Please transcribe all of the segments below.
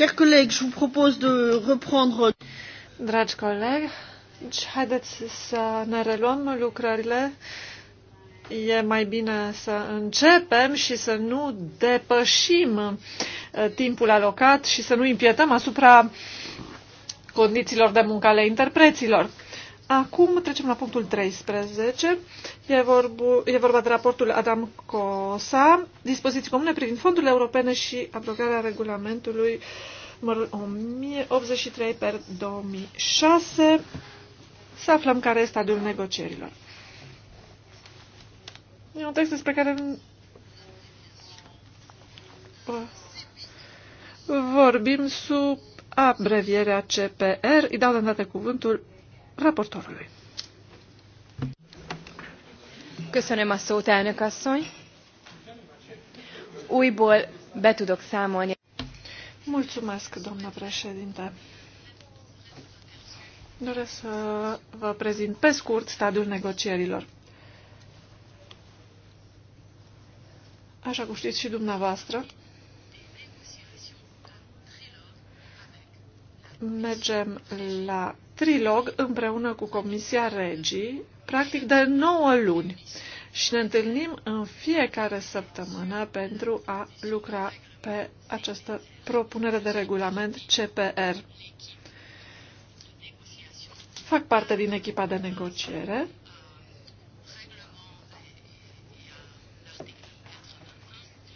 Chers collègues, je vous propose de reprendre. Dragi coleg, deci haideți să ne reluăm lucrările. E mai bine să începem și să nu depășim uh, timpul alocat și să nu impietăm asupra condițiilor de muncă ale interpreților. Acum trecem la punctul 13. E, vorbu, e vorba de raportul Adam Cosa, dispoziții comune privind fondurile europene și abrogarea regulamentului numărul 1083 per 2006. Să aflăm care este stadiul negocierilor. E un text despre care vorbim sub abrevierea CPR. Îi dau de îndată cuvântul raportorului. Köszönöm a szót, elnök asszony. Újból be tudok számolni. Mulțumesc, doamna președinte. Doresc să vă prezint pe scurt stadiul negocierilor. Așa cum știți și dumneavoastră, mergem la trilog împreună cu Comisia Regii, practic de 9 luni. Și ne întâlnim în fiecare săptămână pentru a lucra pe această propunere de regulament CPR. Fac parte din echipa de negociere.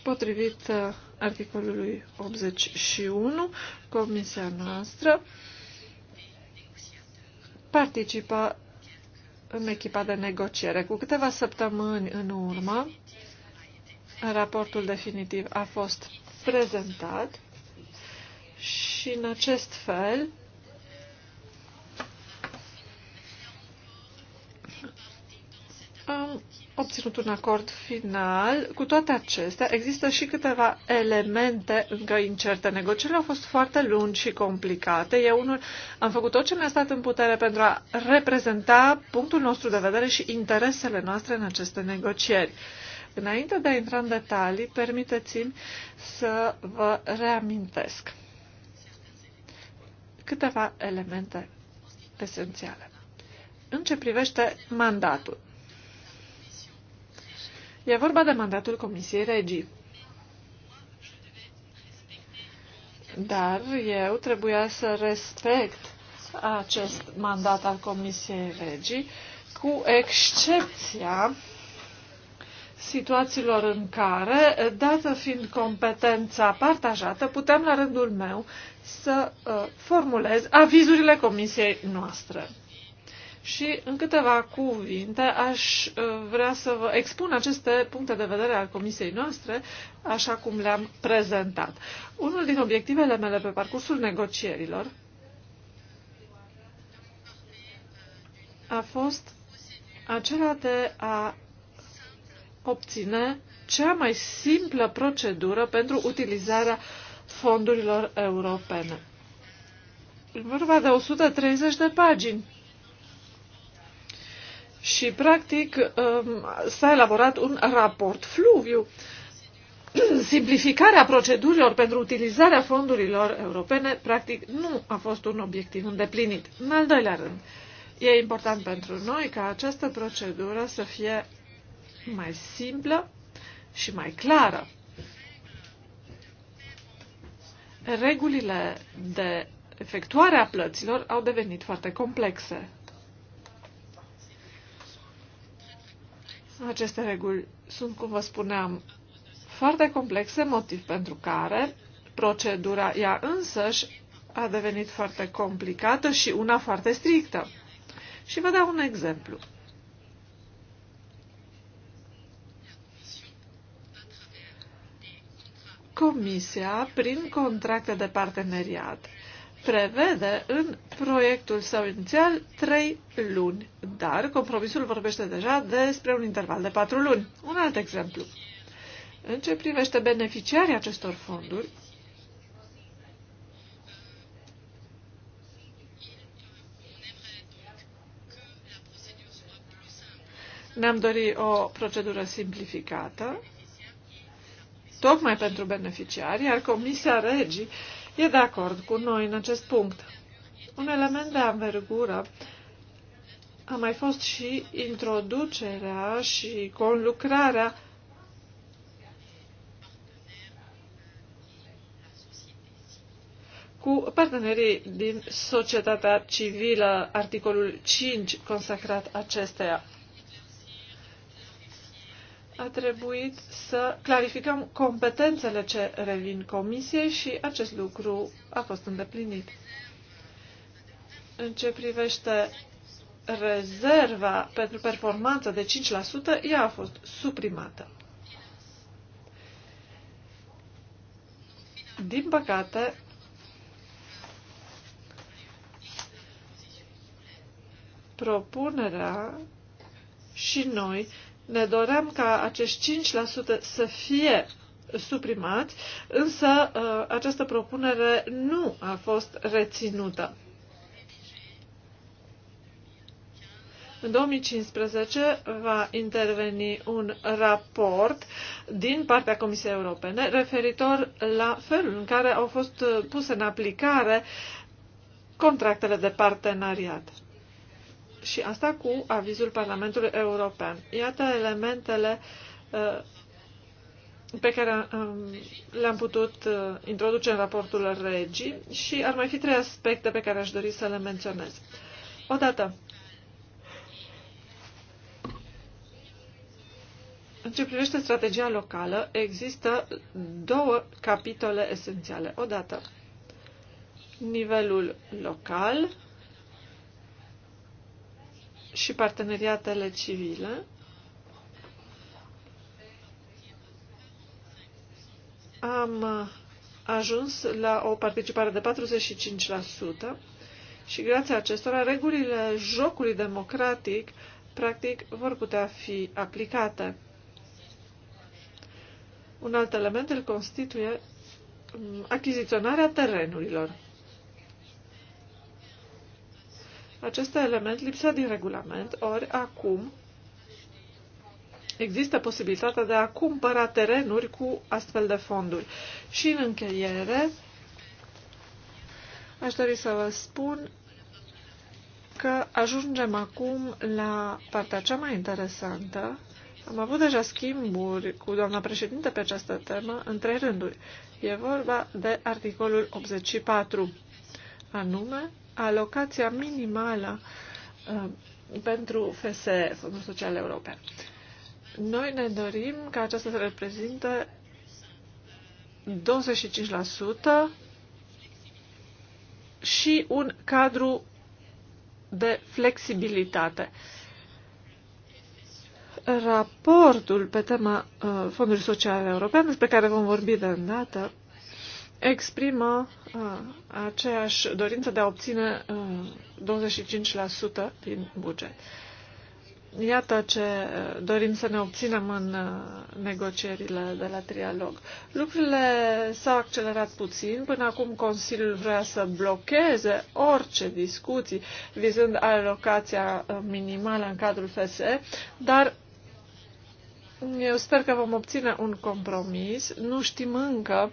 Potrivit uh, articolului 81, comisia noastră participă în echipa de negociere. Cu câteva săptămâni în urmă, raportul definitiv a fost prezentat și în acest fel am obținut un acord final. Cu toate acestea, există și câteva elemente încă incerte. Negocierile au fost foarte lungi și complicate. Eu unul am făcut tot ce mi-a stat în putere pentru a reprezenta punctul nostru de vedere și interesele noastre în aceste negocieri. Înainte de a intra în detalii, permiteți-mi să vă reamintesc câteva elemente esențiale. În ce privește mandatul, E vorba de mandatul Comisiei Regii. Dar eu trebuia să respect acest mandat al Comisiei Regii, cu excepția situațiilor în care, dată fiind competența partajată, putem la rândul meu să uh, formulez avizurile comisiei noastre și în câteva cuvinte aș uh, vrea să vă expun aceste puncte de vedere al comisiei noastre, așa cum le-am prezentat. Unul din obiectivele mele pe parcursul negocierilor a fost acela de a obține cea mai simplă procedură pentru utilizarea fondurilor europene. vorba de 130 de pagini și, practic, um, s-a elaborat un raport fluviu. Simplificarea procedurilor pentru utilizarea fondurilor europene, practic, nu a fost un obiectiv îndeplinit. În al doilea rând, e important pentru noi ca această procedură să fie mai simplă și mai clară. Regulile de efectuare a plăților au devenit foarte complexe. Aceste reguli sunt, cum vă spuneam, foarte complexe, motiv pentru care procedura ea însăși a devenit foarte complicată și una foarte strictă. Și vă dau un exemplu. Comisia, prin contracte de parteneriat, prevede în proiectul său inițial trei luni, dar compromisul vorbește deja despre un interval de patru luni. Un alt exemplu. În ce privește beneficiarii acestor fonduri, ne-am dorit o procedură simplificată, tocmai pentru beneficiari, iar Comisia Regii e de acord cu noi în acest punct. Un element de anvergură a mai fost și introducerea și conlucrarea cu partenerii din societatea civilă, articolul 5 consacrat acesteia a trebuit să clarificăm competențele ce revin comisiei și acest lucru a fost îndeplinit. În ce privește rezerva pentru performanță de 5%, ea a fost suprimată. Din păcate, propunerea și noi ne doream ca acești 5% să fie suprimați, însă uh, această propunere nu a fost reținută. În 2015 va interveni un raport din partea Comisiei Europene referitor la felul în care au fost puse în aplicare contractele de parteneriat și asta cu avizul Parlamentului European. Iată elementele uh, pe care um, le-am putut uh, introduce în raportul regii și ar mai fi trei aspecte pe care aș dori să le menționez. Odată, În ce privește strategia locală, există două capitole esențiale. Odată, nivelul local și parteneriatele civile. Am ajuns la o participare de 45% și grație acestora regulile jocului democratic practic vor putea fi aplicate. Un alt element îl constituie achiziționarea terenurilor. Acest element lipsea din regulament, ori acum există posibilitatea de a cumpăra terenuri cu astfel de fonduri. Și în încheiere, aș dori să vă spun că ajungem acum la partea cea mai interesantă. Am avut deja schimburi cu doamna președinte pe această temă în trei rânduri. E vorba de articolul 84, anume alocația minimală uh, pentru FSE, Fondul Social European. Noi ne dorim ca aceasta să reprezinte 25% și un cadru de flexibilitate. Raportul pe tema uh, Fondului Social European, despre care vom vorbi de îndată, exprimă Ah, aceeași dorință de a obține 25% uh, din buget. Iată ce uh, dorim să ne obținem în uh, negocierile de la trialog. Lucrurile s-au accelerat puțin. Până acum Consiliul vrea să blocheze orice discuții vizând alocația minimală în cadrul FSE, dar eu sper că vom obține un compromis. Nu știm încă uh,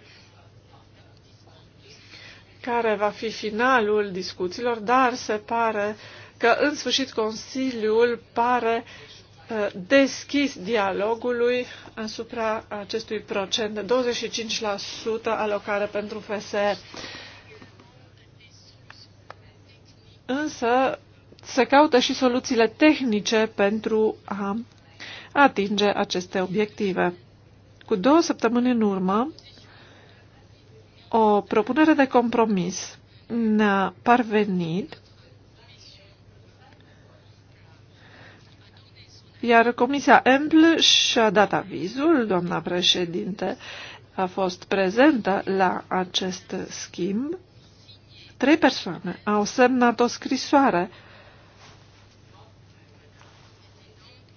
care va fi finalul discuțiilor, dar se pare că în sfârșit Consiliul pare uh, deschis dialogului asupra acestui procent de 25% alocare pentru FSE. Însă se caută și soluțiile tehnice pentru a atinge aceste obiective. Cu două săptămâni în urmă, o propunere de compromis ne-a parvenit, iar Comisia Empl și-a dat avizul, doamna președinte a fost prezentă la acest schimb. Trei persoane au semnat o scrisoare.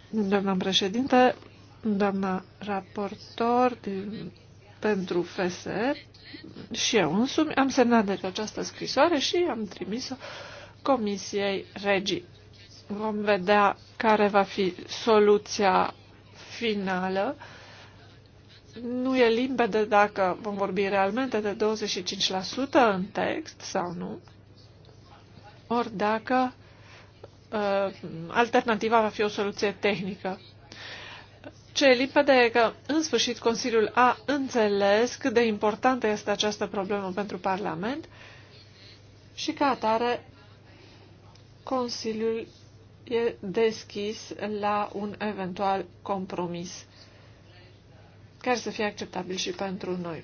Doamna președinte, doamna raportor din pentru FSR și eu însumi am semnat deci această scrisoare și am trimis-o Comisiei Regii. Vom vedea care va fi soluția finală. Nu e limpede dacă vom vorbi realmente de 25% în text sau nu, ori dacă uh, alternativa va fi o soluție tehnică. Ce e limpede e că, în sfârșit, Consiliul a înțeles cât de importantă este această problemă pentru Parlament și, ca atare, Consiliul e deschis la un eventual compromis care să fie acceptabil și pentru noi.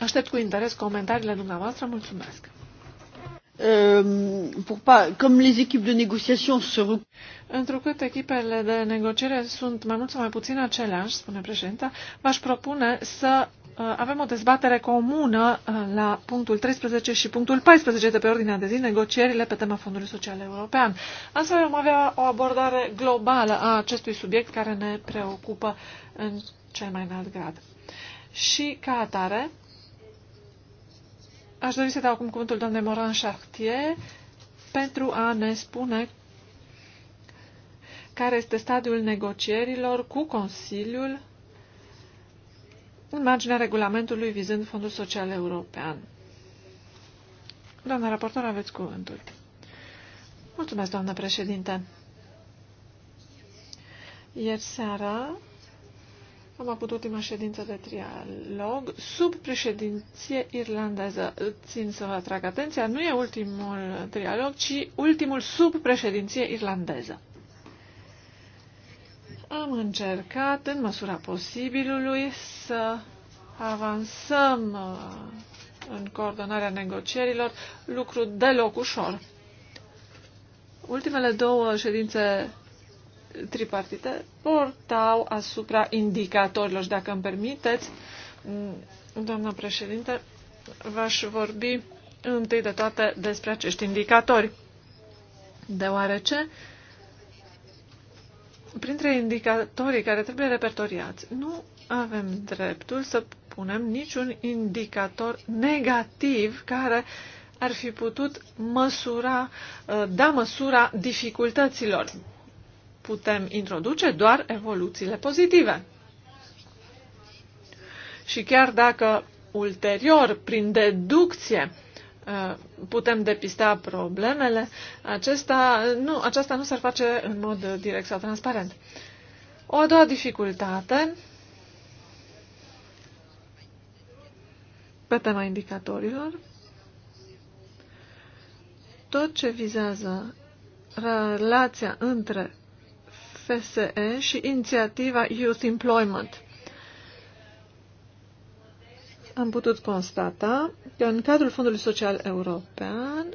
Aștept cu interes comentariile dumneavoastră. Mulțumesc! Euh, comme les équipes de négociation se Întrucât echipele de negociere sunt mai mult sau mai puțin aceleași, spune președinta, v-aș propune să uh, avem o dezbatere comună uh, la punctul 13 și punctul 14 de pe ordinea de zi, negocierile pe tema Fondului Social European. Astfel vom avea o abordare globală a acestui subiect care ne preocupă în cel mai înalt grad. Și ca atare, Aș dori să dau acum cuvântul doamnei Moran Chartier pentru a ne spune care este stadiul negocierilor cu Consiliul în marginea regulamentului vizând Fondul Social European. Doamna raportor, aveți cuvântul. Mulțumesc, doamnă președinte. Ieri seara am avut ultima ședință de trialog sub președinție irlandeză. Țin să vă atrag atenția, nu e ultimul trialog, ci ultimul sub președinție irlandeză. Am încercat, în măsura posibilului, să avansăm uh, în coordonarea negocierilor, lucru deloc ușor. Ultimele două ședințe tripartită, portau asupra indicatorilor. Și dacă îmi permiteți, doamna președinte, v-aș vorbi întâi de toate despre acești indicatori, deoarece printre indicatorii care trebuie repertoriați, nu avem dreptul să punem niciun indicator negativ care ar fi putut măsura, uh, da măsura dificultăților putem introduce doar evoluțiile pozitive. Și chiar dacă ulterior, prin deducție, uh, putem depista problemele, acesta nu, aceasta nu s-ar face în mod direct sau transparent. O a doua dificultate pe tema indicatorilor, tot ce vizează relația între FSE și inițiativa Youth Employment. Am putut constata că în cadrul Fondului Social European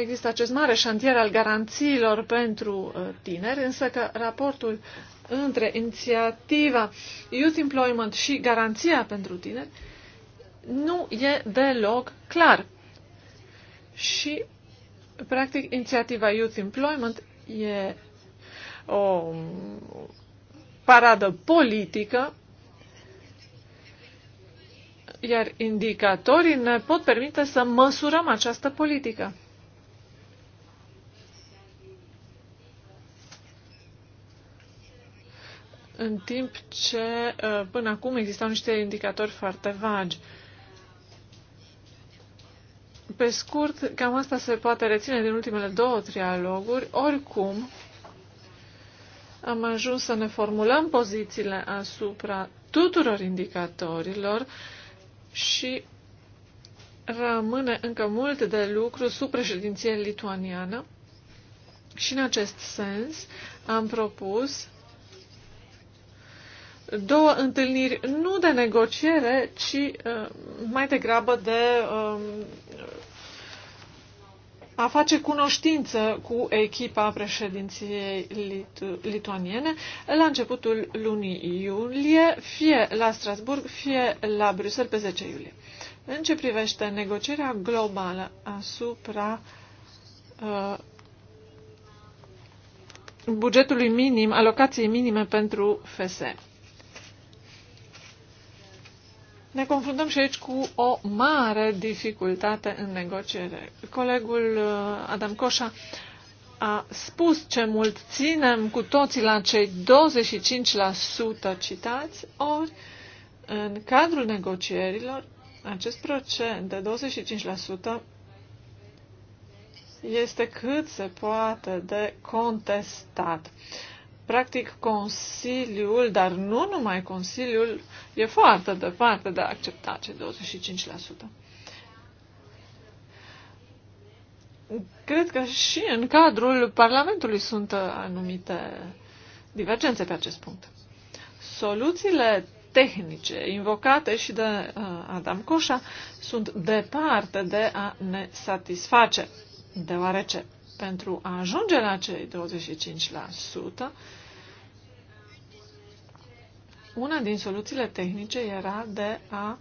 există acest mare șantier al garanțiilor pentru uh, tineri, însă că raportul între inițiativa Youth Employment și garanția pentru tineri nu e deloc clar. Și, practic, inițiativa Youth Employment e o paradă politică, iar indicatorii ne pot permite să măsurăm această politică. În timp ce uh, până acum existau niște indicatori foarte vagi. Pe scurt, cam asta se poate reține din ultimele două trialoguri. Oricum, am ajuns să ne formulăm pozițiile asupra tuturor indicatorilor și rămâne încă mult de lucru sub președinție lituaniană și în acest sens am propus două întâlniri nu de negociere, ci uh, mai degrabă de uh, a face cunoștință cu echipa președinției litu- lituaniene la începutul lunii iulie, fie la Strasburg, fie la Bruxelles pe 10 iulie. În ce privește negocierea globală asupra uh, bugetului minim, alocației minime pentru FSE. Ne confruntăm și aici cu o mare dificultate în negociere. Colegul uh, Adam Coșa a spus ce mult ținem cu toții la cei 25% citați, ori în cadrul negocierilor acest procent de 25% este cât se poate de contestat. Uh, Practic, Consiliul, dar nu numai Consiliul, e foarte departe de a accepta cei 25%. Cred că și în cadrul Parlamentului sunt anumite divergențe pe acest punct. Soluțiile tehnice invocate și de uh, Adam Coșa sunt departe de a ne satisface, deoarece pentru a ajunge la cei 25%, una din soluțiile tehnice era de a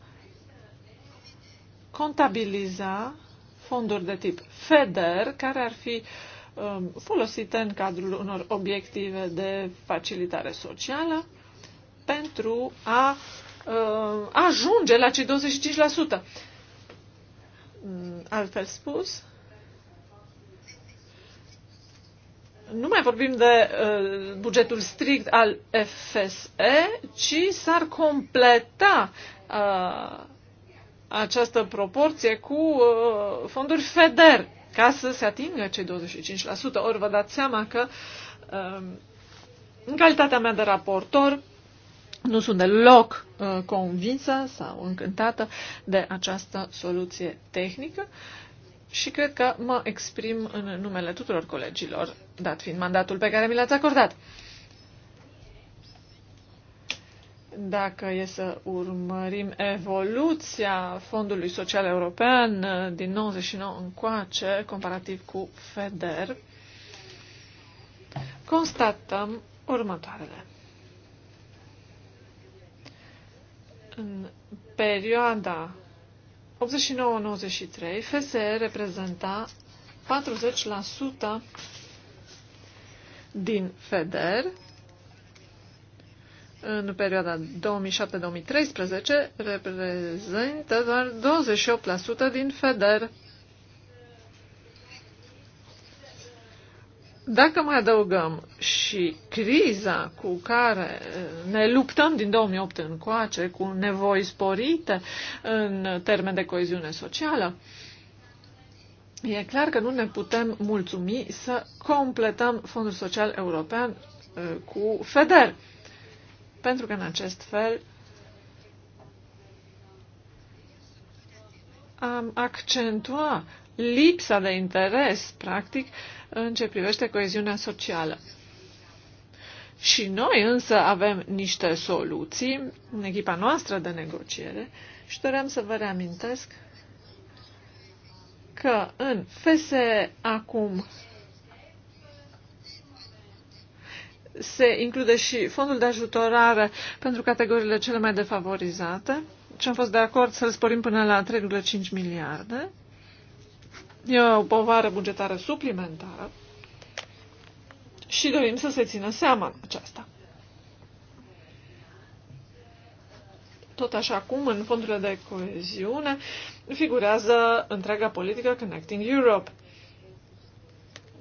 contabiliza fonduri de tip FEDER, care ar fi um, folosite în cadrul unor obiective de facilitare socială pentru a um, ajunge la cei 25%. Mm, altfel spus, nu mai vorbim de uh, bugetul strict al FSE, ci s-ar completa uh, această proporție cu uh, fonduri FEDER ca să se atingă cei 25%. Ori vă dați seama că uh, în calitatea mea de raportor nu sunt deloc uh, convinsă sau încântată de această soluție tehnică și cred că mă exprim în numele tuturor colegilor, dat fiind mandatul pe care mi l-ați acordat. Dacă e să urmărim evoluția Fondului Social European uh, din 99 încoace, comparativ cu FEDER, constatăm următoarele. În perioada 89-93, FSE reprezenta 40% din FEDER în perioada 2007-2013 reprezintă doar 28% din FEDER. Dacă mai adăugăm și criza cu care eh, ne luptăm din 2008 încoace, cu nevoi sporite în termen de coeziune socială, e clar că nu ne putem mulțumi să completăm Fondul Social European eh, cu FEDER, pentru că în acest fel am accentua lipsa de interes, practic, uh, în ce privește coeziunea socială. Și noi însă avem niște soluții în echipa noastră de negociere și doream să vă reamintesc că în FSE acum se include și fondul de ajutorare pentru categoriile cele mai defavorizate și am fost de acord să-l sporim până la 3,5 miliarde o povară bugetară suplimentară și dorim să se țină seama aceasta. Tot așa cum în fondurile de coeziune figurează întreaga politică Connecting Europe.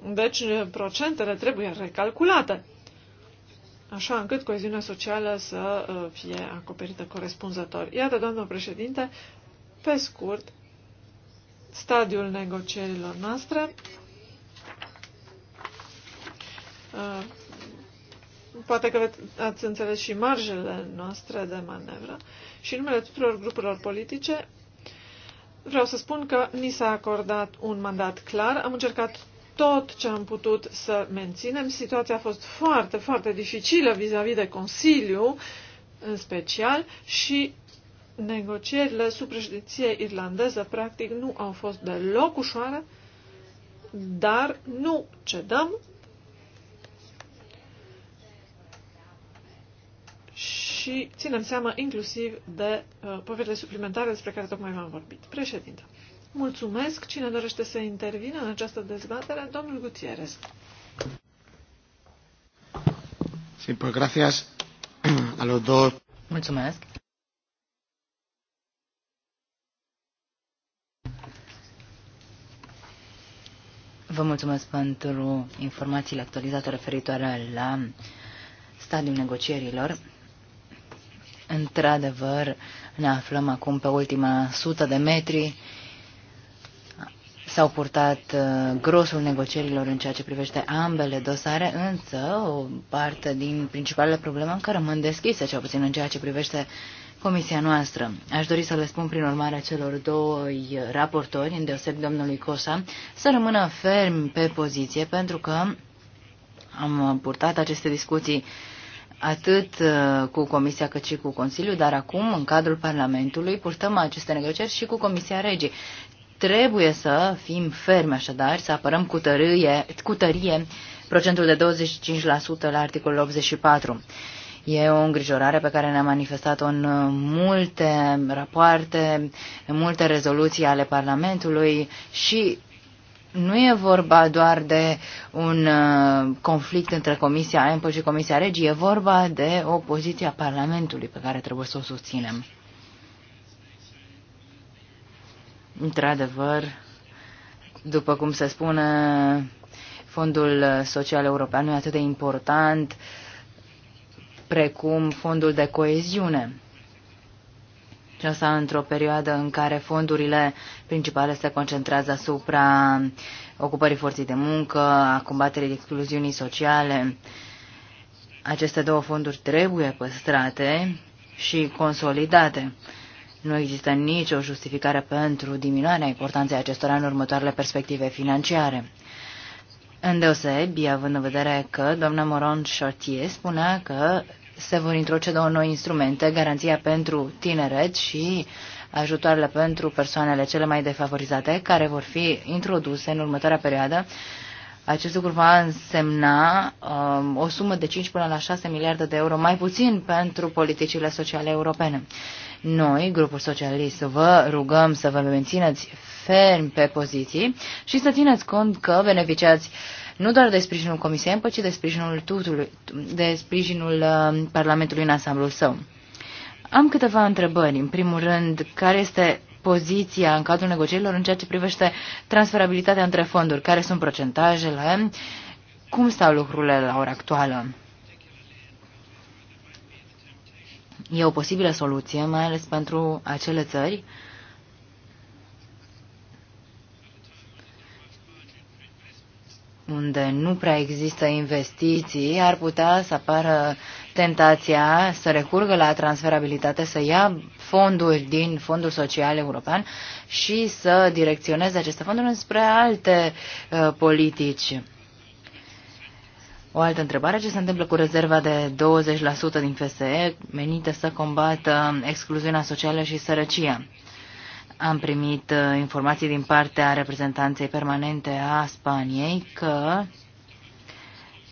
Deci procentele trebuie recalculate, așa încât coeziunea socială să uh, fie acoperită corespunzător. Iată, doamnă președinte, pe scurt, stadiul negocierilor noastre. Uh, poate că ați înțeles și marjele noastre de manevră și în numele tuturor grupurilor politice vreau să spun că ni s-a acordat un mandat clar. Am încercat tot ce am putut să menținem. Situația a fost foarte, foarte dificilă vis-a-vis -vis de Consiliu, în special, și negocierile sub președinție irlandeză practic nu au fost deloc ușoare, dar nu cedăm și ținem seama inclusiv de uh, poverile suplimentare despre care tocmai v-am vorbit. Președinte, mulțumesc. Cine dorește să intervină în această dezbatere? Domnul Gutierrez. Sí, pues gracias a los dos. Mulțumesc. Vă mulțumesc pentru informațiile actualizate referitoare la stadiul negocierilor. Într-adevăr, ne aflăm acum pe ultima sută de metri. S-au purtat uh, grosul negocierilor în ceea ce privește ambele dosare, însă o parte din principalele probleme încă rămân deschise, cel puțin în ceea ce privește uh, comisia noastră. Aș dori să le spun prin urmare celor doi raportori, îndeoseb domnului Cosa, să rămână ferm pe poziție, pentru că am purtat aceste discuții atât uh, cu Comisia cât și cu Consiliul, dar acum, în cadrul Parlamentului, purtăm aceste negocieri și cu Comisia Regii. Trebuie să fim fermi așadar, să apărăm cu tărâie, cu tărie procentul de 25% la articolul 84. E o îngrijorare pe care ne-a manifestat-o în multe rapoarte, în multe rezoluții ale Parlamentului și nu e vorba doar de un uh, conflict între Comisia EMPO și Comisia Regii, e vorba de o poziție a Parlamentului pe care trebuie să o susținem. Într-adevăr, după cum se spune, Fondul Social European nu e atât de important uh, precum fondul de coeziune. Și asta într-o perioadă în care fondurile principale se concentrează asupra ocupării forței de muncă, a combaterii excluziunii sociale. Aceste două fonduri trebuie păstrate și consolidate. Nu există nicio justificare pentru diminuarea importanței acestora în următoarele perspective financiare. Îndeosebi, având în vedere că doamna Moron Chartier spunea că se vor introduce două noi instrumente, garanția pentru tineret și ajutoarele pentru persoanele cele mai defavorizate, care vor fi introduse în următoarea perioadă. Acest lucru va însemna um, o sumă de 5 până la 6 miliarde de euro mai puțin pentru politicile sociale europene. Noi, grupul socialist, vă rugăm să vă mențineți ferm pe poziții și să țineți cont că beneficiați nu doar de sprijinul Comisiei Împă, ci de sprijinul, tutului, de sprijinul uh, Parlamentului în asamblul său. Am câteva întrebări. În primul rând, care este poziția în cadrul negocierilor în ceea ce privește transferabilitatea între fonduri? Care sunt procentajele? Cum stau lucrurile la ora actuală? E o posibilă soluție, mai ales pentru acele țări unde nu prea există investiții, ar putea să apară tentația să recurgă la transferabilitate, să ia fonduri din Fondul Social European și să direcționeze aceste fonduri înspre alte uh, politici. O altă întrebare, ce se întâmplă cu rezerva de 20% din FSE menită să combată excluziunea socială și sărăcia? Am primit uh, informații din partea reprezentanței permanente a Spaniei că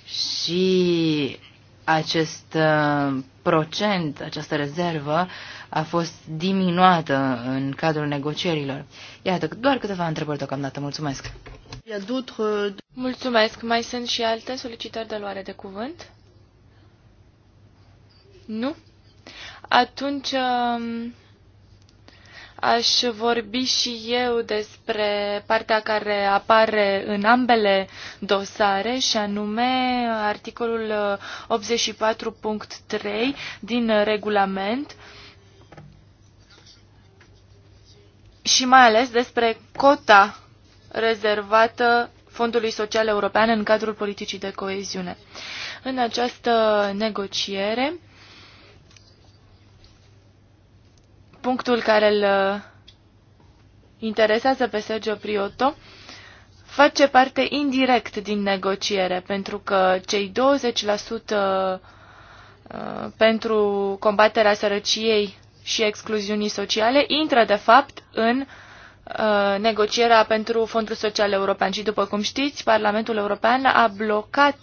și acest uh, procent, această rezervă, a fost diminuată în cadrul negocierilor. Iată, doar câteva întrebări deocamdată. Mulțumesc! Mulțumesc. Mai sunt și alte solicitări de luare de cuvânt? Nu? Atunci um, aș vorbi și eu despre partea care apare în ambele dosare și anume articolul 84.3 uh, din regulament și mai ales despre cota rezervată Fondului Social European în cadrul politicii de coeziune. În această negociere, punctul care îl uh, interesează pe Sergio Prioto face parte indirect din negociere, pentru că cei 20% uh, uh, pentru combaterea sărăciei și excluziunii sociale intră, de fapt, în uh, Uh, negocierea pentru Fondul Social European și, după cum știți, Parlamentul European a blocat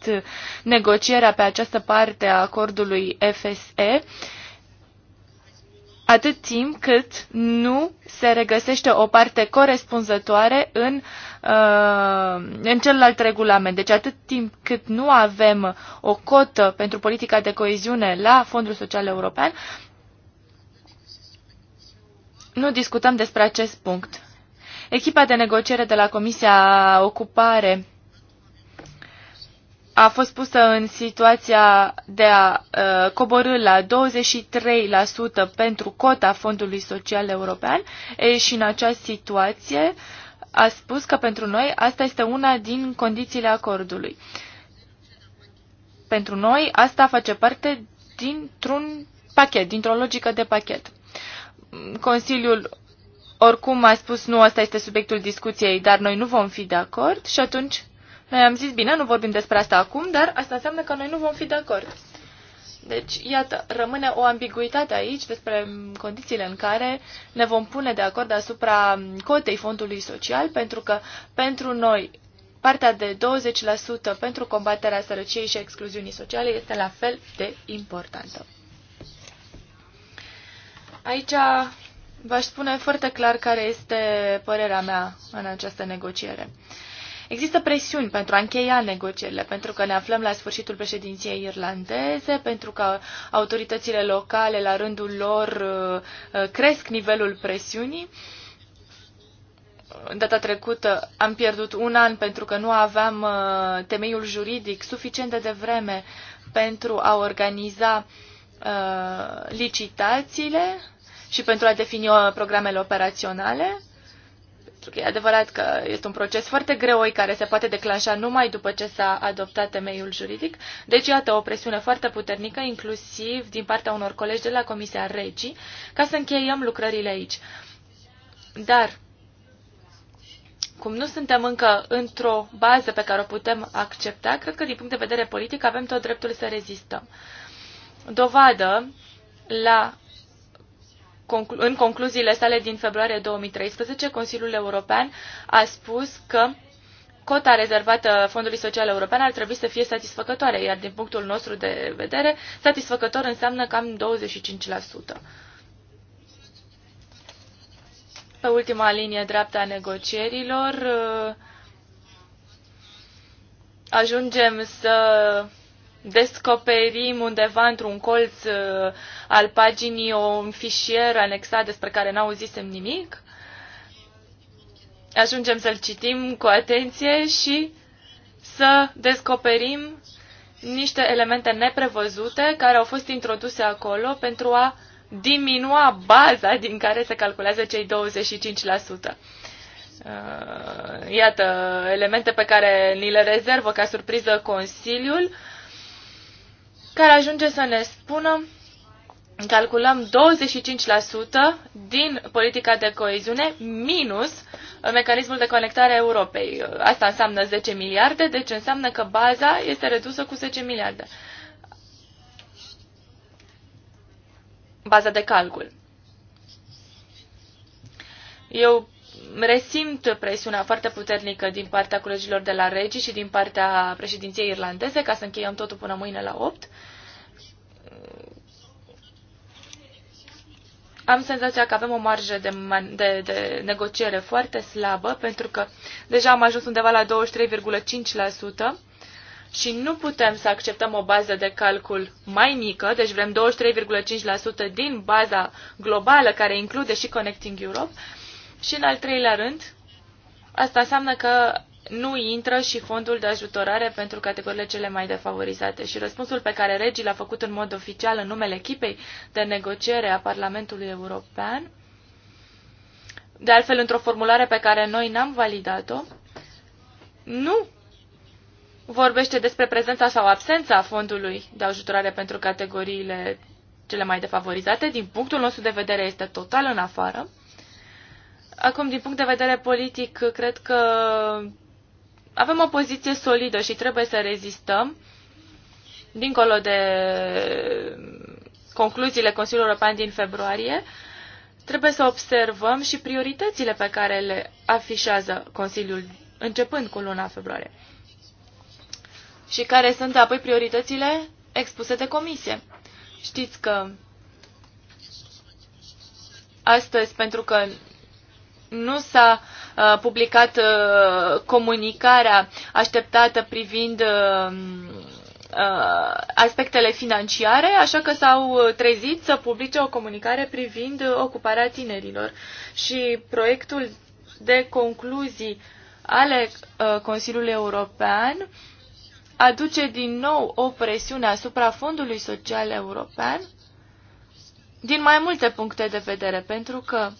negocierea pe această parte a acordului FSE atât timp cât nu se regăsește o parte corespunzătoare în, uh, în celălalt regulament. Deci atât timp cât nu avem o cotă pentru politica de coeziune la Fondul Social European, nu discutăm despre acest punct. Echipa de negociere de la Comisia Ocupare a fost pusă în situația de a uh, coborâ la 23% pentru cota Fondului Social European e, și în această situație a spus că pentru noi asta este una din condițiile acordului. Pentru noi asta face parte dintr-un pachet, dintr-o logică de pachet. Consiliul oricum a spus nu, ăsta este subiectul discuției, dar noi nu vom fi de acord și atunci noi am zis, bine, nu vorbim despre asta acum, dar asta înseamnă că noi nu vom fi de acord. Deci, iată, rămâne o ambiguitate aici despre condițiile în care ne vom pune de acord asupra cotei fondului social, pentru că pentru noi partea de 20% pentru combaterea sărăciei și excluziunii sociale este la fel de importantă. Aici v-aș spune foarte clar care este părerea mea în această negociere. Există presiuni pentru a încheia negocierile, pentru că ne aflăm la sfârșitul președinției irlandeze, pentru că autoritățile locale, la rândul lor, uh, uh, cresc nivelul presiunii. Data trecută am pierdut un an pentru că nu aveam uh, temeiul juridic suficient de devreme pentru a organiza licitațiile și pentru a defini uh, programele operaționale. Pentru că e adevărat că este un proces foarte greu care se poate declanșa numai după ce s-a adoptat temeiul juridic. Deci, iată, o presiune foarte puternică, inclusiv din partea unor colegi de la Comisia Regii, ca să încheiem lucrările aici. Dar, cum nu suntem încă într-o bază pe care o putem accepta, cred că din punct de vedere politic avem tot dreptul să rezistăm. Dovadă la conclu în concluziile sale din februarie 2013, Consiliul European a spus că cota rezervată Fondului Social European ar trebui să fie satisfăcătoare, iar din punctul nostru de vedere, satisfăcător înseamnă cam 25%. Pe ultima linie dreaptă a negocierilor uh, ajungem să descoperim undeva într-un colț uh, al paginii un fișier anexat despre care n-auzisem nimic, ajungem să-l citim cu atenție și să descoperim niște elemente neprevăzute care au fost introduse acolo pentru a diminua baza din care se calculează cei 25%. Uh, iată, elemente pe care ni le rezervă ca surpriză Consiliul care ajunge să ne spună calculăm 25% din politica de coeziune minus mecanismul de conectare a Europei. Asta înseamnă 10 miliarde, deci înseamnă că baza este redusă cu 10 miliarde. Baza de calcul. Eu resimt presiunea foarte puternică din partea colegilor de la Regi și din partea președinției irlandeze, ca să încheiem totul până mâine la 8. Am senzația că avem o marjă de, de, de negociere foarte slabă, pentru că deja am ajuns undeva la 23,5% și nu putem să acceptăm o bază de calcul mai mică, deci vrem 23,5% din baza globală care include și Connecting Europe, și în al treilea rând, asta înseamnă că nu intră și fondul de ajutorare pentru categoriile cele mai defavorizate. Și răspunsul pe care regii l-a făcut în mod oficial în numele echipei de negociere a Parlamentului European, de altfel într-o formulare pe care noi n-am validat-o, nu vorbește despre prezența sau absența fondului de ajutorare pentru categoriile cele mai defavorizate. Din punctul nostru de vedere este total în afară. Acum, din punct de vedere politic, cred că avem o poziție solidă și trebuie să rezistăm, dincolo de concluziile Consiliului European din februarie, trebuie să observăm și prioritățile pe care le afișează Consiliul începând cu luna februarie și care sunt apoi prioritățile expuse de comisie. Știți că astăzi, pentru că nu s-a uh, publicat uh, comunicarea așteptată privind uh, uh aspectele financiare, așa că s-au uh, trezit să publice o comunicare privind uh, ocuparea tinerilor. Și proiectul de concluzii ale Consiliului European aduce din nou o presiune asupra Fondului Social European din mai multe puncte de vedere, pentru că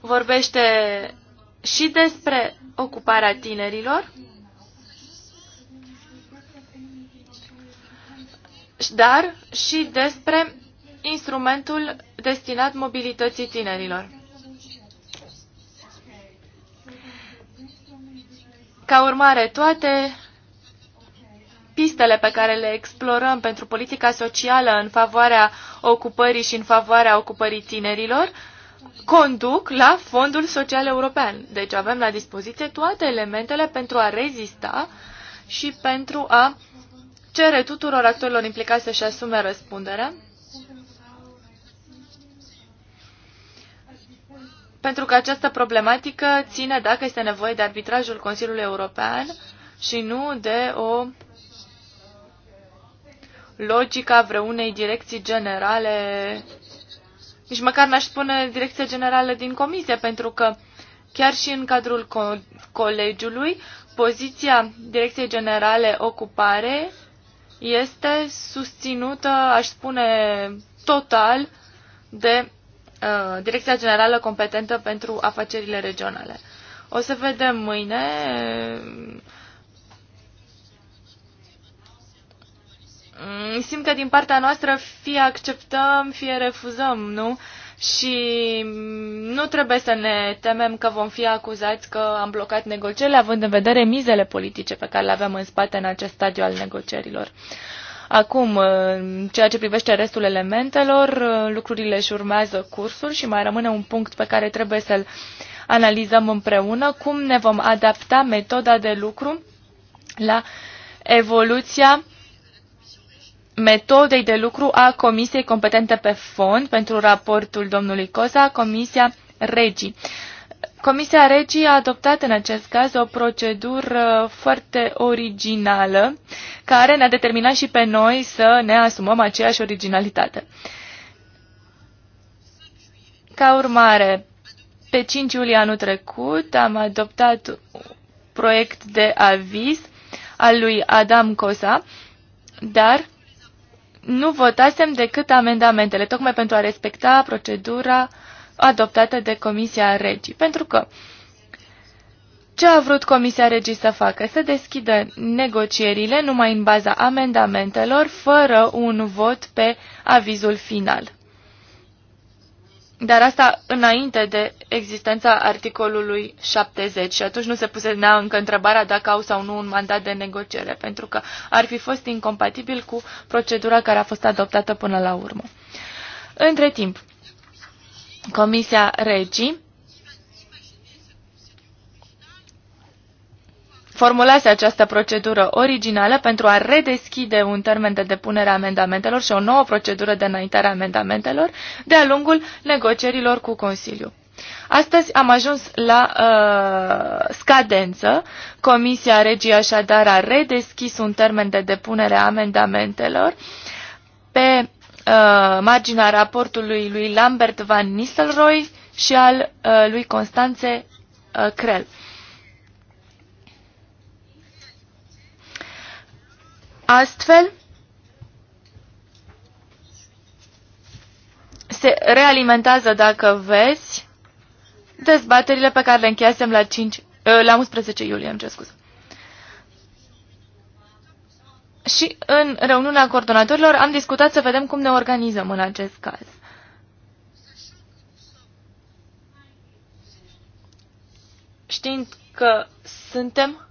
vorbește și despre ocuparea tinerilor, dar și despre instrumentul destinat mobilității tinerilor. Ca urmare, toate pistele pe care le explorăm pentru politica socială în favoarea ocupării și în favoarea ocupării tinerilor conduc la Fondul Social European. Deci avem la dispoziție toate elementele pentru a rezista și pentru a cere tuturor actorilor implicați să-și asume răspunderea. Pentru că această problematică ține dacă este nevoie de arbitrajul Consiliului European și nu de o a vreunei direcții generale nici măcar n-aș spune Direcția Generală din Comisie, pentru că chiar și în cadrul co colegiului, poziția Direcției Generale Ocupare este susținută, aș spune, total de uh, Direcția Generală competentă pentru afacerile regionale. O să vedem mâine. Uh, Mm, simt că din partea noastră fie acceptăm, fie refuzăm, nu? Și nu trebuie să ne temem că vom fi acuzați că am blocat negocierile, având în vedere mizele politice pe care le aveam în spate în acest stadiu al negocierilor. Acum, ceea ce privește restul elementelor, lucrurile își urmează cursul și mai rămâne un punct pe care trebuie să-l analizăm împreună, cum ne vom adapta metoda de lucru la evoluția metodei de lucru a comisiei competente pe fond pentru raportul domnului Cosa, Comisia Regii. Comisia Regii a adoptat în acest caz o procedură foarte originală care ne-a determinat și pe noi să ne asumăm aceeași originalitate. Ca urmare, pe 5 iulie anul trecut am adoptat proiect de aviz al lui Adam Cosa, dar nu votasem decât amendamentele, tocmai pentru a respecta procedura adoptată de Comisia Regii. Pentru că ce a vrut Comisia Regii să facă? Să deschidă negocierile numai în baza amendamentelor, fără un vot pe avizul final. Dar asta înainte de existența articolului 70 și atunci nu se pusenea încă întrebarea dacă au sau nu un mandat de negociere, pentru că ar fi fost incompatibil cu procedura care a fost adoptată până la urmă. Între timp, Comisia Regii formulase această procedură originală pentru a redeschide un termen de depunere a amendamentelor și o nouă procedură de înaintare a amendamentelor de-a lungul negocierilor cu Consiliu. Astăzi am ajuns la uh, scadență. Comisia Regia așadar a redeschis un termen de depunere a amendamentelor pe uh, marginea raportului lui Lambert van Nistelrooy și al uh, lui Constanțe uh, Krell. Astfel, se realimentează, dacă vezi, dezbaterile pe care le încheiasem la, 5, ă, la 11 iulie, îmi cer scuze. Și în reuniunea coordonatorilor am discutat să vedem cum ne organizăm în acest caz. Știind că suntem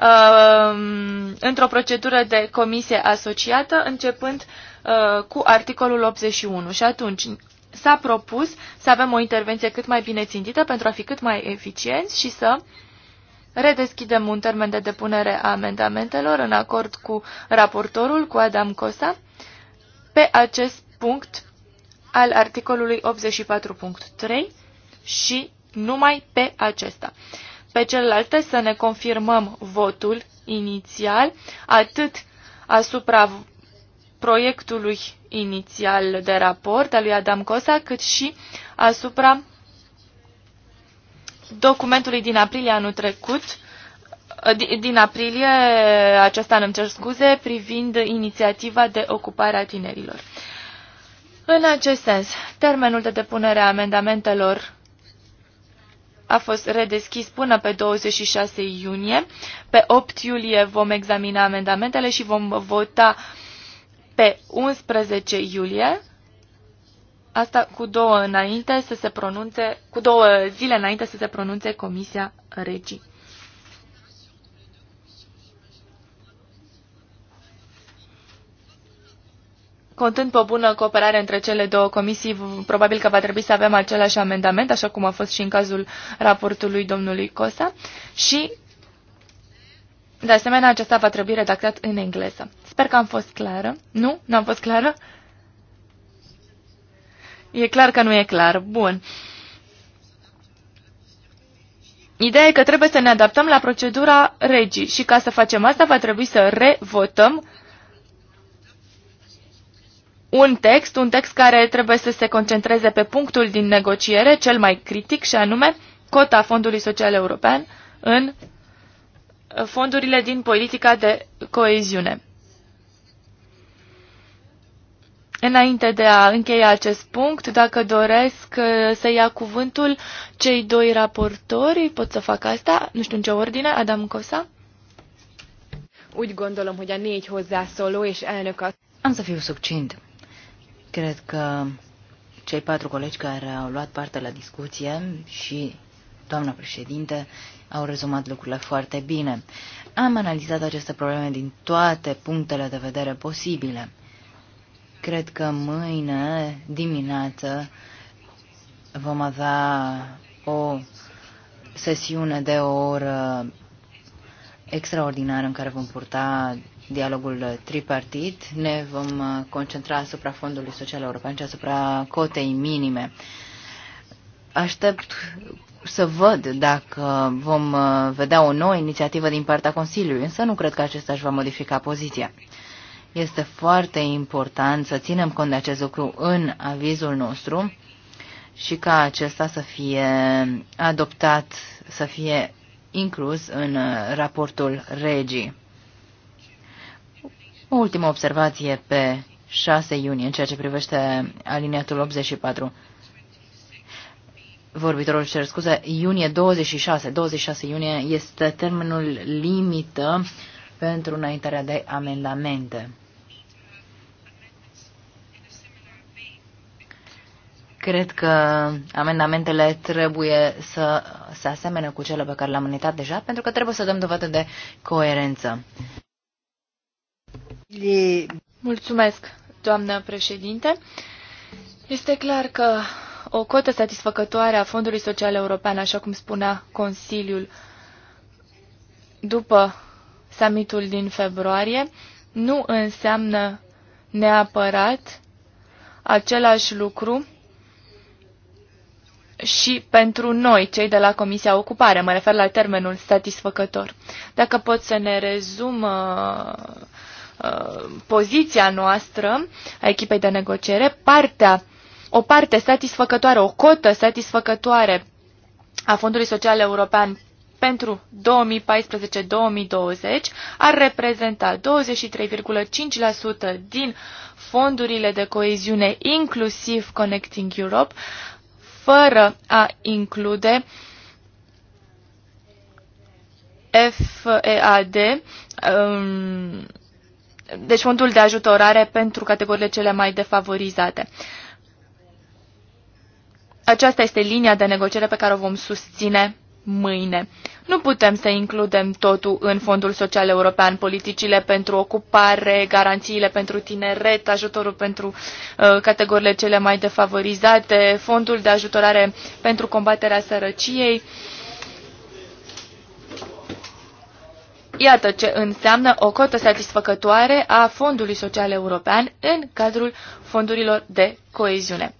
Um, într-o procedură de comisie asociată, începând uh, cu articolul 81. Și atunci s-a propus să avem o intervenție cât mai bine țintită pentru a fi cât mai eficienți și să redeschidem un termen de depunere a amendamentelor în acord cu raportorul, cu Adam Cosa, pe acest punct al articolului 84.3 și numai pe acesta pe celelalte să ne confirmăm votul inițial, atât asupra proiectului inițial de raport al lui Adam Cosa, cât și asupra documentului din aprilie anul trecut, ă, din aprilie acesta îmi cer scuze, privind inițiativa de ocupare a tinerilor. În acest sens, termenul de depunere a amendamentelor a fost redeschis până pe 26 iunie. Pe 8 iulie vom examina amendamentele și vom vota pe 11 iulie. Asta cu două înainte să se pronunțe, cu două zile înainte să se pronunțe Comisia Regii. Contând pe o bună cooperare între cele două comisii, probabil că va trebui să avem același amendament, așa cum a fost și în cazul raportului domnului Cosa. Și, de asemenea, acesta va trebui redactat în engleză. Sper că am fost clară. Nu? Nu am fost clară? E clar că nu e clar. Bun. Ideea e că trebuie să ne adaptăm la procedura regii și ca să facem asta va trebui să revotăm un text, un text care trebuie să se concentreze pe punctul din negociere, cel mai critic, și anume cota Fondului Social European în fondurile din politica de coeziune. Înainte de a încheia acest punct, dacă doresc uh, să ia cuvântul cei doi raportori, pot să fac asta, nu știu în ce ordine, Adam Cosa. Am să fiu succint. Cred că cei patru colegi care au luat parte la discuție și doamna președinte au rezumat lucrurile foarte bine. Am analizat aceste probleme din toate punctele de vedere posibile. Cred că mâine dimineață vom avea o sesiune de o oră extraordinară în care vom purta dialogul tripartit. Ne vom uh, concentra asupra Fondului Social European și asupra cotei minime. Aștept să văd dacă vom uh, vedea o nouă inițiativă din partea Consiliului, însă nu cred că acesta își va modifica poziția. Este foarte important să ținem cont de acest lucru în avizul nostru și ca acesta să fie adoptat, să fie inclus în uh, raportul regii. O ultimă observație pe 6 iunie în ceea ce privește aliniatul 84. Vorbitorul cer scuze, iunie 26, 26 iunie este termenul limită pentru înaintarea de amendamente. Cred că amendamentele trebuie să se asemene cu cele pe care le-am înaintat deja, pentru că trebuie să dăm dovadă de coerență. Mulțumesc, doamnă președinte. Este clar că o cotă satisfăcătoare a Fondului Social European, așa cum spunea Consiliul după summitul din februarie, nu înseamnă neapărat același lucru și pentru noi, cei de la Comisia Ocupare, mă refer la termenul satisfăcător. Dacă pot să ne uh, Uh, poziția noastră a echipei de negociere, partea, o parte satisfăcătoare, o cotă satisfăcătoare a Fondului Social European pentru 2014-2020 ar reprezenta 23,5% din fondurile de coeziune, inclusiv Connecting Europe, fără a include FEAD, um, deci fondul de ajutorare pentru categoriile cele mai defavorizate. Aceasta este linia de negociere pe care o vom susține mâine. Nu putem să includem totul în Fondul Social European, politicile pentru ocupare, garanțiile pentru tineret, ajutorul pentru uh, categoriile cele mai defavorizate, fondul de ajutorare pentru combaterea sărăciei. Uh, Iată ce înseamnă o cotă satisfăcătoare a Fondului Social European în cadrul fondurilor de coeziune.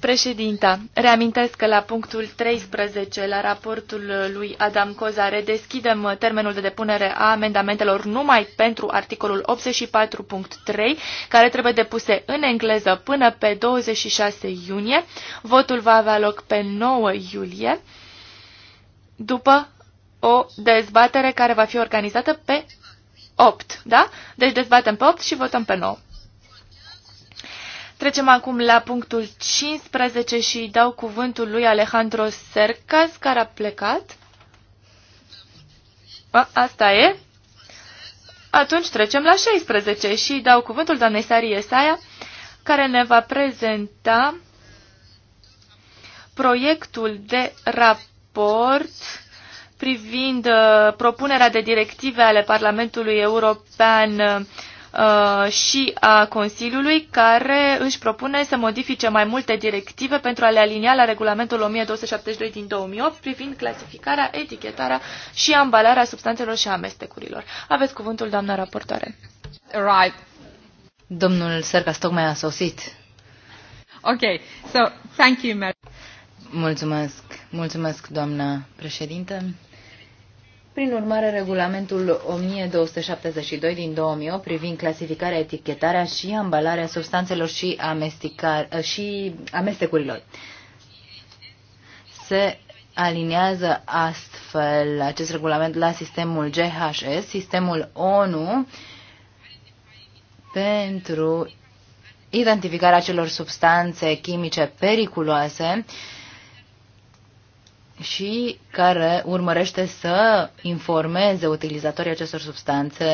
Președinta, reamintesc că la punctul 13, la raportul lui Adam Coza, redeschidem termenul de depunere a amendamentelor numai pentru articolul 84.3, care trebuie depuse în engleză până pe 26 iunie. Votul va avea loc pe 9 iulie, după o dezbatere care va fi organizată pe 8, da? Deci dezbatem pe 8 și votăm pe 9. Trecem acum la punctul 15 și dau cuvântul lui Alejandro Sercas, care a plecat. A, asta e. Atunci trecem la 16 și dau cuvântul doamnei Sari Esaia, care ne va prezenta proiectul de raport privind uh, propunerea de directive ale Parlamentului European uh, și a Consiliului, care își propune să modifice mai multe directive pentru a le alinia la regulamentul 1272 din 2008 privind clasificarea, etichetarea și ambalarea substanțelor și amestecurilor. Aveți cuvântul, doamna raportoare. Right. Domnul Sercas tocmai a sosit. Ok, so thank you, Mulțumesc, mulțumesc, doamna Președintă. Prin urmare, regulamentul 1272 din 2008 privind clasificarea, etichetarea și ambalarea substanțelor și, și amestecurilor se aliniază astfel acest regulament la sistemul GHS, sistemul ONU, pentru identificarea celor substanțe chimice periculoase și care urmărește să informeze utilizatorii acestor substanțe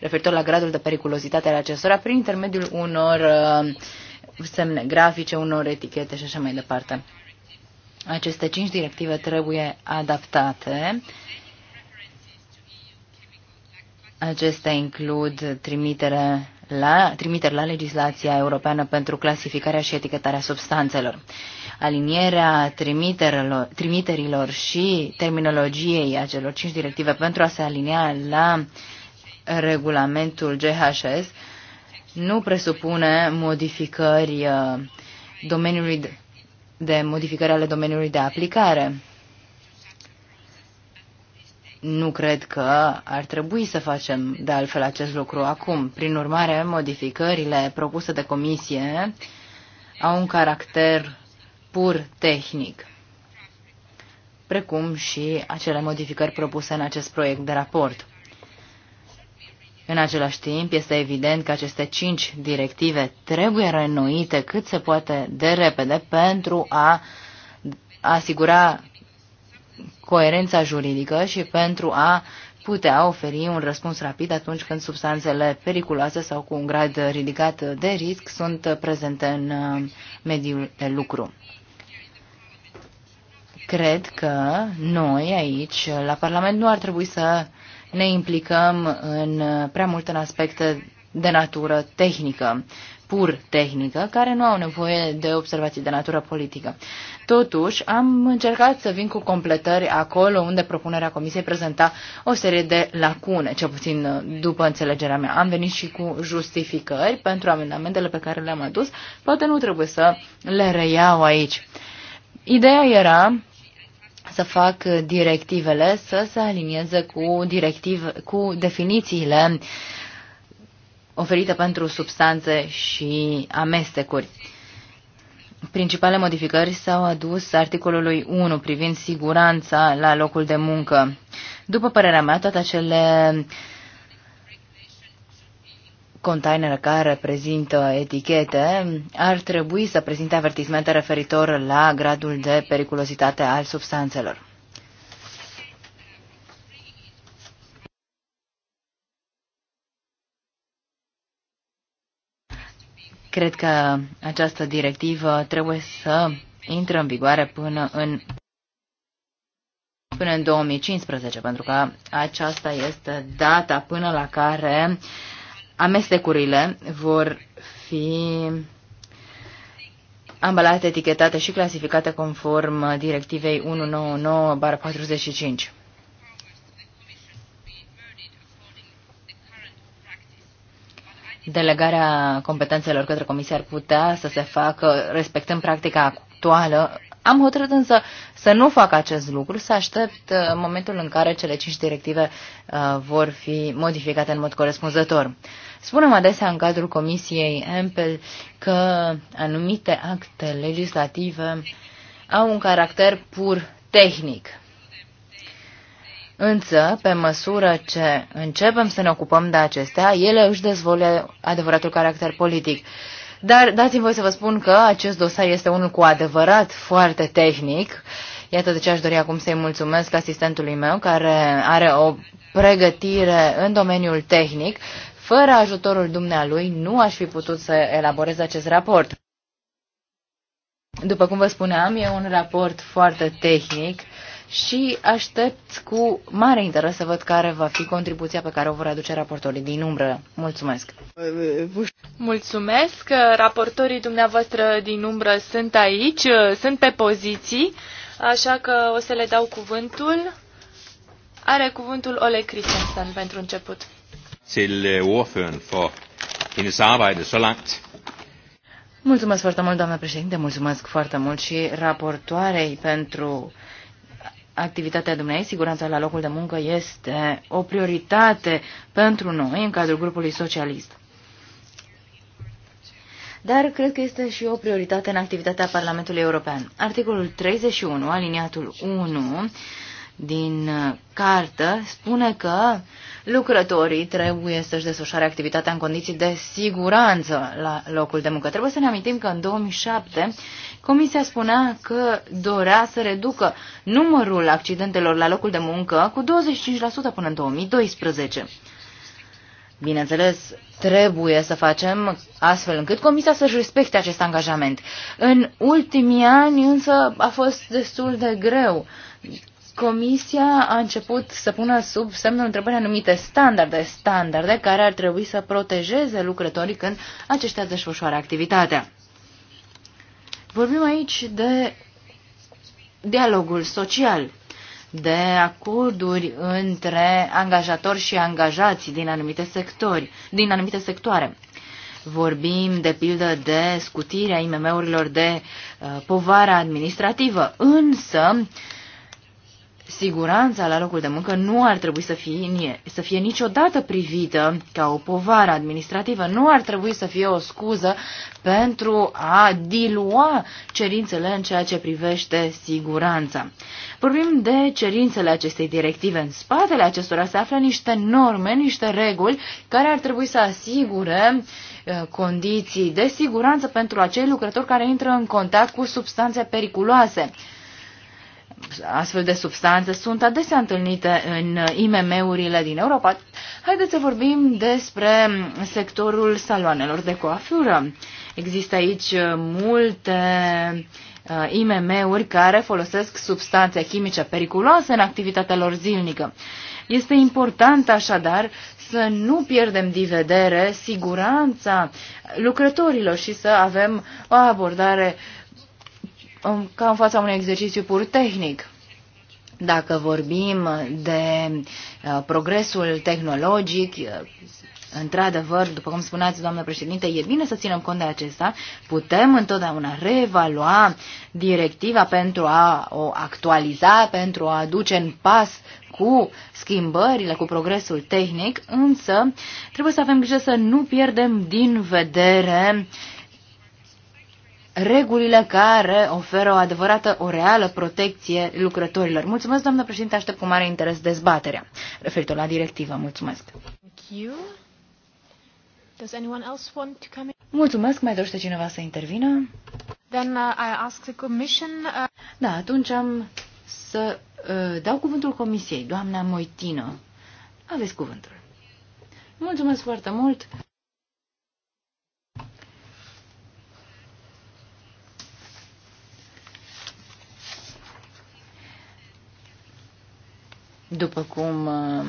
referitor la gradul de periculozitate al acestora prin intermediul unor uh, semne grafice, unor etichete și așa mai departe. Aceste cinci directive trebuie adaptate. Acestea includ trimitere la, trimiteri la legislația europeană pentru clasificarea și etichetarea substanțelor alinierea trimiterilor, trimiterilor și terminologiei acelor cinci directive pentru a se alinia la regulamentul GHS nu presupune modificări uh, domeniului de, de modificări ale domeniului de aplicare. Nu cred că ar trebui să facem de altfel acest lucru acum. Prin urmare, modificările propuse de comisie au un caracter pur tehnic, precum și acele modificări propuse în acest proiect de raport. În același timp, este evident că aceste cinci directive trebuie reînnoite cât se poate de repede pentru a asigura coerența juridică și pentru a putea oferi un răspuns rapid atunci când substanțele periculoase sau cu un grad ridicat de risc sunt prezente în uh, mediul de lucru. Cred că noi aici, la Parlament, nu ar trebui să ne implicăm în prea în aspecte de natură tehnică, pur tehnică, care nu au nevoie de observații de natură politică. Totuși, am încercat să vin cu completări acolo unde propunerea Comisiei prezenta o serie de lacune, cel puțin după înțelegerea mea. Am venit și cu justificări pentru amendamentele pe care le-am adus, poate nu trebuie să le reiau aici. Ideea era să fac uh, directivele să se alinieze cu, directive, cu definițiile oferite pentru substanțe și amestecuri. Principale modificări s-au adus articolului 1 privind siguranța la locul de muncă. După părerea mea, toate acele uh, container care prezintă etichete ar trebui să prezinte avertismente referitor la gradul de periculositate al substanțelor. Cred că această directivă trebuie să intre în vigoare până în până în 2015, pentru că aceasta este data până la care amestecurile vor fi ambalate, etichetate și clasificate conform directivei 199-45. Delegarea competențelor către comisie ar putea să se facă respectând practica actuală am hotărât însă să nu fac acest lucru, să aștept uh, momentul în care cele cinci directive uh, vor fi modificate în mod corespunzător. Spunem adesea în cadrul Comisiei Empel că anumite acte legislative au un caracter pur tehnic. Însă, pe măsură ce începem să ne ocupăm de acestea, ele își dezvolte adevăratul caracter politic. Dar dați-mi voi să vă spun că acest dosar este unul cu adevărat foarte tehnic. Iată de ce aș dori acum să-i mulțumesc asistentului meu care are o pregătire în domeniul tehnic. Fără ajutorul dumnealui nu aș fi putut să elaborez acest raport. După cum vă spuneam, e un raport foarte tehnic și aștept cu mare interes să văd care va fi contribuția pe care o vor aduce raportorii din umbră. Mulțumesc! Mulțumesc! Raportorii dumneavoastră din umbră sunt aici, sunt pe poziții, așa că o să le dau cuvântul. Are cuvântul Ole Christensen pentru început. Til uh, for hendes så langt. Mulțumesc foarte mult, doamnă președinte, mulțumesc foarte mult și raportoarei pentru activitatea dumneavoastră, siguranța la locul de muncă este o prioritate pentru noi în cadrul grupului socialist. Dar cred că este și o prioritate în activitatea Parlamentului European. Articolul 31, aliniatul 1 din cartă, spune că lucrătorii trebuie să-și desfășoare activitatea în condiții de siguranță la locul de muncă. Trebuie să ne amintim că în 2007 Comisia spunea că dorea să reducă numărul accidentelor la locul de muncă cu 25% până în 2012. Bineînțeles, trebuie să facem astfel încât Comisia să-și respecte acest angajament. În ultimii ani însă a fost destul de greu. Comisia a început să pună sub semnul întrebării anumite standarde, standarde care ar trebui să protejeze lucrătorii când aceștia desfășoară activitatea. Vorbim aici de dialogul social, de acorduri între angajatori și angajați din anumite sectori, din anumite sectoare. Vorbim, de pildă, de scutirea IMM-urilor de uh, povară administrativă, însă uh, siguranța la locul de muncă nu ar trebui să fie, să fie niciodată privită ca o povară administrativă, nu ar trebui să fie o scuză pentru a dilua cerințele în ceea ce privește siguranța. Vorbim de cerințele acestei directive. În spatele acestora se află niște norme, niște reguli care ar trebui să asigure uh, condiții de siguranță pentru acei lucrători care intră în contact cu substanțe periculoase astfel de substanțe sunt adesea întâlnite în IMM-urile din Europa. Haideți să vorbim despre sectorul saloanelor de coafură. Există aici multe uh, IMM-uri care folosesc substanțe chimice periculoase în activitatea lor zilnică. Este important așadar să nu pierdem din vedere siguranța lucrătorilor și să avem o abordare uh, ca în fața unui exercițiu pur tehnic. Dacă vorbim de uh, progresul tehnologic, uh, într-adevăr, după cum spuneați, doamnă președinte, e bine să ținem cont de acesta. Putem întotdeauna reevalua directiva pentru a o actualiza, pentru a aduce în pas cu schimbările, cu progresul tehnic, însă trebuie să avem grijă să nu pierdem din vedere uh, regulile care oferă o adevărată, o reală protecție lucrătorilor. Mulțumesc, doamnă președinte, aștept cu mare interes dezbaterea referitor la directivă. Mulțumesc. Mulțumesc, mai dorește cineva să intervină? Then uh, I ask the commission, uh... Da, atunci am să uh, dau cuvântul comisiei. Doamna Moitină, aveți cuvântul. Mulțumesc foarte mult. După cum uh,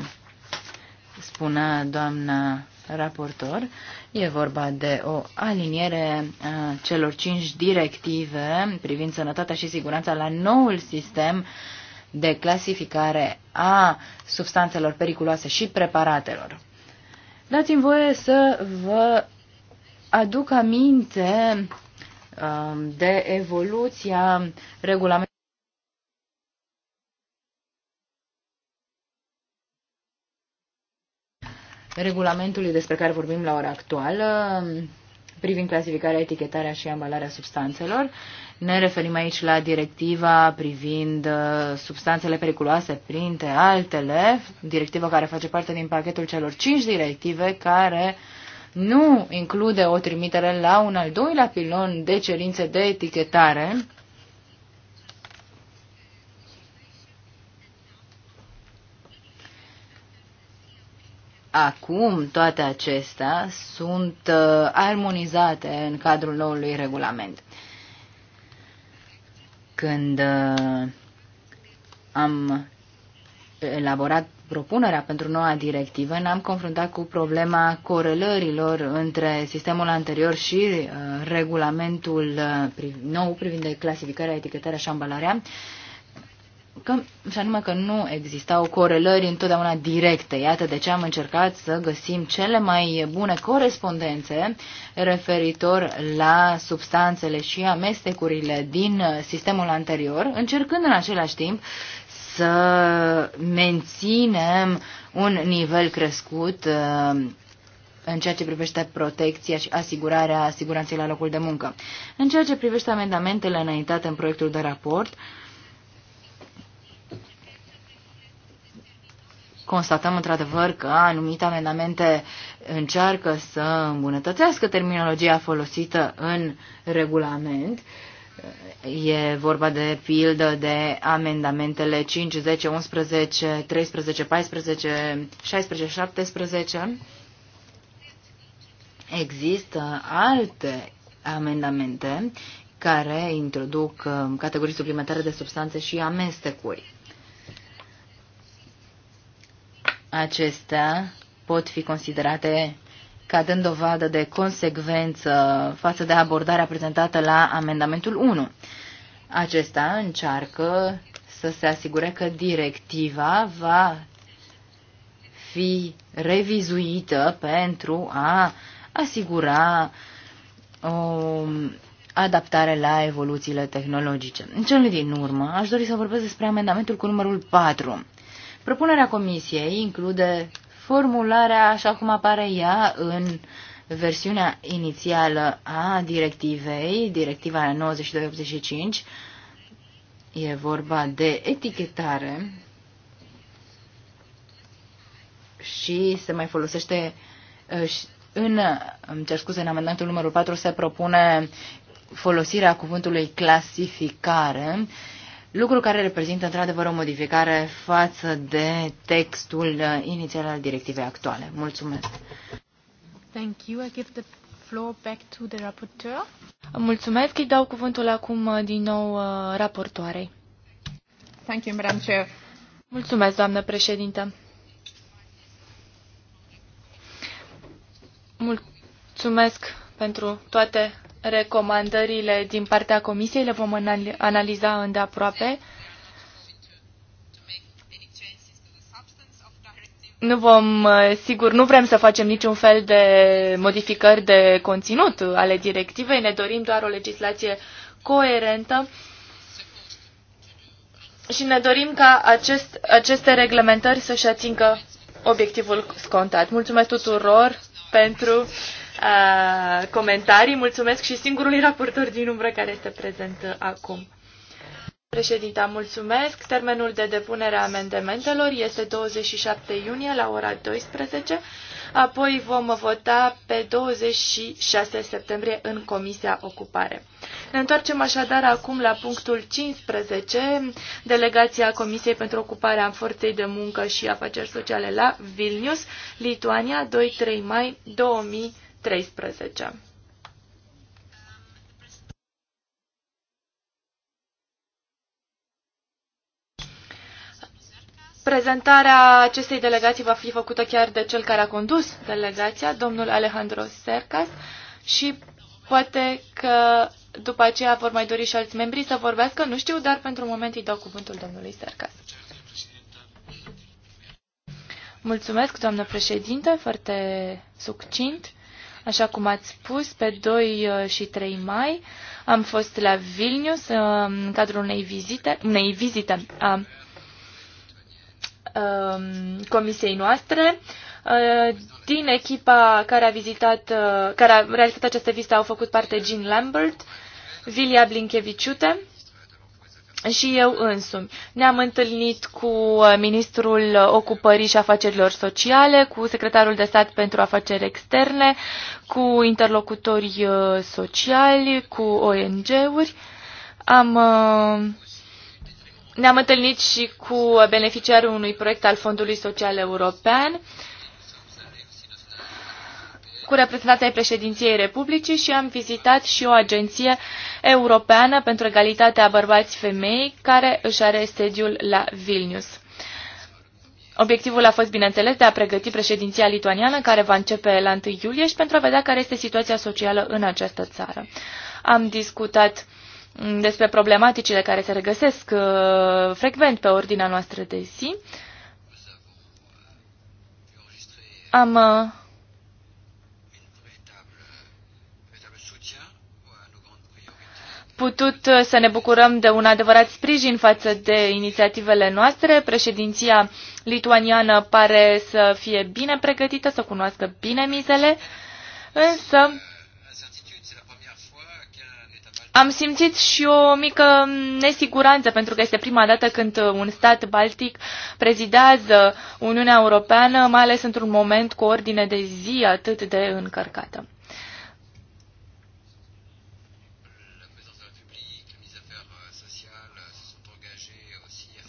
spunea doamna raportor, e vorba de o aliniere a celor cinci directive privind sănătatea și siguranța la noul sistem de clasificare a substanțelor periculoase și preparatelor. Dați-mi voie să vă aduc aminte um, de evoluția regulamentului regulamentului despre care vorbim la ora actuală, privind clasificarea, etichetarea și ambalarea substanțelor. Ne referim aici la directiva privind uh, substanțele periculoase, printre altele, directiva care face parte din pachetul celor cinci directive care nu include o trimitere la un al doilea pilon de cerințe de etichetare, Acum toate acestea sunt uh, armonizate în cadrul noului regulament. Când uh, am elaborat propunerea pentru noua directivă, ne-am confruntat cu problema corelărilor între sistemul anterior și uh, regulamentul uh, nou privind de clasificarea, etichetarea și ambalarea. Uh, că, și anume că nu existau corelări întotdeauna directe. Iată de ce am încercat să găsim cele mai bune corespondențe referitor la substanțele și amestecurile din sistemul anterior, încercând în același timp să menținem un nivel crescut uh, în ceea ce privește protecția și asigurarea siguranței la locul de muncă. În ceea ce privește amendamentele înaintate în proiectul de raport, constatăm într-adevăr că anumite amendamente încearcă să îmbunătățească terminologia folosită în regulament. E vorba de pildă de amendamentele 5, 10, 11, 13, 14, 16, 17. Există alte amendamente care introduc um, categorii suplimentare de substanțe și amestecuri. acestea pot fi considerate ca dând dovadă de consecvență față de abordarea prezentată la amendamentul 1. Acesta încearcă să se asigure că directiva va fi revizuită pentru a asigura o adaptare la evoluțiile tehnologice. În cele din urmă, aș dori să vorbesc despre amendamentul cu numărul 4. Propunerea comisiei include formularea așa cum apare ea în versiunea inițială a directivei, directiva 9285, e vorba de etichetare și se mai folosește uh, în, îmi cer scuze, în amendamentul numărul 4 se propune folosirea cuvântului clasificare lucru care reprezintă într-adevăr o modificare față de textul inițial al directivei actuale. Mulțumesc! Thank you. I give the floor back to the rapporteur. Mulțumesc. Îi dau cuvântul acum uh, din nou uh, raportoarei. Thank you, Madam Chair. Mulțumesc, doamnă președintă. Mulțumesc pentru toate recomandările din partea Comisiei, le vom analiza îndeaproape. Nu vom, sigur, nu vrem să facem niciun fel de modificări de conținut ale directivei, ne dorim doar o legislație coerentă și ne dorim ca acest, aceste reglementări să-și atingă obiectivul scontat. Mulțumesc tuturor pentru comentarii. Mulțumesc și singurului raportor din umbră care este prezent acum. Președinta, mulțumesc. Termenul de depunere a amendamentelor este 27 iunie la ora 12. Apoi vom vota pe 26 septembrie în Comisia Ocupare. Ne întoarcem așadar acum la punctul 15, delegația Comisiei pentru Ocuparea Forței de Muncă și Afaceri Sociale la Vilnius, Lituania, 2-3 mai 2020. 13. Prezentarea acestei delegații va fi făcută chiar de cel care a condus delegația, domnul Alejandro Sercas, și poate că după aceea vor mai dori și alți membri să vorbească, nu știu, dar pentru moment îi dau cuvântul domnului Sercas. Mulțumesc, doamnă președinte, foarte succint. Așa cum ați spus, pe 2 uh, și 3 mai am fost la Vilnius uh, în cadrul unei vizite, unei vizite a um, comisiei noastre. Uh, din echipa care a vizitat, care a realizat această vizită au făcut parte Jean Lambert, Vilia Blinkeviciute, și eu însumi. Ne-am întâlnit cu uh, Ministrul Ocupării și Afacerilor Sociale, cu Secretarul de Stat pentru Afaceri Externe, cu interlocutori uh, sociali, cu ONG-uri. Am, uh, ne-am întâlnit și cu beneficiarul unui proiect al Fondului Social European cu reprezentanții ai președinției Republicii și am vizitat și o agenție europeană pentru egalitatea bărbați-femei care își are sediul la Vilnius. Obiectivul a fost, bineînțeles, de a pregăti președinția lituaniană, care va începe la 1 iulie, și pentru a vedea care este situația socială în această țară. Am discutat mm, despre problematicile care se regăsesc uh, frecvent pe ordinea noastră de zi. Am uh, putut uh, să ne bucurăm de un adevărat sprijin față de inițiativele noastre. Președinția lituaniană pare să fie bine pregătită, să cunoască bine mizele, însă am simțit și o mică nesiguranță, pentru că este prima dată când un stat baltic prezidează Uniunea Europeană, mai ales într-un moment cu ordine de zi atât de încărcată.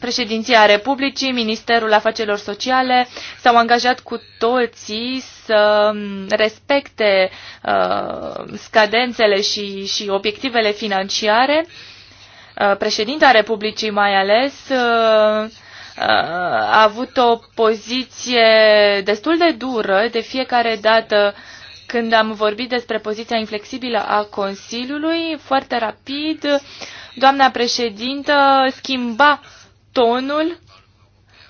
Președinția Republicii, Ministerul Afacerilor Sociale s-au angajat cu toții să respecte uh, scadențele și, și obiectivele financiare. Uh, președinta Republicii mai ales uh, uh, a avut o poziție destul de dură de fiecare dată când am vorbit despre poziția inflexibilă a Consiliului, foarte rapid, doamna președintă schimba tonul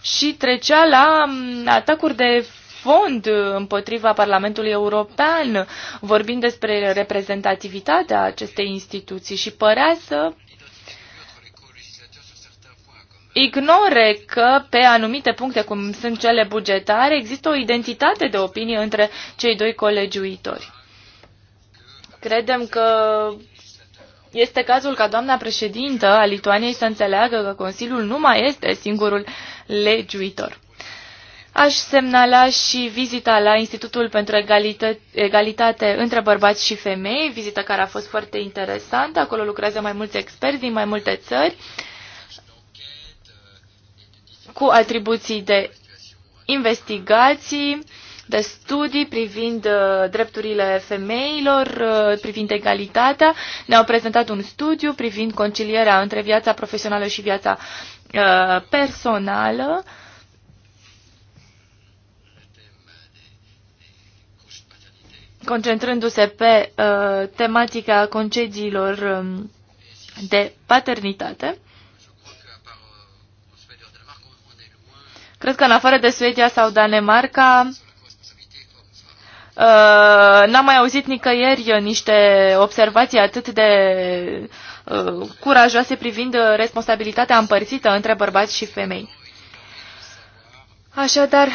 și trecea la mm, atacuri de fond împotriva Parlamentului European, vorbind despre reprezentativitatea acestei instituții și părea să ignore că pe anumite puncte, cum sunt cele bugetare, există o identitate de opinie între cei doi colegiuitori. Credem că este cazul ca doamna președintă a Lituaniei să înțeleagă că Consiliul nu mai este singurul legiuitor. Aș semnala și vizita la Institutul pentru Egalitate, Egalitate între Bărbați și Femei, vizită care a fost foarte interesantă. Acolo lucrează mai mulți experți din mai multe țări cu atribuții de investigații de studii privind uh, drepturile femeilor, uh, privind egalitatea. Ne-au prezentat un studiu privind concilierea între viața profesională și viața uh, personală. concentrându-se pe uh, tematica concediilor uh, de paternitate. Cred că în afară de Suedia sau Danemarca, Uh, n-am mai auzit nicăieri niște observații atât de uh, curajoase privind responsabilitatea împărțită între bărbați și femei. Așadar,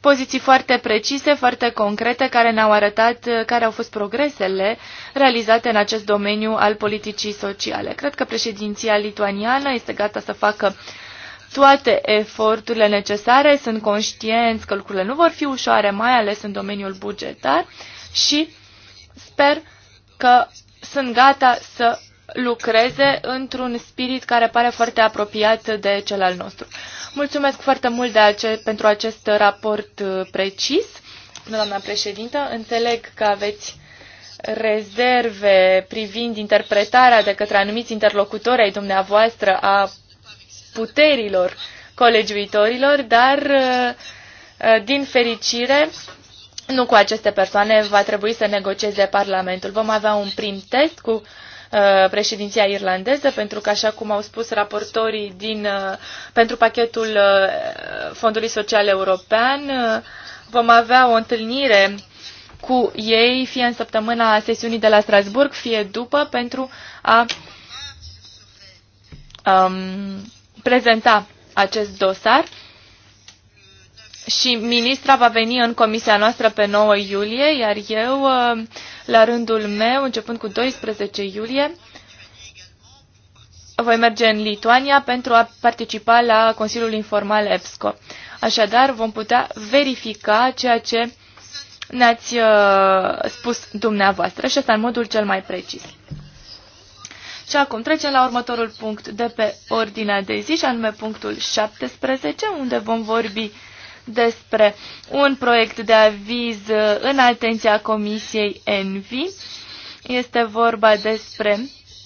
poziții foarte precise, foarte concrete, care ne-au arătat uh, care au fost progresele realizate în acest domeniu al politicii sociale. Cred că președinția lituaniană este gata să facă uh, toate eforturile necesare. Sunt conștienți că lucrurile nu vor fi ușoare, mai ales în domeniul bugetar și sper că sunt gata să lucreze într-un spirit care pare foarte apropiat de cel al nostru. Mulțumesc foarte mult de ace- pentru acest raport uh, precis, doamna președintă. Înțeleg că aveți rezerve privind interpretarea de către anumiți interlocutori ai dumneavoastră a puterilor colegiuitorilor, dar uh, uh, din fericire nu cu aceste persoane va trebui să negocieze Parlamentul. Vom avea un prim test cu uh, președinția irlandeză, pentru că, așa cum au spus raportorii din, pentru pachetul Fondului Social European, vom avea o întâlnire cu ei, fie în săptămâna sesiunii de la Strasburg, fie după, pentru a um, prezenta acest dosar și ministra va veni în comisia noastră pe 9 iulie, iar eu, uh, la rândul meu, începând cu 12 iulie, voi merge în Lituania pentru a participa la Consiliul Informal EPSCO. Așadar, vom putea verifica ceea ce ne-ați uh, spus dumneavoastră și asta în modul cel mai precis. Și acum trecem la următorul punct de pe ordinea de zi, și anume punctul 17, unde vom vorbi despre un proiect de aviz în atenția Comisiei ENVI. Este vorba despre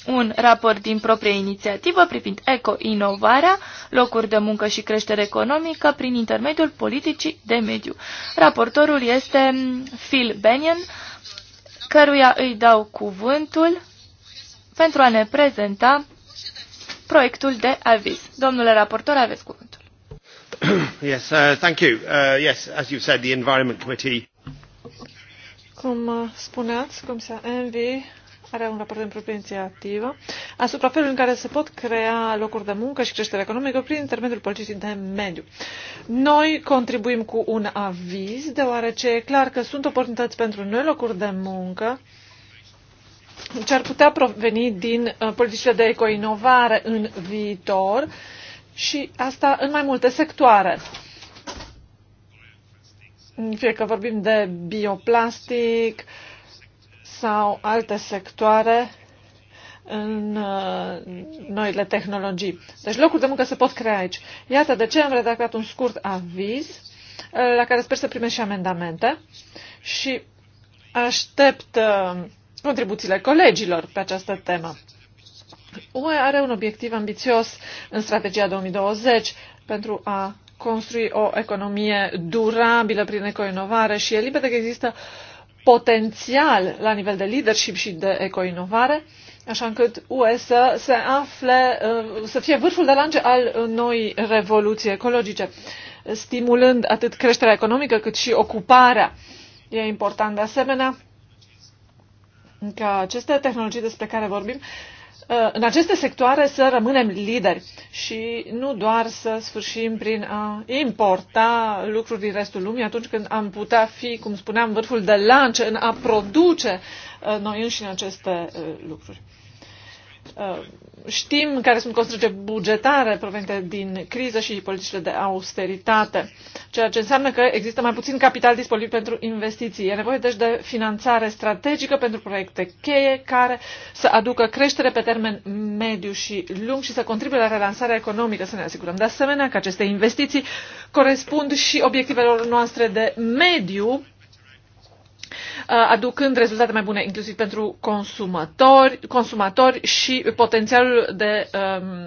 un raport din proprie inițiativă privind eco-inovarea, locuri de muncă și creștere economică prin intermediul politicii de mediu. Raportorul este Phil Bennion, căruia îi dau cuvântul pentru a ne prezenta proiectul de aviz. Domnule raportor, aveți cuvântul. Yes, uh, thank you. Uh, yes, as you said, the Environment Committee. Cum uh, spuneați, cum se envi are un raport în proprie inițiativă asupra felului în care se pot crea locuri de muncă și creștere economică prin intermediul politicii de mediu. Noi contribuim cu un aviz, deoarece e clar că sunt oportunități pentru noi locuri de muncă, ce ar putea proveni din uh, politicile de ecoinovare în viitor și asta în mai multe sectoare. Fie că vorbim de bioplastic sau alte sectoare în uh, noile tehnologii. Deci locuri de muncă se pot crea aici. Iată de ce am redactat un scurt aviz uh, la care sper să primești și amendamente și aștept contribuțiile colegilor pe această temă. UE are un obiectiv ambițios în strategia 2020 pentru a construi o economie durabilă prin ecoinovare și e limpede că există potențial la nivel de leadership și de ecoinovare, așa încât UE să se afle, uh, să fie vârful de lance al noi revoluții ecologice, stimulând atât creșterea economică cât și ocuparea. E important de asemenea ca aceste tehnologii despre care vorbim, uh, în aceste sectoare să rămânem lideri și nu doar să sfârșim prin a importa lucruri din restul lumii atunci când am putea fi, cum spuneam, vârful de lance în a produce uh, noi înșine aceste uh, lucruri știm care sunt constrânge bugetare provenite din criză și politicile de austeritate, ceea ce înseamnă că există mai puțin capital disponibil pentru investiții. E nevoie deci de finanțare strategică pentru proiecte cheie care să aducă creștere pe termen mediu și lung și să contribuie la relansarea economică, să ne asigurăm. De asemenea că aceste investiții corespund și obiectivelor noastre de mediu Uh, aducând rezultate mai bune, inclusiv pentru consumatori, consumatori și potențialul de um,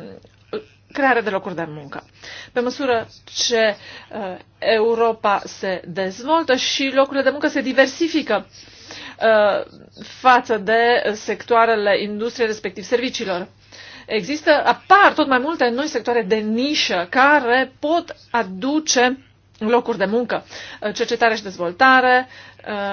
creare de locuri de muncă. Pe măsură ce uh, Europa se dezvoltă și locurile de muncă se diversifică uh, față de sectoarele industriei, respectiv serviciilor. Există, apar tot mai multe noi sectoare de nișă care pot aduce locuri de muncă, uh, cercetare și dezvoltare,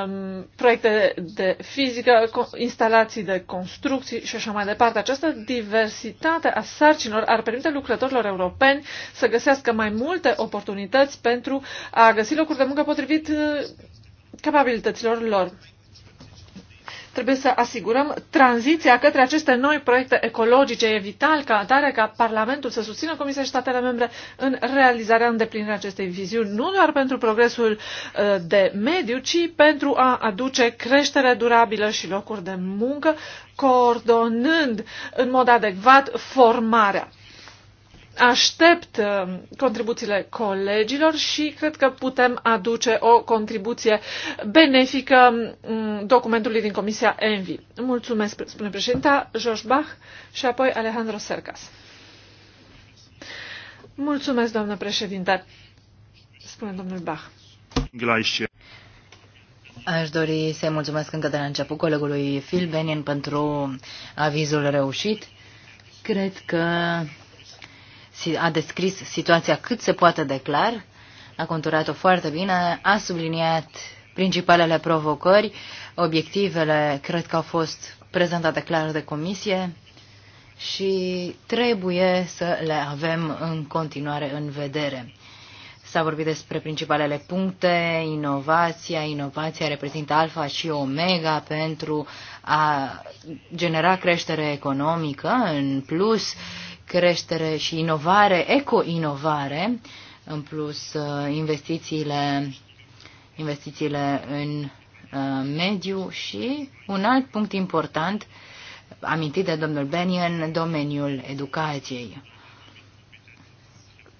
um, proiecte de fizică, instalații de construcții și așa mai departe. Această diversitate a sarcinilor ar permite lucrătorilor europeni să găsească mai multe oportunități pentru a găsi locuri de muncă potrivit uh, capabilităților lor. Trebuie să asigurăm tranziția către aceste noi proiecte ecologice. E vital ca atare ca Parlamentul să susțină Comisia și statele membre în realizarea îndeplinirea acestei viziuni, nu doar pentru progresul uh, de mediu, ci pentru a aduce creștere durabilă și locuri de muncă, coordonând în mod adecvat formarea aștept uh, contribuțiile colegilor și cred că putem aduce o contribuție benefică mm, documentului din Comisia Envi. Mulțumesc, spune președinta, George Bach și apoi Alejandro Sercas. Mulțumesc, doamnă președinte, spune domnul Bach. Gleiche. Aș dori să-i mulțumesc încă de la început colegului Phil Benin pentru avizul reușit. Cred că a descris situația cât se poate de clar, a conturat-o foarte bine, a subliniat principalele provocări, obiectivele cred că au fost prezentate clar de comisie și trebuie să le avem în continuare în vedere. S-a vorbit despre principalele puncte, inovația. Inovația reprezintă alfa și omega pentru a genera creștere economică. În plus, creștere și inovare, eco-inovare, în plus uh, investițiile, investițiile în uh, mediu și un alt punct important, amintit de domnul în domeniul educației.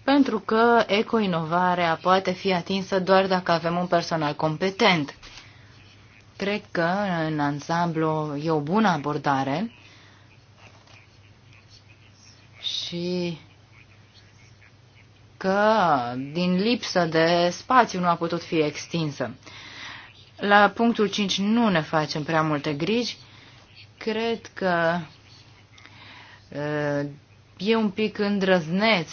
Pentru că ecoinovarea poate fi atinsă doar dacă avem un personal competent. Cred că, în ansamblu, e o bună abordare și că din lipsă de spațiu nu a putut fi extinsă. La punctul 5 nu ne facem prea multe griji. Cred că uh, e un pic îndrăzneț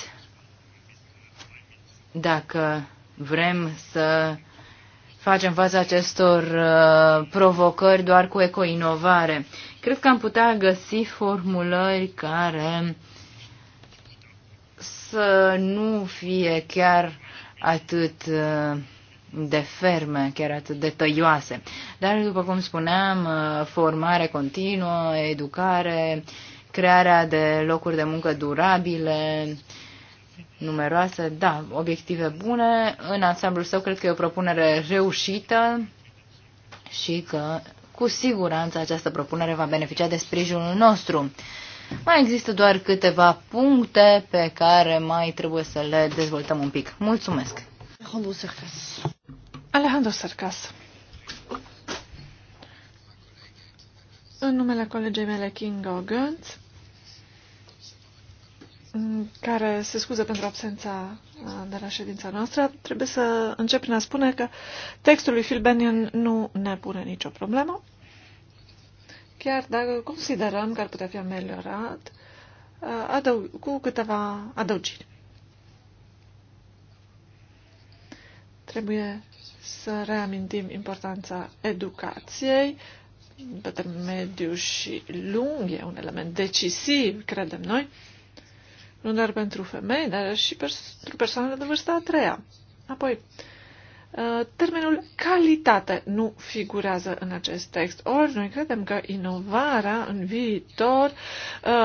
dacă vrem să facem față acestor uh, provocări doar cu ecoinovare. Cred că am putea găsi formulări care să nu fie chiar atât uh, de ferme, chiar atât de tăioase. Dar, după cum spuneam, uh, formare continuă, educare, crearea de locuri de muncă durabile, numeroase, da, obiective bune. În ansamblul său cred că e o propunere reușită și că cu siguranță această propunere va beneficia de sprijinul nostru. Mai există doar câteva puncte pe care mai trebuie să le dezvoltăm un pic. Mulțumesc! Alejandro Sarcas. Alejandro Sercas. În numele colegei mele, Kinga Gönz, care se scuză pentru absența uh, de la ședința noastră, trebuie să încep prin a spune că textul lui Phil Bennion nu ne pune nicio problemă chiar dacă considerăm că ar putea fi ameliorat uh, adăug- cu câteva adăugiri. Trebuie să reamintim importanța educației, pe termen mediu și lung, e un element decisiv, credem noi, nu doar pentru femei, dar și pentru persoanele de vârsta a treia. Apoi, uh, Uh, termenul calitate nu figurează în acest text. Ori noi credem că inovarea în viitor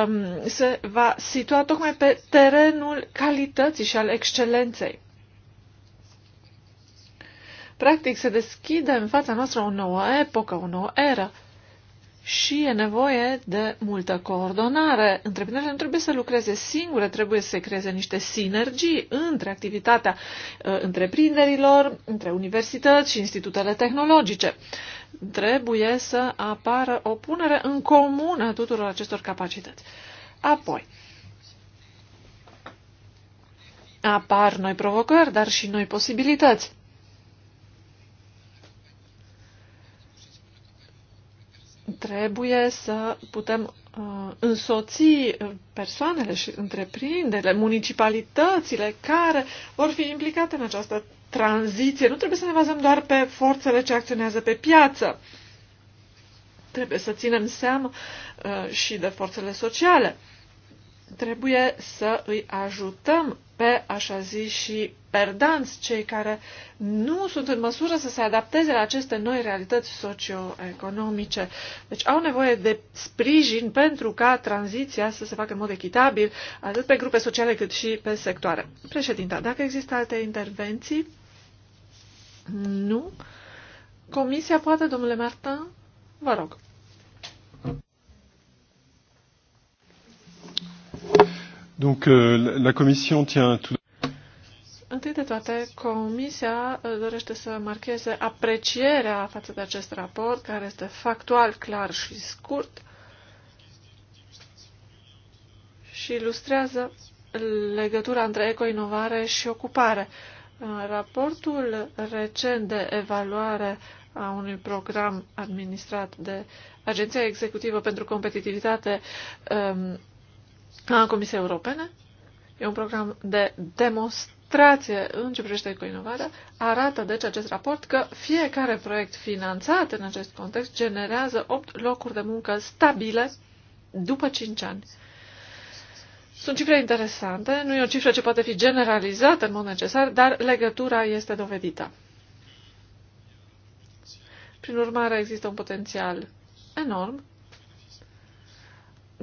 um, se va situa tocmai pe terenul calității și al excelenței. Practic, se deschide în fața noastră o nouă epocă, o nouă eră și e nevoie de multă coordonare. Întreprinderile nu trebuie să lucreze singure, trebuie să se creeze niște sinergii între activitatea uh, întreprinderilor, între universități și institutele tehnologice. Trebuie să apară o punere în comun a tuturor acestor capacități. Apoi, apar noi provocări, dar și noi posibilități. Trebuie să putem uh, însoți uh, persoanele și întreprinderile, municipalitățile care vor fi implicate în această tranziție. Nu trebuie să ne bazăm doar pe forțele ce acționează pe piață. Trebuie să ținem seama uh, și de forțele sociale trebuie să îi ajutăm pe așa zi și perdanți, cei care nu sunt în măsură să se adapteze la aceste noi realități socioeconomice. Deci au nevoie de sprijin pentru ca tranziția să se facă în mod echitabil, atât pe grupe sociale cât și pe sectoare. Președinta, dacă există alte intervenții? Nu. Comisia poate, domnule Martin? Vă rog. Donc, euh, la Commission tient tout Întâi de toate, Comisia uh, dorește să marcheze aprecierea față de acest raport, care este factual, clar și scurt și ilustrează legătura între ecoinovare și ocupare. Uh, raportul recent de evaluare a unui program administrat de Agenția Executivă pentru Competitivitate um, a Comisiei Europene. E un program de demonstrație în ce privește cu inovarea. Arată, deci, acest raport că fiecare proiect finanțat în acest context generează 8 locuri de muncă stabile după 5 ani. Sunt cifre interesante, nu e o cifră ce poate fi generalizată în mod necesar, dar legătura este dovedită. Prin urmare, există un potențial enorm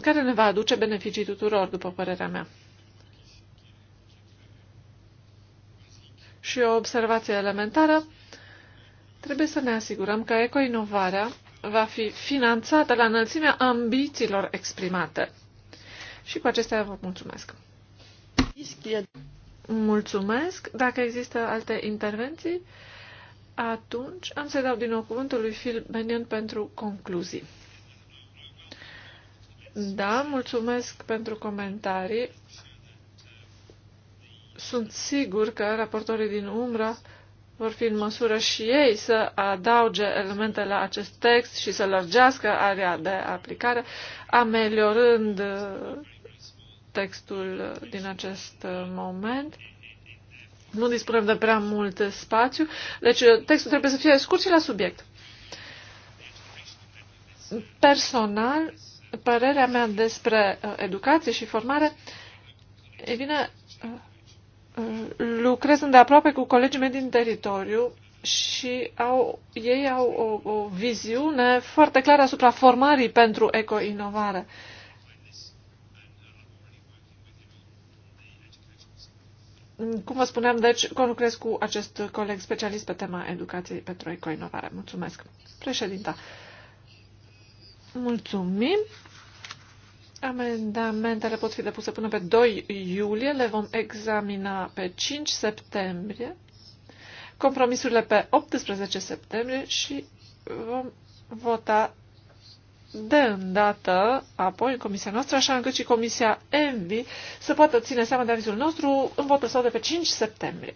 care ne va aduce beneficii tuturor, după părerea mea. Și o observație elementară, trebuie să ne asigurăm că ecoinovarea va fi finanțată la înălțimea ambițiilor exprimate. Și cu acestea vă mulțumesc. Mulțumesc. Dacă există alte intervenții, atunci am să dau din nou cuvântul lui Phil Benion pentru concluzii. Da, mulțumesc pentru comentarii. Sunt sigur că raportorii din umbră vor fi în măsură și ei să adauge elemente la acest text și să lărgească area de aplicare, ameliorând uh, textul din acest uh, moment. Nu dispunem de prea mult spațiu, deci uh, textul trebuie să fie scurt și la subiect. Personal, părerea mea despre uh, educație și formare, e bine, uh, lucrez îndeaproape cu colegii mei din teritoriu și au, ei au o, o viziune foarte clară asupra formării pentru ecoinovare. Cum vă spuneam, deci, conlucrez cu acest coleg specialist pe tema educației pentru ecoinovare. Mulțumesc. Președinta, Mulțumim. Amendamentele pot fi depuse până pe 2 iulie, le vom examina pe 5 septembrie, compromisurile pe 18 septembrie și vom vota de îndată apoi în comisia noastră, așa încât și comisia ENVI să poată ține seama de avizul nostru în votul său de pe 5 septembrie.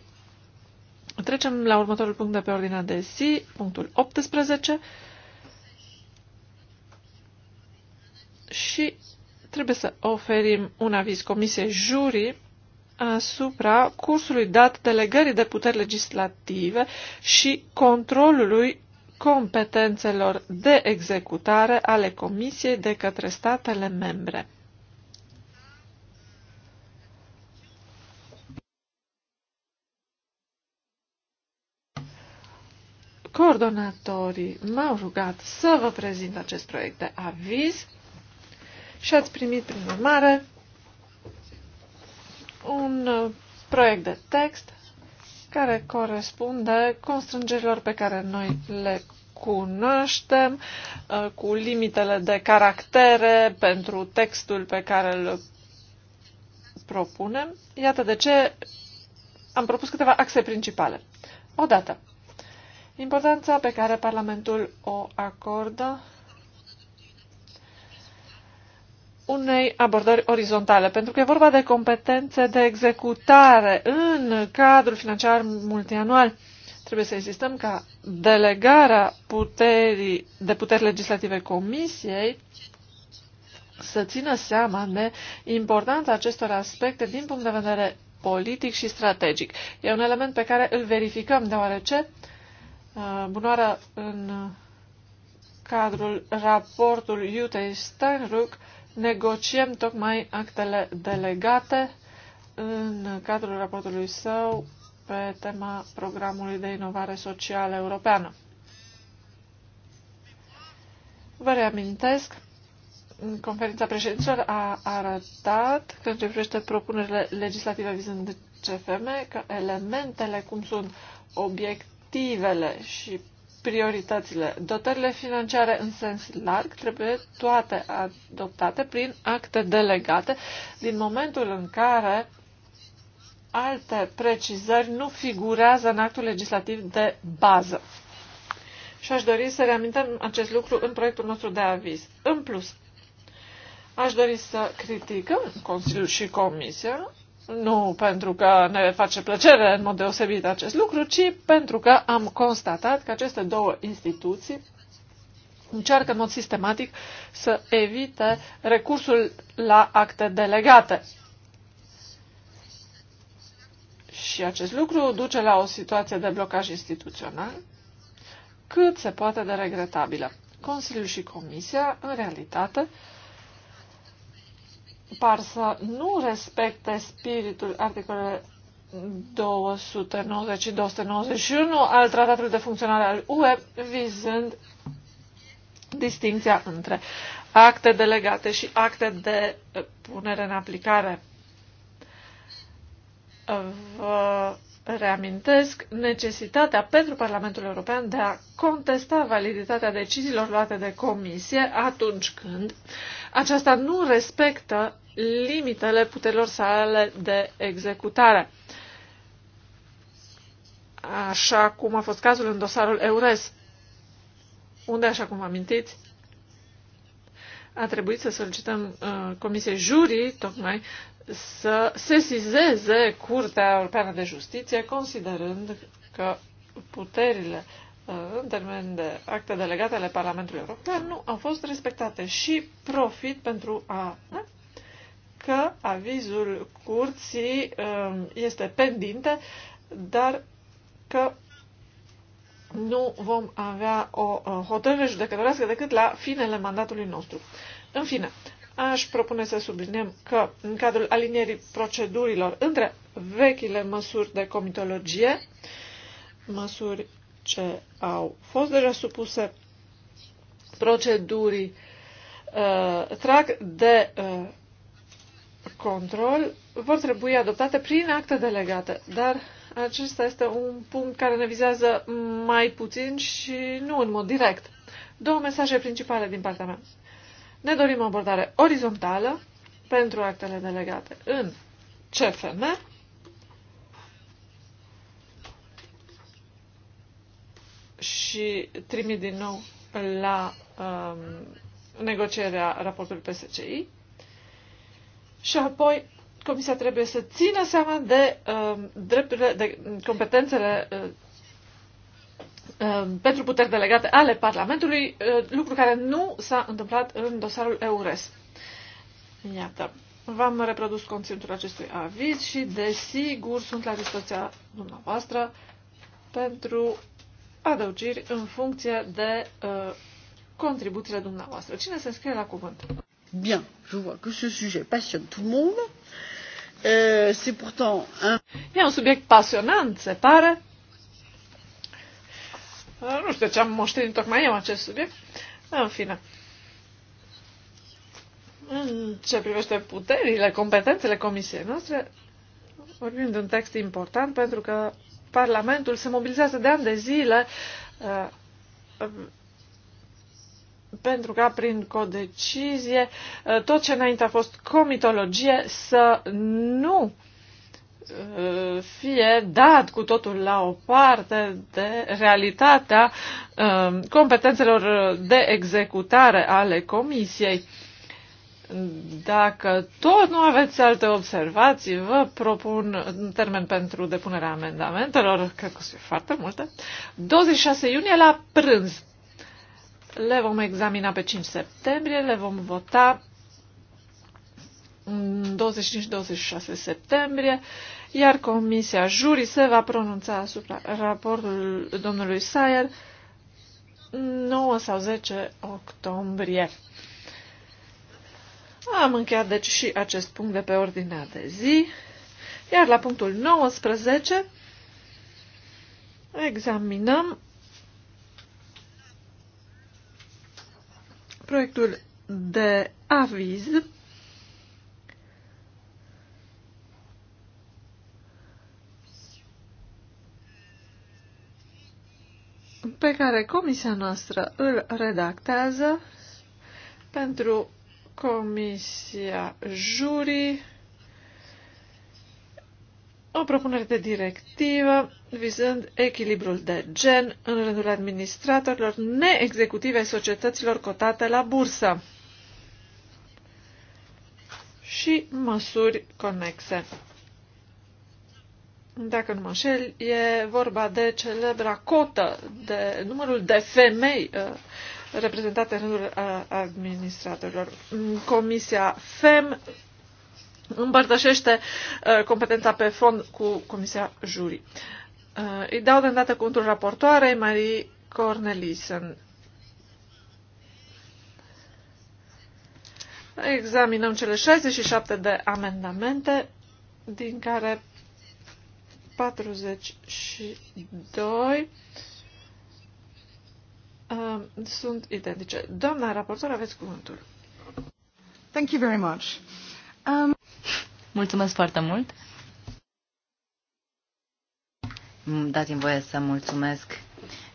Trecem la următorul punct de pe ordinea de zi, punctul 18, și trebuie să oferim un aviz Comisiei Jurii asupra cursului dat delegării de puteri legislative și controlului competențelor de executare ale Comisiei de către statele membre. Coordonatorii m-au rugat să vă prezint acest proiect de aviz și ați primit, prin urmare, un uh, proiect de text care corespunde constrângerilor pe care noi le cunoaștem, uh, cu limitele de caractere pentru textul pe care îl propunem. Iată de ce am propus câteva axe principale. Odată, importanța pe care Parlamentul o acordă unei abordări orizontale, pentru că e vorba de competențe de executare în cadrul financiar multianual. Trebuie să insistăm ca delegarea puterii, de puteri legislative comisiei să țină seama de importanța acestor aspecte din punct de vedere politic și strategic. E un element pe care îl verificăm, deoarece uh, bunoară în cadrul raportului Utei Steinruck negociem tocmai actele delegate în cadrul raportului său pe tema programului de inovare socială europeană. Vă reamintesc, conferința președinților a arătat că în ce privește propunerile legislative vizând CFM, că elementele cum sunt obiectivele și prioritățile. Dotările financiare în sens larg trebuie toate adoptate prin acte delegate din momentul în care alte precizări nu figurează în actul legislativ de bază. Și aș dori să reamintem acest lucru în proiectul nostru de aviz. În plus, aș dori să criticăm Consiliul și Comisia nu pentru că ne face plăcere în mod deosebit acest lucru, ci pentru că am constatat că aceste două instituții încearcă în mod sistematic să evite recursul la acte delegate. Și acest lucru duce la o situație de blocaj instituțional cât se poate de regretabilă. Consiliul și Comisia, în realitate, par să nu respecte spiritul articolului 290 și 291 al Tratatului de Funcționare al UE, vizând distinția între acte delegate și acte de punere în aplicare. Vă reamintesc necesitatea pentru Parlamentul European de a contesta validitatea deciziilor luate de comisie atunci când uh, aceasta nu respectă limitele puterilor sale de executare, așa cum a fost cazul în dosarul EURES, unde, așa cum vă amintiți, a trebuit să solicităm uh, Comisiei Jurii, tocmai, să sesizeze Curtea Europeană de Justiție, considerând că puterile în termen de acte delegate ale Parlamentului European nu au fost respectate și profit pentru a da, că avizul curții um, este pendinte, dar că nu vom avea o hotărâre judecătorească decât la finele mandatului nostru. În fine, aș propune să subliniem că în cadrul alinierii procedurilor între vechile măsuri de comitologie, măsuri ce au fost deja supuse procedurii uh, trag de uh, control vor trebui adoptate prin acte delegate, dar acesta este un punct care ne vizează mai puțin și nu în mod direct. Două mesaje principale din partea mea. Ne dorim o abordare orizontală pentru actele delegate în CFM și trimit din nou la um, negocierea raportului PSCI și apoi Comisia trebuie să țină seama de um, drepturile, de competențele uh, um, pentru puteri delegate ale Parlamentului, uh, lucru care nu s-a întâmplat în dosarul EURES. Iată, v-am reprodus conținutul acestui aviz și, desigur, sunt la dispoziția dumneavoastră pentru adăugiri în funcție de uh, contribuțiile dumneavoastră. Cine se scrie la cuvânt? Bien, je vois que ce sujet passionne tout le monde. Euh, c'est pourtant un... E un subiect pasionant, se pare. Uh, nu știu ce am moștenit tocmai eu acest subiect. În fine. În ce privește puterile, competențele comisiei noastre, vorbim de un text important pentru că Parlamentul se mobilizează de ani de zile uh, um, pentru ca prin codecizie uh, tot ce înainte a fost comitologie să nu uh, fie dat cu totul la o parte de realitatea uh, competențelor de executare ale comisiei. Dacă tot nu aveți alte observații, vă propun în termen pentru depunerea amendamentelor, cred că sunt foarte multe, 26 iunie la prânz. Le vom examina pe 5 septembrie, le vom vota 25-26 septembrie, iar Comisia Juri se va pronunța asupra raportului domnului Sayer 9 sau 10 octombrie. Am încheiat deci și acest punct de pe ordinea de zi. Iar la punctul 19 examinăm proiectul de aviz pe care comisia noastră îl redactează pentru Comisia Jurii o propunere de directivă vizând echilibrul de gen în rândul administratorilor neexecutive ai societăților cotate la bursă și măsuri conexe. Dacă nu mă șel, e vorba de celebra cotă, de numărul de femei uh, reprezentate în rândul administratorilor. Comisia FEM împărtășește competența pe fond cu Comisia Jurii. Îi dau de îndată cuvântul raportoarei Marie Cornelisen. Examinăm cele 67 de amendamente, din care 42 sunt identice. Doamna raportor, aveți cuvântul. Thank you very much. Um... Mulțumesc foarte mult. Dați-mi voie să mulțumesc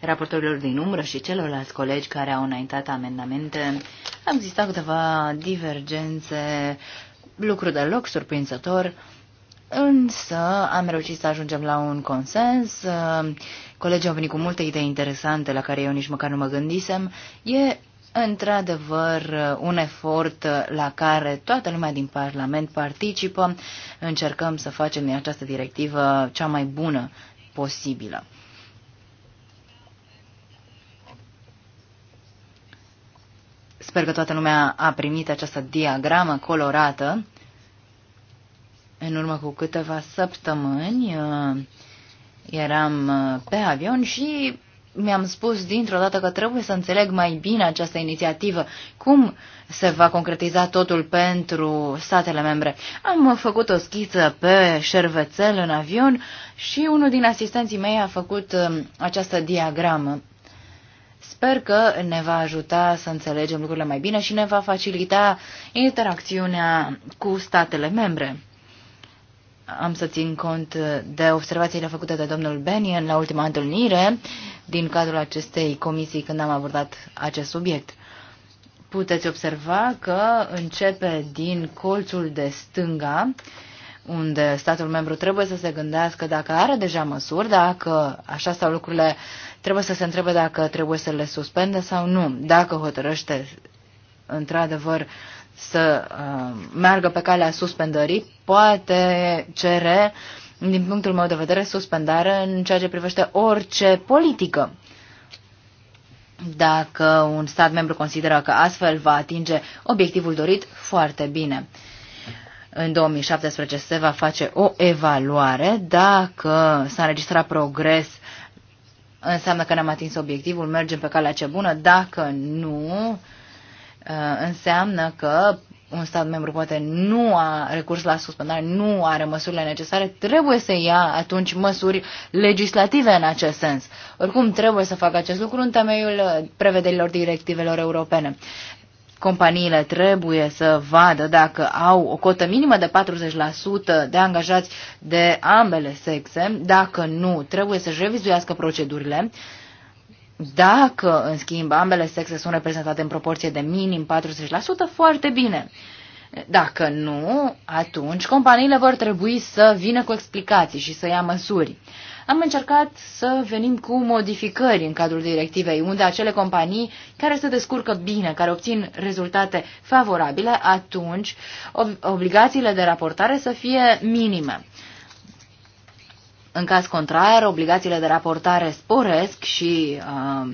raportorilor din umbră și celorlalți colegi care au înaintat amendamente. Am existat câteva divergențe, lucru deloc surprinzător. Însă am reușit să ajungem la un consens, colegii au venit cu multe idei interesante la care eu nici măcar nu mă gândisem. E într-adevăr un efort la care toată lumea din Parlament participă. Încercăm să facem din această directivă cea mai bună posibilă. Sper că toată lumea a primit această diagramă colorată în urmă cu câteva săptămâni uh, eram uh, pe avion și mi-am spus dintr-o dată că trebuie să înțeleg mai bine această inițiativă, cum se va concretiza totul pentru statele membre. Am uh, făcut o schiță pe șervețel în avion și unul din asistenții mei a făcut această diagramă. Sper că ne va ajuta să înțelegem lucrurile mai bine și ne va facilita interacțiunea cu statele membre am să țin cont de observațiile făcute de domnul Benien la ultima întâlnire din cadrul acestei comisii când am abordat acest subiect. Puteți observa că începe din colțul de stânga, unde statul membru trebuie să se gândească dacă are deja măsuri, dacă așa stau lucrurile, trebuie să se întrebe dacă trebuie să le suspende sau nu, dacă hotărăște într-adevăr să uh, meargă pe calea suspendării, poate cere, din punctul meu de vedere, suspendare în ceea ce privește orice politică. Dacă un stat membru consideră că astfel va atinge obiectivul dorit, foarte bine. În 2017 se va face o evaluare. Dacă s-a înregistrat progres, înseamnă că ne-am atins obiectivul, mergem pe calea cea bună. Dacă nu, uh, Uh, înseamnă că un stat membru poate nu a recurs la suspendare, nu are măsurile necesare, trebuie să ia atunci măsuri legislative în acest sens. Oricum trebuie să facă acest lucru în temeiul prevederilor directivelor europene. Companiile trebuie să vadă dacă au o cotă minimă de 40% de angajați de ambele sexe, dacă nu, trebuie să-și revizuiască procedurile, dacă, în schimb, ambele sexe sunt reprezentate în proporție de minim 40%, foarte bine. Dacă nu, atunci companiile vor trebui să vină cu explicații și să ia măsuri. Am încercat să venim cu modificări în cadrul directivei, unde acele companii care se descurcă bine, care obțin rezultate favorabile, atunci obligațiile de raportare să fie minime. În caz contrar, obligațiile de raportare sporesc și uh,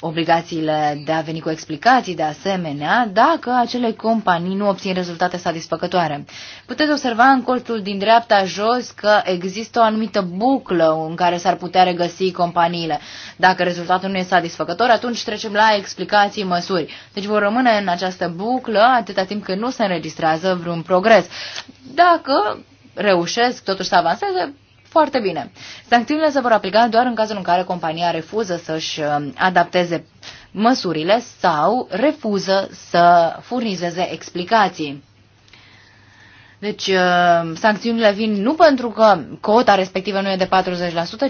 obligațiile de a veni cu explicații de asemenea dacă acele companii nu obțin rezultate satisfăcătoare. Puteți observa în colțul din dreapta jos că există o anumită buclă în care s-ar putea regăsi companiile. Dacă rezultatul nu e satisfăcător, atunci trecem la explicații, măsuri. Deci vor rămâne în această buclă atâta timp cât nu se înregistrează vreun progres. Dacă reușesc totuși să avanseze, foarte bine. Sancțiunile se vor aplica doar în cazul în care compania refuză să-și uh, adapteze măsurile sau refuză să furnizeze explicații. Deci, uh, sancțiunile vin nu pentru că cota respectivă nu e de 40%,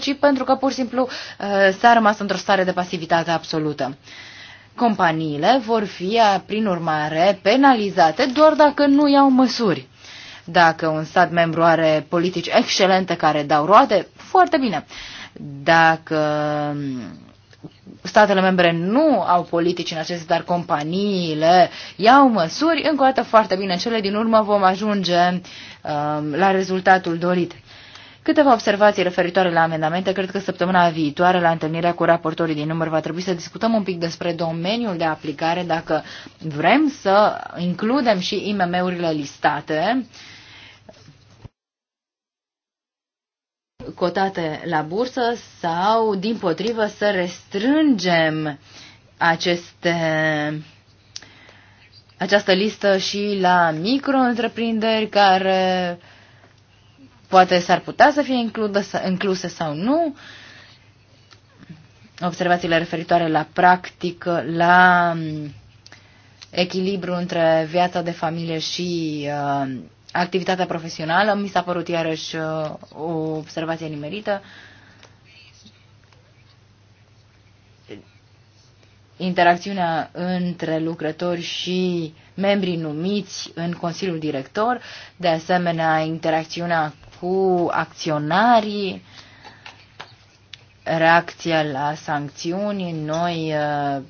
ci pentru că pur și simplu uh, s-a rămas într-o stare de pasivitate absolută. Companiile vor fi, prin urmare, penalizate doar dacă nu iau măsuri. Dacă un stat membru are politici excelente care dau roade, foarte bine. Dacă statele membre nu au politici în acest, dar companiile iau măsuri, încă o dată foarte bine. În cele din urmă vom ajunge um, la rezultatul dorit. Câteva observații referitoare la amendamente. Cred că săptămâna viitoare, la întâlnirea cu raportorii din număr, va trebui să discutăm un pic despre domeniul de aplicare, dacă vrem să includem și IMM-urile listate. Uh, cotate la bursă sau, din potrivă, să restrângem aceste, această listă și la micro-întreprinderi care poate s-ar putea să fie includă, incluse sau nu. Observațiile referitoare la practică, la mm, echilibru între viața de familie și uh, activitatea profesională. Mi s-a părut iarăși uh, o observație nimerită. interacțiunea între lucrători și membrii numiți în Consiliul Director, de asemenea interacțiunea cu acționarii, reacția la sancțiuni. Noi uh,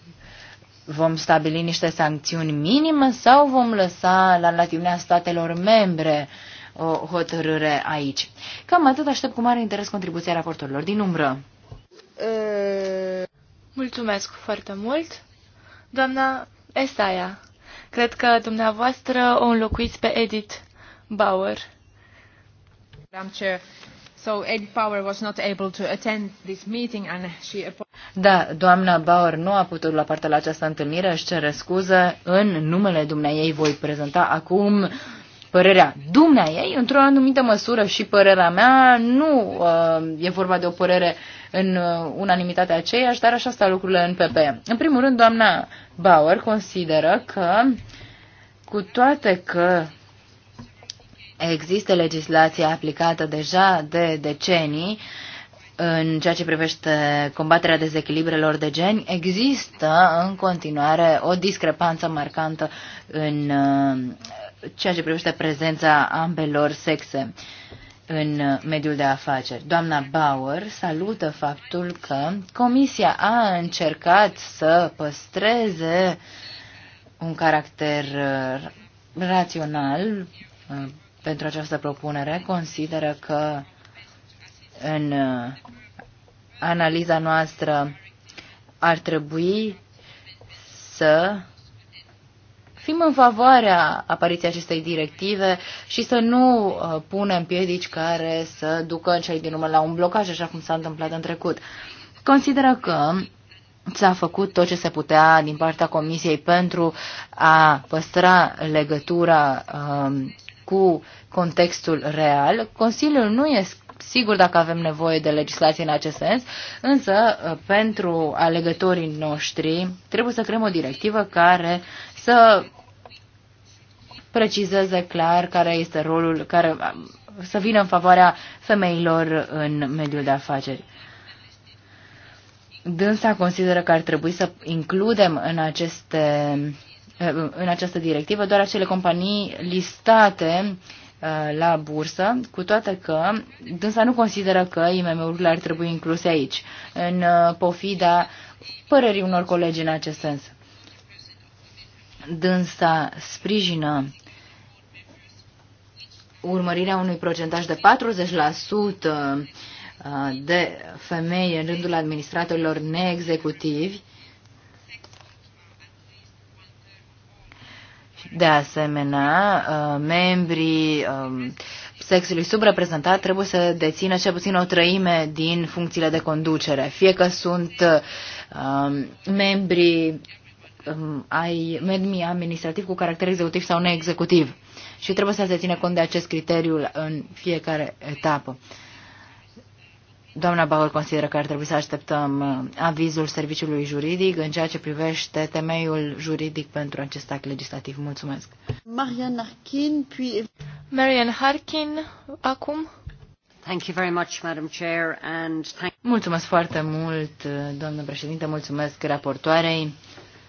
Vom stabili niște sancțiuni minime sau vom lăsa la latitudinea statelor membre o hotărâre aici? Cam atât aștept cu mare interes contribuția raportorilor din umbră. Mulțumesc foarte mult, doamna Esaia. Cred că dumneavoastră o înlocuiți pe Edith Bauer. Am ce? Da, doamna Bauer nu a putut la parte la această întâlnire, își cere scuze. În numele dumneaei voi prezenta acum părerea dumneaei, într-o anumită măsură și părerea mea. Nu uh, e vorba de o părere în uh, aceeași, dar așa stau lucrurile în PP. În primul rând, doamna Bauer consideră că cu toate că Există legislație aplicată deja de decenii în ceea ce privește combaterea dezechilibrelor de gen. Există în continuare o discrepanță marcantă în uh, ceea ce privește prezența ambelor sexe în mediul de afaceri. Doamna Bauer salută faptul că Comisia a încercat să păstreze un caracter uh, rațional uh, pentru această propunere. Consideră că în uh, analiza noastră ar trebui să fim în favoarea apariției acestei directive și să nu uh, punem piedici care să ducă în cei din urmă la un blocaj, așa cum s-a întâmplat în trecut. Consideră că s-a făcut tot ce se putea din partea Comisiei pentru a păstra legătura um, cu contextul real. Consiliul nu e sigur dacă avem nevoie de legislație în acest sens, însă uh, pentru alegătorii noștri trebuie să creăm o directivă care să precizeze clar care este rolul, care um, să vină în favoarea femeilor în mediul de afaceri. Dânsa consideră că ar trebui să includem în aceste Uh, în această directivă doar acele companii listate uh, la bursă, cu toate că dânsa nu consideră că IMM-urile ar trebui incluse aici, în uh, pofida părerii unor colegi în acest sens. Dânsa sprijină urmărirea unui procentaj de 40% de femei în rândul administratorilor neexecutivi, De asemenea, uh, membrii um, sexului subreprezentat trebuie să dețină cel puțin o trăime din funcțiile de conducere, fie că sunt um, membrii um, ai medmii administrativ cu caracter executiv sau neexecutiv. Și trebuie să se ține cont de acest criteriu în fiecare etapă. Doamna Bauer consideră că ar trebui să așteptăm uh, avizul serviciului juridic în ceea ce privește temeiul juridic pentru acest act legislativ. Mulțumesc. Marian Harkin, puis... Marian Harkin, acum. Thank you very much, Madam Chair, and thank... Mulțumesc foarte mult, uh, doamnă președinte, mulțumesc raportoarei.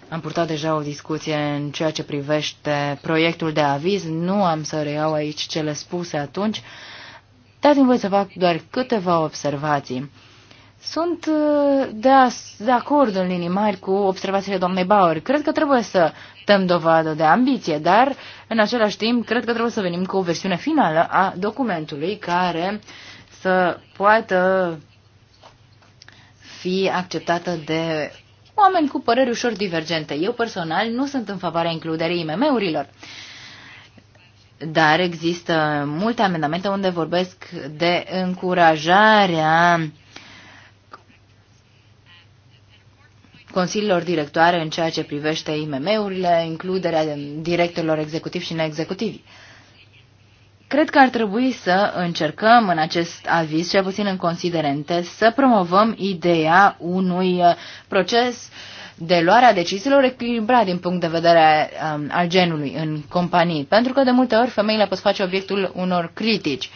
Am purtat deja o discuție în ceea ce privește proiectul de aviz. Nu am să reiau aici cele spuse atunci. Dați-mi voi să fac doar câteva observații. Sunt uh, de, de acord în linii mari cu observațiile doamnei Bauer. Cred că trebuie să dăm dovadă de ambiție, dar în același timp cred că trebuie să venim cu o versiune finală a documentului care să poată fi acceptată de oameni cu păreri ușor divergente. Eu personal nu sunt în favoarea includerii IMM-urilor dar există multe amendamente unde vorbesc de încurajarea consiliilor directoare în ceea ce privește IMM-urile, includerea directorilor executivi și neexecutivi. Cred că ar trebui să încercăm în acest aviz, cel puțin în considerente, să promovăm ideea unui uh, proces uh, de luarea deciziilor echilibrat din punct de vedere um, al genului în companii, pentru că de multe ori femeile pot face obiectul unor critici.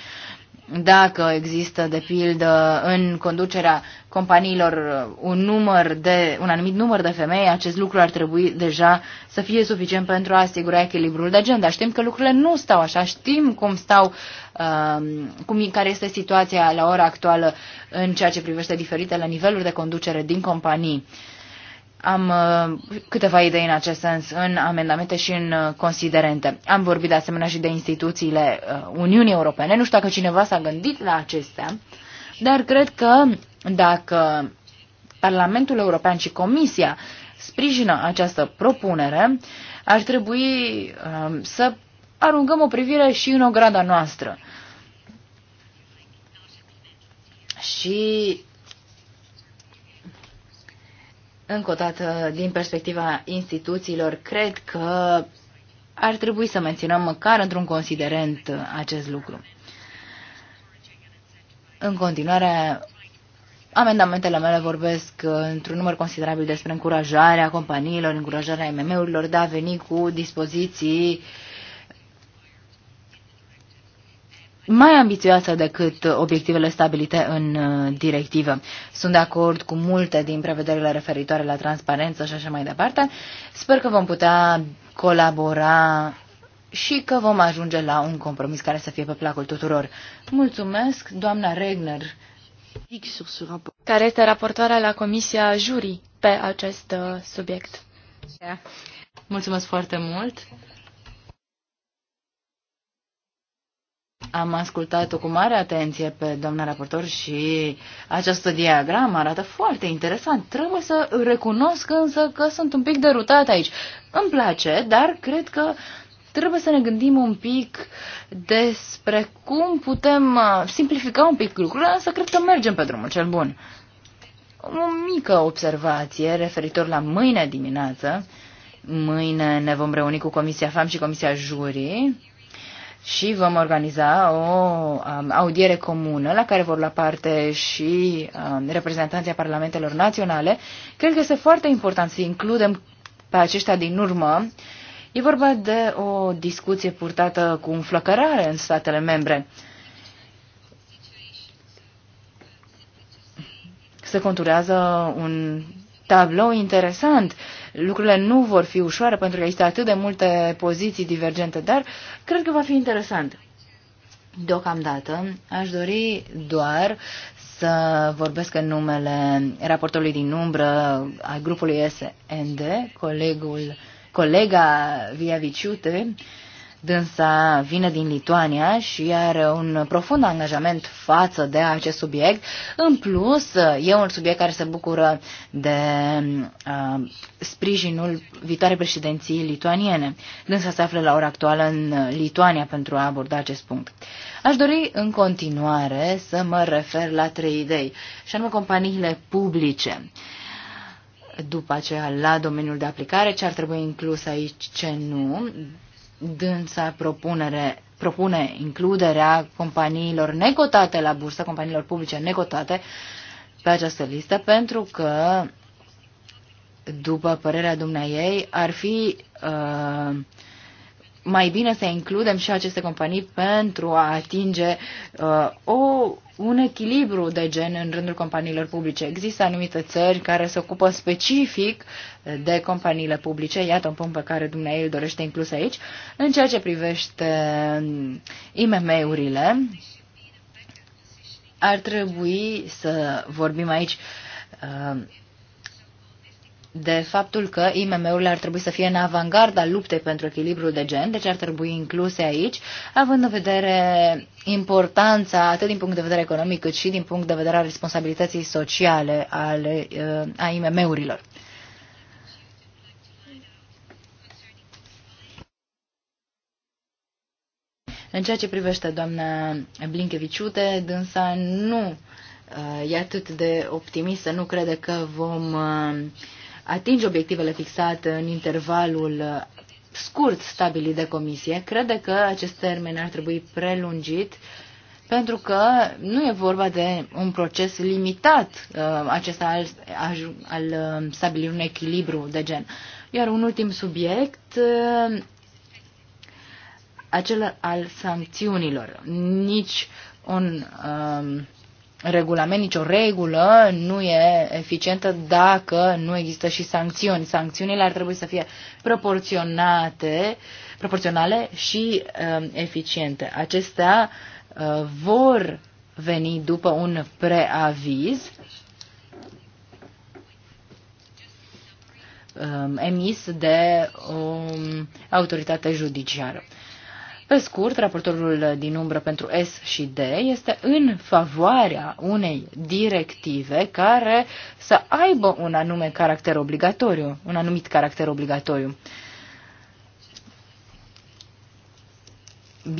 Dacă există, de pildă, în conducerea companiilor uh, un, număr de, un anumit număr de femei, acest lucru ar trebui deja să fie suficient pentru a asigura echilibrul de Dar Știm că lucrurile nu stau așa, știm cum stau, um, cum, care este situația la ora actuală în ceea ce privește diferitele niveluri de conducere din companii. Am uh, câteva idei în acest sens în amendamente și în uh, considerente. Am vorbit de asemenea și de instituțiile uh, Uniunii Europene. Nu știu dacă cineva s-a gândit la acestea, dar cred că dacă Parlamentul European și Comisia sprijină această propunere, ar trebui um, să aruncăm o privire și în ograda noastră. Și încă o dată, din perspectiva instituțiilor, cred că ar trebui să menționăm măcar într-un considerent acest lucru. În continuare, amendamentele mele vorbesc într-un număr considerabil despre încurajarea companiilor, încurajarea MM-urilor de a veni cu dispoziții uh, mai ambițioasă decât obiectivele stabilite în uh, directivă. Sunt de acord cu multe din prevederile referitoare la transparență și așa mai departe. Sper că vom putea colabora și că vom ajunge la un compromis care să fie pe placul tuturor. Mulțumesc, doamna Regner, care este raportoarea la Comisia Jurii pe acest uh, subiect. Mulțumesc foarte mult. Am ascultat-o cu mare atenție pe doamna raportor și această diagramă arată foarte interesant. Trebuie să recunosc însă că sunt un pic derutat aici. Îmi place, dar cred că trebuie să ne gândim un pic despre cum putem uh, simplifica un pic lucrurile, însă cred că mergem pe drumul cel bun. O mică observație referitor la mâine dimineață. Mâine ne vom reuni cu Comisia FAM și Comisia Jurii și vom organiza o um, audiere comună la care vor lua parte și um, reprezentanții parlamentelor naționale. Cred că este foarte important să includem pe aceștia din urmă. E vorba de o discuție purtată cu înflăcărare în statele membre. Se conturează un tablou interesant. Lucrurile nu vor fi ușoare pentru că există atât de multe poziții divergente, dar cred că va fi interesant. Deocamdată aș dori doar să vorbesc în numele raportorului din umbră al grupului SND, colegul, colega Via Viciute, Dânsa vine din Lituania și are un profund angajament față de acest subiect. În plus, e un subiect care se bucură de uh, sprijinul viitoarei președinției lituaniene. Dânsa se află la ora actuală în Lituania pentru a aborda acest punct. Aș dori în continuare să mă refer la trei idei, și anume companiile publice. După aceea, la domeniul de aplicare, ce ar trebui inclus aici, ce nu, Dânsa propunere, propune includerea companiilor necotate la bursă, companiilor publice necotate pe această listă, pentru că, după părerea dumneai, ar fi uh, mai bine să includem și aceste companii pentru a atinge uh, o, un echilibru de gen în rândul companiilor publice. Există anumite țări care se ocupă specific de companiile publice, iată un punct pe care dumneavoastră îl dorește inclus aici, în ceea ce privește um, IMM-urile. Ar trebui să vorbim aici uh, de faptul că IMM-urile ar trebui să fie în avangarda luptei pentru echilibrul de gen, deci ar trebui incluse aici, având în vedere importanța atât din punct de vedere economic cât și din punct de vedere a responsabilității sociale ale, uh, a IMM-urilor. În ceea ce privește doamna Blinkeviciute, dânsa nu uh, e atât de optimistă, nu crede că vom uh, atinge obiectivele fixate în intervalul uh, scurt stabilit de comisie, crede că acest termen ar trebui prelungit pentru că nu e vorba de un proces limitat uh, acesta al, al uh, stabilirii un echilibru de gen. Iar un ultim subiect, acela al sancțiunilor. Nici un um, regulament, nicio regulă nu e eficientă dacă nu există și sancțiuni. Sancțiunile ar trebui să fie proporționate, proporționale și uh, eficiente. Acestea uh, vor veni după un preaviz um, emis de o um, autoritate judiciară. Pe scurt, raportorul din umbră pentru S și D este în favoarea unei directive care să aibă un anume caracter obligatoriu, un anumit caracter obligatoriu.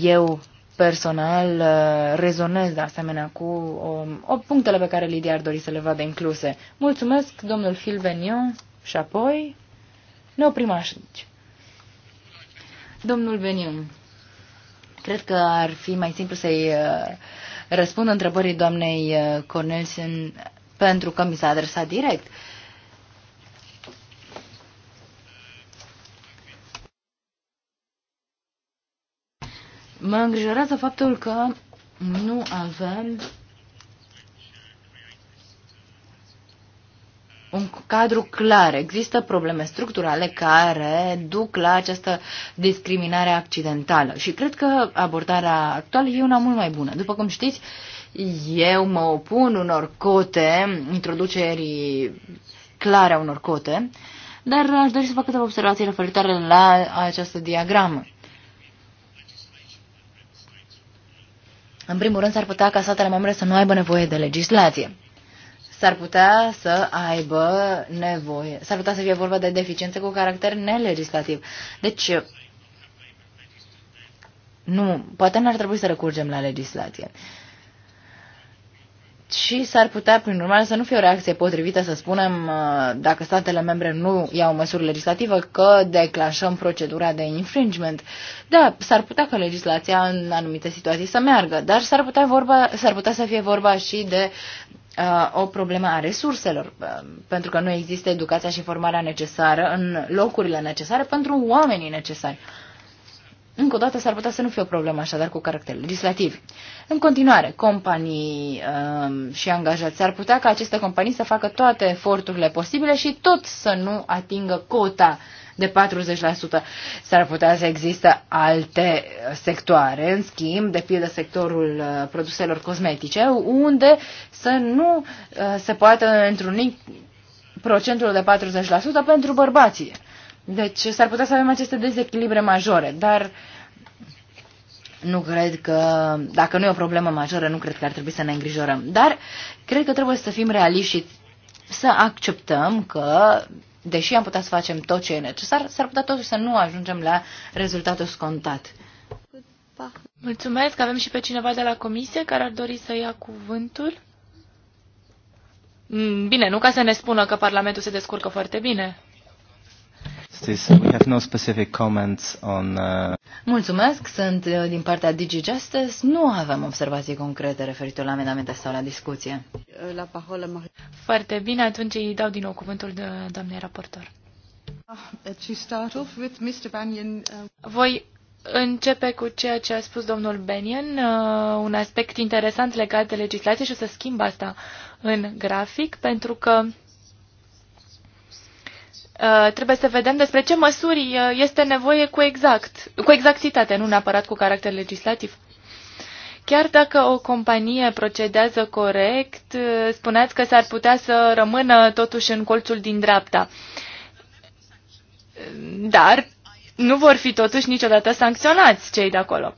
Eu personal uh, rezonez de asemenea cu o, um, o punctele pe care Lidia ar dori să le vadă incluse. Mulțumesc, domnul Filvenion, și apoi ne oprim aici. Domnul Benion. Cred că ar fi mai simplu să-i uh, răspund întrebării doamnei uh, Cornelsen pentru că mi s-a adresat direct. Mă îngrijorează faptul că nu avem un cadru clar. Există probleme structurale care duc la această discriminare accidentală și cred că abordarea actuală e una mult mai bună. După cum știți, eu mă opun unor cote, introducerii clare a unor cote, dar aș dori să fac câteva observații referitoare la această diagramă. În primul rând, s-ar putea ca statele membre să nu aibă nevoie de legislație s-ar putea să aibă nevoie, s-ar putea să fie vorba de deficiențe cu caracter nelegislativ. Deci, nu, poate n-ar trebui să recurgem la legislație. Și s-ar putea, prin urmare, să nu fie o reacție potrivită să spunem, uh, dacă statele membre nu iau măsuri legislativă, că declanșăm procedura de infringement. Da, s-ar putea că legislația în anumite situații să meargă, dar s-ar putea, vorba, s-ar putea să fie vorba și de Uh, o problemă a resurselor, uh, pentru că nu există educația și formarea necesară în locurile necesare pentru oamenii necesari. Încă o dată s-ar putea să nu fie o problemă așadar cu caracter legislativ. În continuare, companii um, și angajați s-ar putea ca aceste companii să facă toate eforturile posibile și tot să nu atingă cota uh, de 40%. S-ar putea să există alte uh, sectoare, în schimb, de pildă sectorul uh, produselor cosmetice, unde să nu uh, se poată întruni procentul de 40% pentru bărbații. Deci s-ar putea să avem aceste dezechilibre majore, dar nu cred că, dacă nu e o problemă majoră, nu cred că ar trebui să ne îngrijorăm. Dar cred că trebuie să fim realiști și să acceptăm că deși am putea să facem tot ce e necesar, s-ar putea totuși să nu ajungem la rezultatul scontat. Mulțumesc. Avem și pe cineva de la comisie care ar dori să ia cuvântul. Mm, bine, nu ca să ne spună că Parlamentul se descurcă foarte bine. Uh, uh, Mulțumesc, sunt uh, din partea Digi Justice. Nu avem observații concrete referitor la amendamente sau la discuție. La Foarte bine, atunci îi dau din nou cuvântul de doamnei raportor. Ah, deci Voi începe cu ceea ce a spus domnul Benyon, un aspect interesant legat de legislație și o să schimb asta în grafic, pentru că Uh, trebuie să vedem despre ce măsuri uh, este nevoie cu, exact, cu exactitate, nu neapărat cu caracter legislativ. Chiar dacă o companie procedează corect, uh, spuneați că s-ar putea să rămână totuși în colțul din dreapta. Dar nu vor fi totuși niciodată sancționați cei de acolo.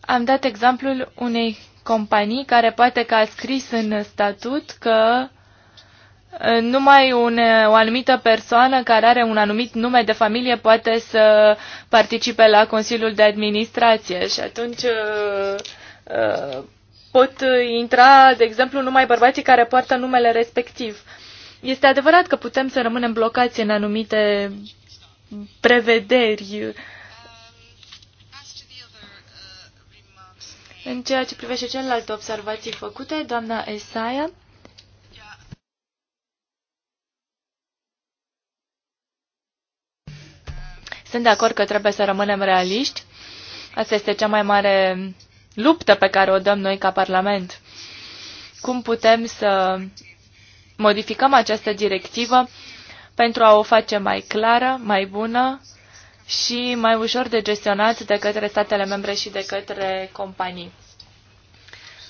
Am dat exemplul unei companii care poate că a scris în statut că numai un, o anumită persoană care are un anumit nume de familie poate să participe la Consiliul de Administrație și atunci uh, uh, pot intra, de exemplu, numai bărbații care poartă numele respectiv. Este adevărat că putem să rămânem blocați în anumite prevederi. În ceea ce privește celelalte observații făcute, doamna Esaia, Sunt de acord că trebuie să rămânem realiști. Asta este cea mai mare luptă pe care o dăm noi ca Parlament. Cum putem să modificăm această directivă pentru a o face mai clară, mai bună și mai ușor de gestionat de către statele membre și de către companii.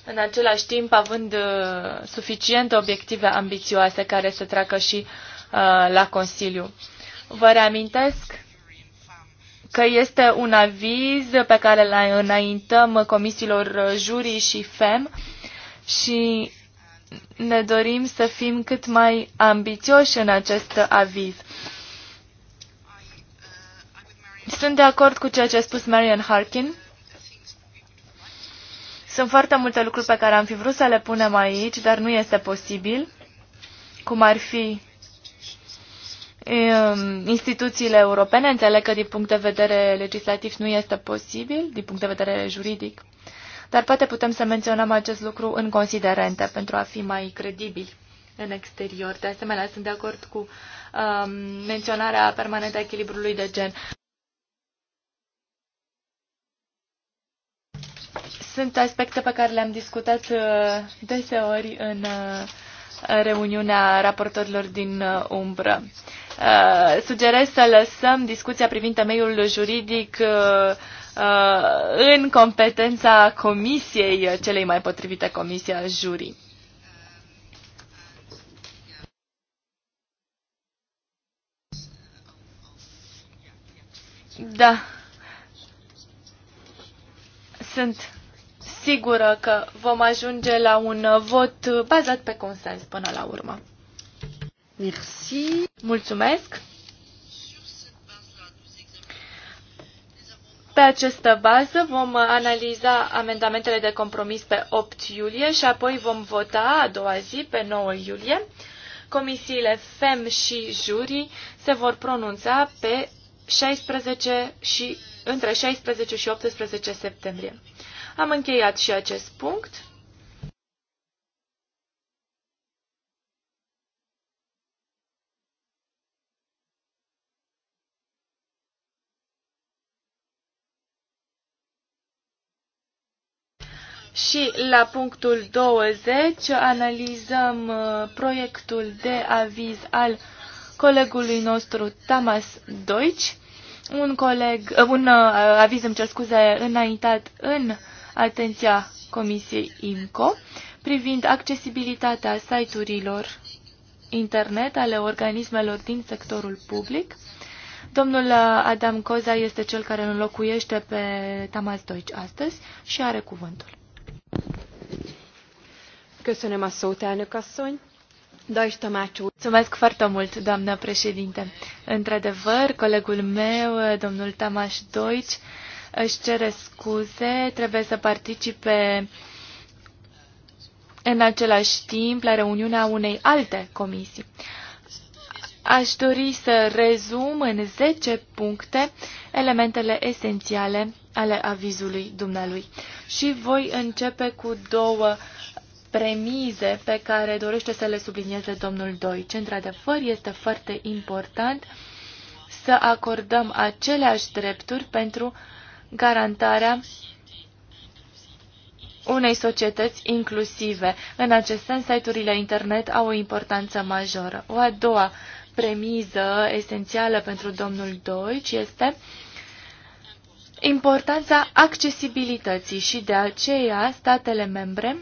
În același timp, având uh, suficiente obiective ambițioase care să treacă și uh, la Consiliu. Vă reamintesc că este un aviz pe care îl înaintăm comisiilor jurii și FEM și ne dorim să fim cât mai ambițioși în acest aviz. Sunt de acord cu ceea ce a spus Marian Harkin. Sunt foarte multe lucruri pe care am fi vrut să le punem aici, dar nu este posibil, cum ar fi Um, instituțiile europene. Înțeleg că din punct de vedere legislativ nu este posibil, din punct de vedere juridic, dar poate putem să menționăm acest lucru în considerente pentru a fi mai credibili în exterior. De asemenea, sunt de acord cu um, menționarea permanentă a echilibrului de gen. Sunt aspecte pe care le-am discutat uh, deseori în uh, reuniunea raportorilor din uh, umbră. Uh, sugerez să lăsăm discuția privind temeiul juridic uh, uh, în competența comisiei, celei mai potrivite comisia jurii. Da. Sunt sigură că vom ajunge la un vot bazat pe consens până la urmă. Merci. Mulțumesc. Pe această bază vom analiza amendamentele de compromis pe 8 iulie și apoi vom vota a doua zi pe 9 iulie. Comisiile FEM și jurii se vor pronunța pe 16 și, între 16 și 18 septembrie. Am încheiat și acest punct. Și la punctul 20 analizăm uh, proiectul de aviz al colegului nostru Tamas Deutsch, un, coleg, uh, un uh, aviz, îmi cer scuze, înaintat în atenția Comisiei IMCO privind accesibilitatea site-urilor internet ale organismelor din sectorul public. Domnul Adam Coza este cel care înlocuiește pe Tamas Deutsch astăzi și are cuvântul. Köszönöm a szót, elnök asszony. Dajs Tamács Mulțumesc foarte mult, doamna președinte. Într-adevăr, colegul meu, domnul Tamáš Deutsch, își cere scuze, trebuie să participe în același timp la reuniunea unei alte comisii. Aș dori să rezum în 10 puncte elementele esențiale ale avizului dumnealui și voi începe cu două premize pe care dorește să le sublinieze domnul Doi. Ce într-adevăr este foarte important să acordăm aceleași drepturi pentru garantarea unei societăți inclusive. În acest sens, site-urile internet au o importanță majoră. O a doua premiză esențială pentru domnul Deutsch este importanța accesibilității și de aceea statele membre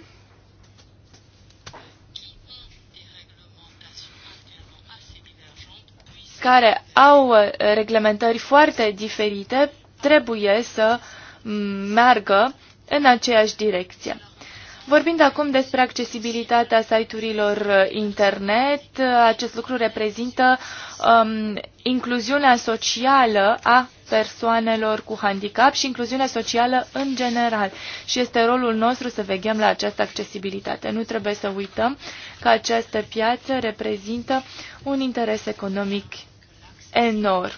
care au uh, reglementări foarte diferite trebuie să mm, meargă în aceeași direcție. Vorbind acum despre accesibilitatea site-urilor uh, internet, uh, acest lucru reprezintă um, incluziunea socială a persoanelor cu handicap și incluziunea socială în general. Și este rolul nostru să veghem la această accesibilitate. Nu trebuie să uităm că această piață reprezintă un interes economic ENOR.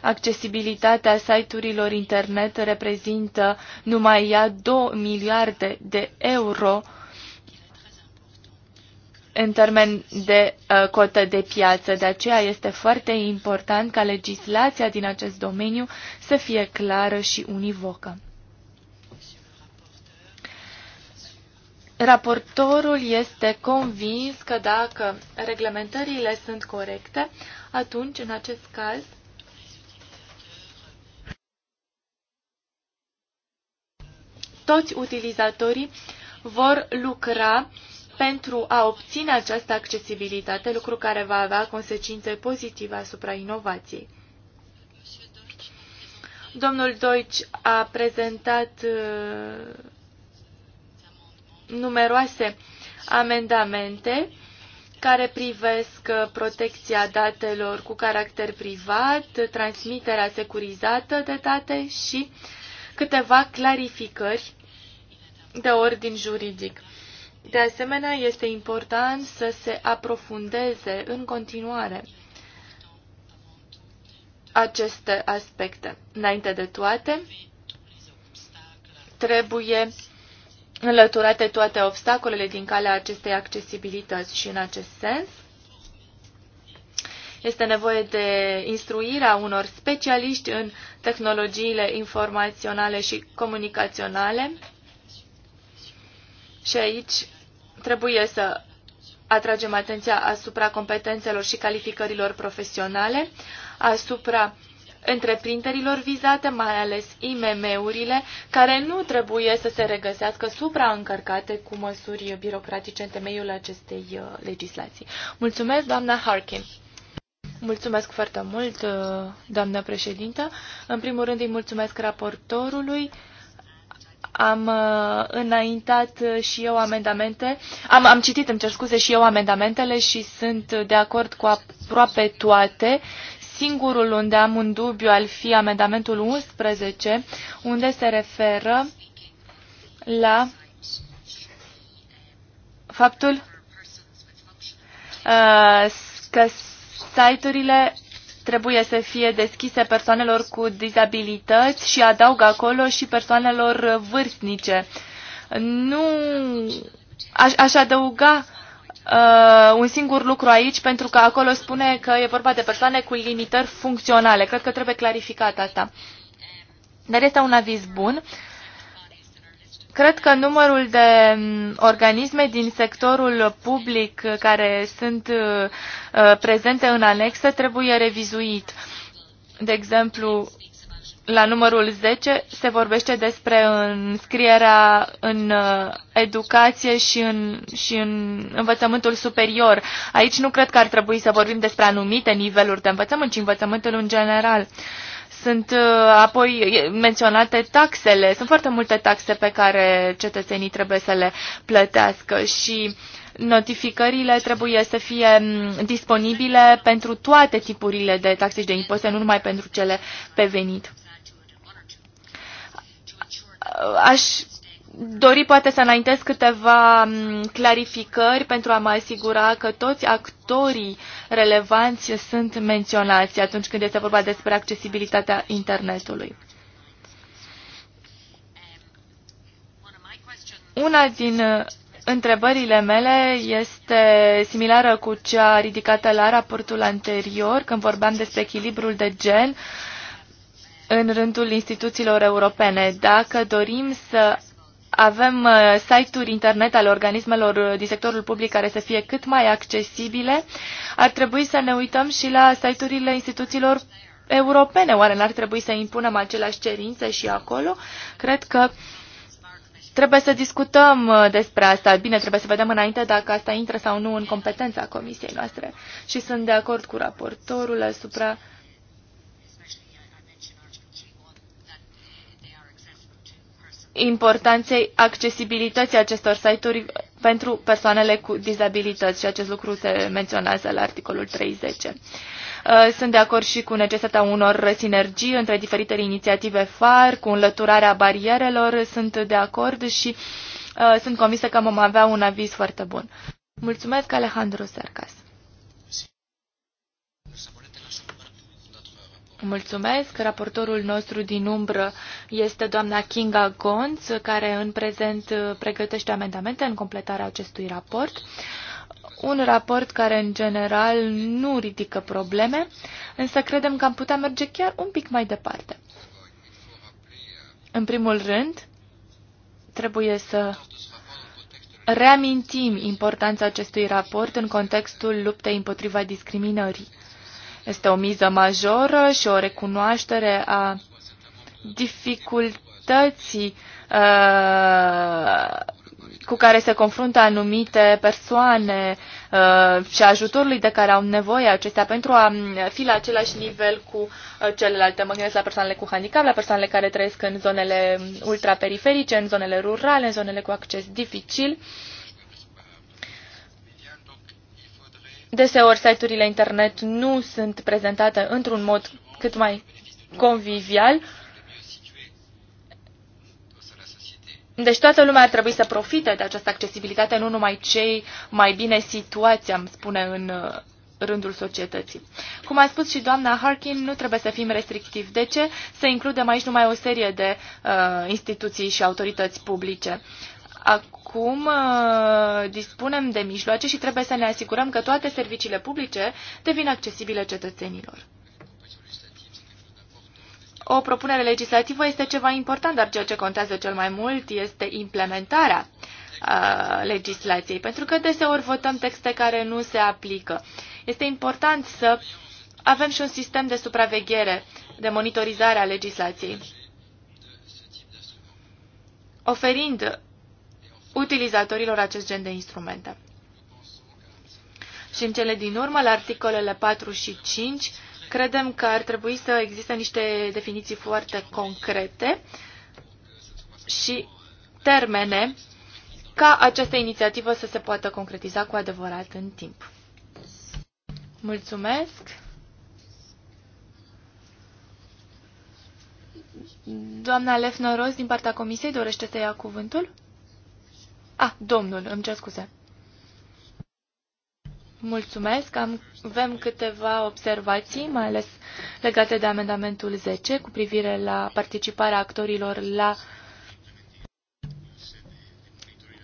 Accesibilitatea site-urilor internet reprezintă numai ea 2 miliarde de euro în termen de uh, cotă de piață. De aceea este foarte important ca legislația din acest domeniu să fie clară și univocă. Raportorul este convins că dacă reglementările sunt corecte, atunci, în acest caz, toți utilizatorii vor lucra pentru a obține această accesibilitate, lucru care va avea consecințe pozitive asupra inovației. Domnul Deutsch a prezentat uh, numeroase amendamente care privesc uh, protecția datelor cu caracter privat, transmiterea securizată de date și câteva clarificări de ordin juridic. De asemenea, este important să se aprofundeze în continuare aceste aspecte. Înainte de toate, trebuie înlăturate toate obstacolele din calea acestei accesibilități și în acest sens este nevoie de instruirea unor specialiști în tehnologiile informaționale și comunicaționale și aici trebuie să atragem atenția asupra competențelor și calificărilor profesionale, asupra întreprinderilor vizate, mai ales IMM-urile, care nu trebuie să se regăsească supraîncărcate cu măsuri birocratice în temeiul acestei uh, legislații. Mulțumesc, doamna Harkin! Mulțumesc foarte mult, uh, doamnă președintă. În primul rând îi mulțumesc raportorului. Am uh, înaintat și eu amendamente, am, am citit, îmi cer scuze, și eu amendamentele și sunt de acord cu aproape toate Singurul unde am un dubiu al fi amendamentul 11, unde se referă la faptul uh, că site-urile trebuie să fie deschise persoanelor cu dizabilități și adaug acolo și persoanelor vârstnice. Nu aș, aș adăuga uh, un singur lucru aici, pentru că acolo spune că e vorba de persoane cu limitări funcționale. Cred că trebuie clarificat asta. Dar este un aviz bun. Cred că numărul de mm, organisme din sectorul public care sunt uh, prezente în anexă trebuie revizuit. De exemplu, la numărul 10 se vorbește despre înscrierea în uh, educație și în, și în învățământul superior. Aici nu cred că ar trebui să vorbim despre anumite niveluri de învățământ, ci învățământul în general. Sunt uh, apoi menționate taxele. Sunt foarte multe taxe pe care cetățenii trebuie să le plătească și notificările trebuie să fie disponibile pentru toate tipurile de taxe și de impozite, nu numai pentru cele pe venit. Aș dori poate să înaintez câteva clarificări pentru a mă asigura că toți actorii relevanți sunt menționați atunci când este vorba despre accesibilitatea internetului. Una din uh, întrebările mele este similară cu cea ridicată la raportul anterior, când vorbeam despre echilibrul de gen. Uh, în rândul instituțiilor europene. Dacă dorim să avem uh, site-uri internet ale organismelor uh, din sectorul public care să fie cât mai accesibile, ar trebui să ne uităm și la site-urile instituțiilor europene. Oare n-ar trebui să impunem aceleași cerințe și acolo? Cred că trebuie să discutăm uh, despre asta. Bine, trebuie să vedem înainte dacă asta intră sau nu în competența comisiei noastre. Și sunt de acord cu raportorul asupra importanței accesibilității acestor site-uri pentru persoanele cu dizabilități și acest lucru se menționează la articolul 30. Uh, sunt de acord și cu necesitatea unor sinergii între diferitele inițiative FAR, cu înlăturarea barierelor, sunt de acord și uh, sunt convinsă că vom avea un aviz foarte bun. Mulțumesc, Alejandro Sercas. Mulțumesc. Raportorul nostru din umbră este doamna Kinga Gonț, care în prezent uh, pregătește amendamente în completarea acestui raport. Un raport care, în general, nu ridică probleme, însă credem că am putea merge chiar un pic mai departe. În primul rând, trebuie să reamintim importanța acestui raport în contextul luptei împotriva discriminării. Este o miză majoră și o recunoaștere a dificultății uh, cu care se confruntă anumite persoane uh, și ajutorului de care au nevoie acestea pentru a mm, fi la același nivel cu uh, celelalte. Mă gândesc la persoanele cu handicap, la persoanele care trăiesc în zonele mm, ultraperiferice, în zonele rurale, în zonele cu acces dificil. Uh, Deseori site-urile internet nu sunt prezentate într-un mod cât mai convivial. Deci toată lumea ar trebui să profite de această accesibilitate, nu numai cei mai bine situați, am spune, în uh, rândul societății. Cum a spus și doamna Harkin, nu trebuie să fim restrictivi. De ce? Să includem aici numai o serie de uh, instituții și autorități publice. Acum uh, dispunem de mijloace și trebuie să ne asigurăm că toate serviciile publice devin accesibile cetățenilor. O propunere legislativă este ceva important, dar ceea ce contează cel mai mult este implementarea uh, legislației, pentru că deseori votăm texte care nu se aplică. Este important să avem și un sistem de supraveghere, de monitorizare a legislației, oferind utilizatorilor acest gen de instrumente. Și în cele din urmă, la articolele 4 și 5, credem că ar trebui să existe niște definiții foarte concrete și termene ca această inițiativă să se poată concretiza cu adevărat în timp. Mulțumesc! Doamna Lefnoros, din partea Comisiei, dorește să ia cuvântul? Ah, domnul, îmi cer scuze. Mulțumesc. Am, avem câteva observații, mai ales legate de amendamentul 10 cu privire la participarea actorilor la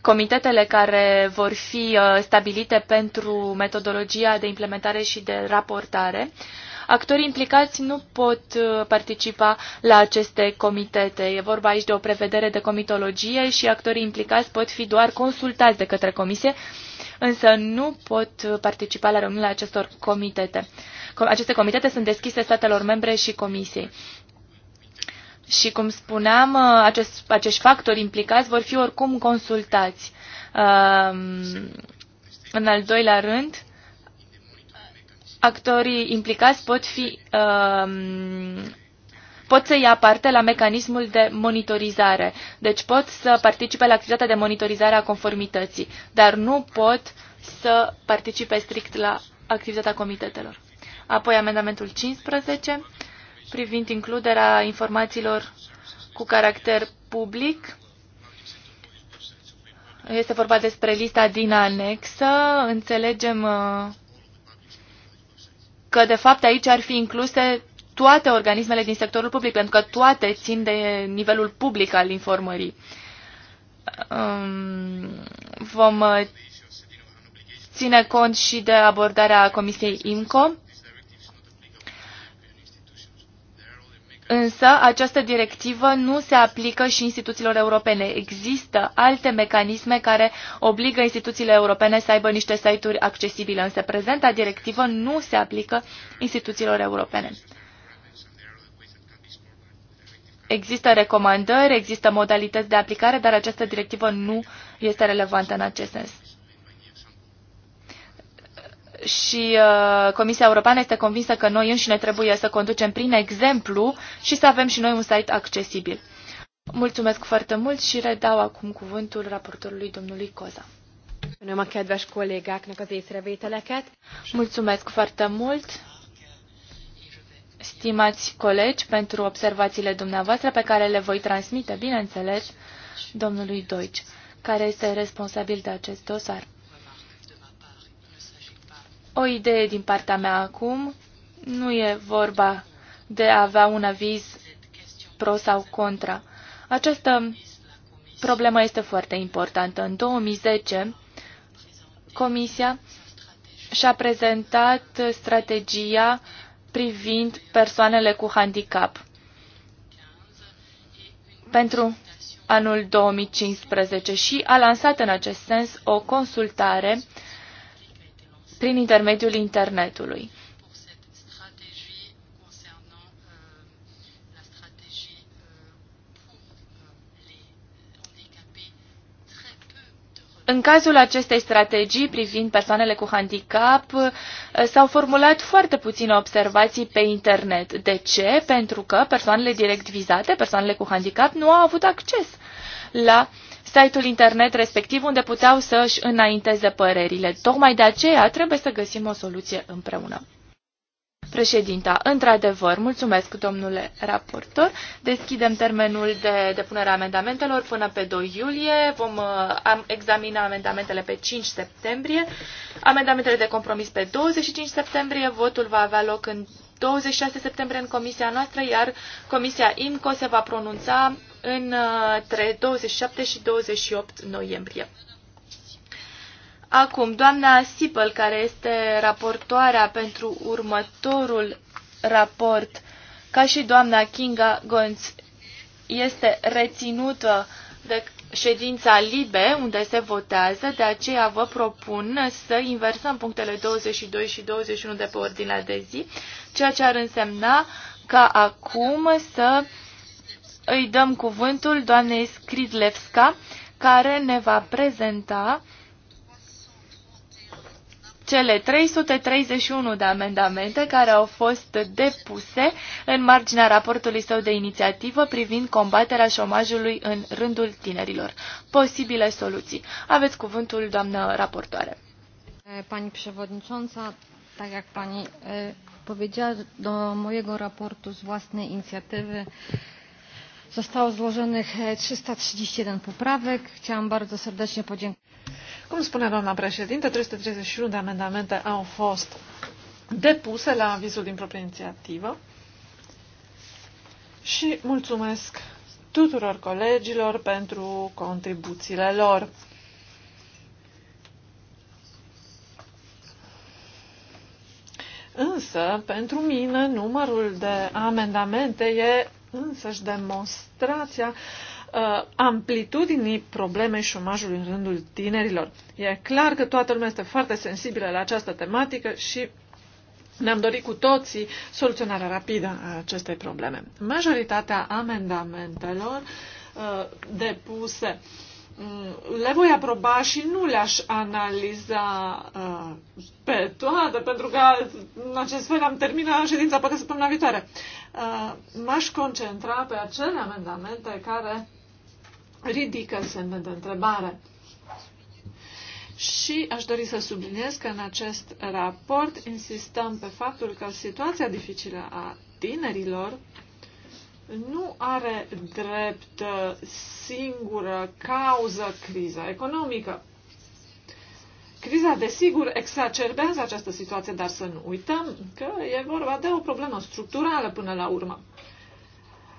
comitetele care vor fi uh, stabilite pentru metodologia de implementare și de raportare. Uh, actorii implicați nu pot uh, participa la aceste comitete. E vorba aici de o prevedere de comitologie și actorii implicați pot fi doar consultați de către comisie, însă nu pot uh, participa la reuniunile acestor comitete. Aceste comitete sunt deschise statelor membre și comisiei. Și cum spuneam, uh, acest, acești factori implicați vor fi oricum consultați. Um, în al doilea rând, actorii implicați pot fi um, pot să ia parte la mecanismul de monitorizare. Deci pot să participe la activitatea de monitorizare a conformității, dar nu pot să participe strict la activitatea comitetelor. Apoi amendamentul 15 privind includerea informațiilor cu caracter public. Este vorba despre lista din anexă. Înțelegem uh, că de fapt aici ar fi incluse toate organismele din sectorul public, pentru că toate țin de nivelul public al informării. Um, vom uh, ține cont și de abordarea Comisiei IMCO Însă această directivă nu se aplică și instituțiilor europene. Există alte mecanisme care obligă instituțiile europene să aibă niște site-uri accesibile, însă prezenta directivă nu se aplică instituțiilor europene. Există recomandări, există modalități de aplicare, dar această directivă nu este relevantă în acest sens și uh, Comisia Europeană este convinsă că noi înșine trebuie să conducem prin exemplu și să avem și noi un site accesibil. Mulțumesc foarte mult și redau acum cuvântul raportorului domnului Coza. Mulțumesc foarte mult, stimați colegi, pentru observațiile dumneavoastră pe care le voi transmite, bineînțeles, domnului Deutsch, care este responsabil de acest dosar. O idee din partea mea acum nu e vorba de a avea un aviz pro sau contra. Această problemă este foarte importantă. În 2010, Comisia și-a prezentat strategia privind persoanele cu handicap pentru anul 2015 și a lansat în acest sens o consultare prin intermediul internetului. În cazul acestei strategii privind persoanele cu handicap, s-au formulat foarte puține observații pe internet. De ce? Pentru că persoanele direct vizate, persoanele cu handicap, nu au avut acces la uh, site-ul internet respectiv unde puteau să își înainteze părerile. Tocmai de aceea trebuie să găsim o soluție împreună. Președinta, într-adevăr, mulțumesc, domnule raportor. Deschidem termenul de depunere a amendamentelor până pe 2 iulie. Vom uh, examina amendamentele pe 5 septembrie, amendamentele de compromis pe 25 septembrie. Votul va avea loc în 26 septembrie în comisia noastră, iar comisia IMCO se va pronunța între uh, 27 și 28 noiembrie. Acum, doamna Sipel, care este raportoarea pentru următorul raport, ca și doamna Kinga Gonț, este reținută de ședința LIBE, unde se votează, de aceea vă propun să inversăm punctele 22 și 21 de pe ordinea de zi, ceea ce ar însemna ca acum să uh, îi dăm cuvântul doamnei Skridlevska, care ne va prezenta cele 331 de amendamente care au fost depuse în marginea raportului său de inițiativă privind combaterea șomajului în rândul tinerilor. Posibile soluții. Aveți cuvântul, doamnă raportoare. Pani președinte, tak jak pani powiedziała, do mojego raportu z własnej inicjatywy Zostało złożonych 331 poprawek. Chciałam bardzo serdecznie podziękować. Cum spunea doamna președinte, 331 de amendamente au fost depuse la avizul din proprie inițiativă și mulțumesc tuturor colegilor pentru contribuțiile lor. Însă, pentru mine, numărul de amendamente e însăși demonstrația uh, amplitudinii problemei șomajului în rândul tinerilor. E clar că toată lumea este foarte sensibilă la această tematică și ne-am dorit cu toții soluționarea rapidă a acestei probleme. Majoritatea amendamentelor uh, depuse uh, Mm, le voi aproba și nu le-aș analiza uh, pe toate, pentru că în acest fel am terminat ședința poate săptămâna viitoare. Uh, m-aș concentra pe acele amendamente care ridică semne de întrebare. Și aș dori să subliniez că în acest raport insistăm pe faptul că situația dificilă a tinerilor nu are drept uh, singură cauză criza economică. Criza, desigur, exacerbează această situație, dar să nu uităm că e vorba de o problemă structurală până la urmă.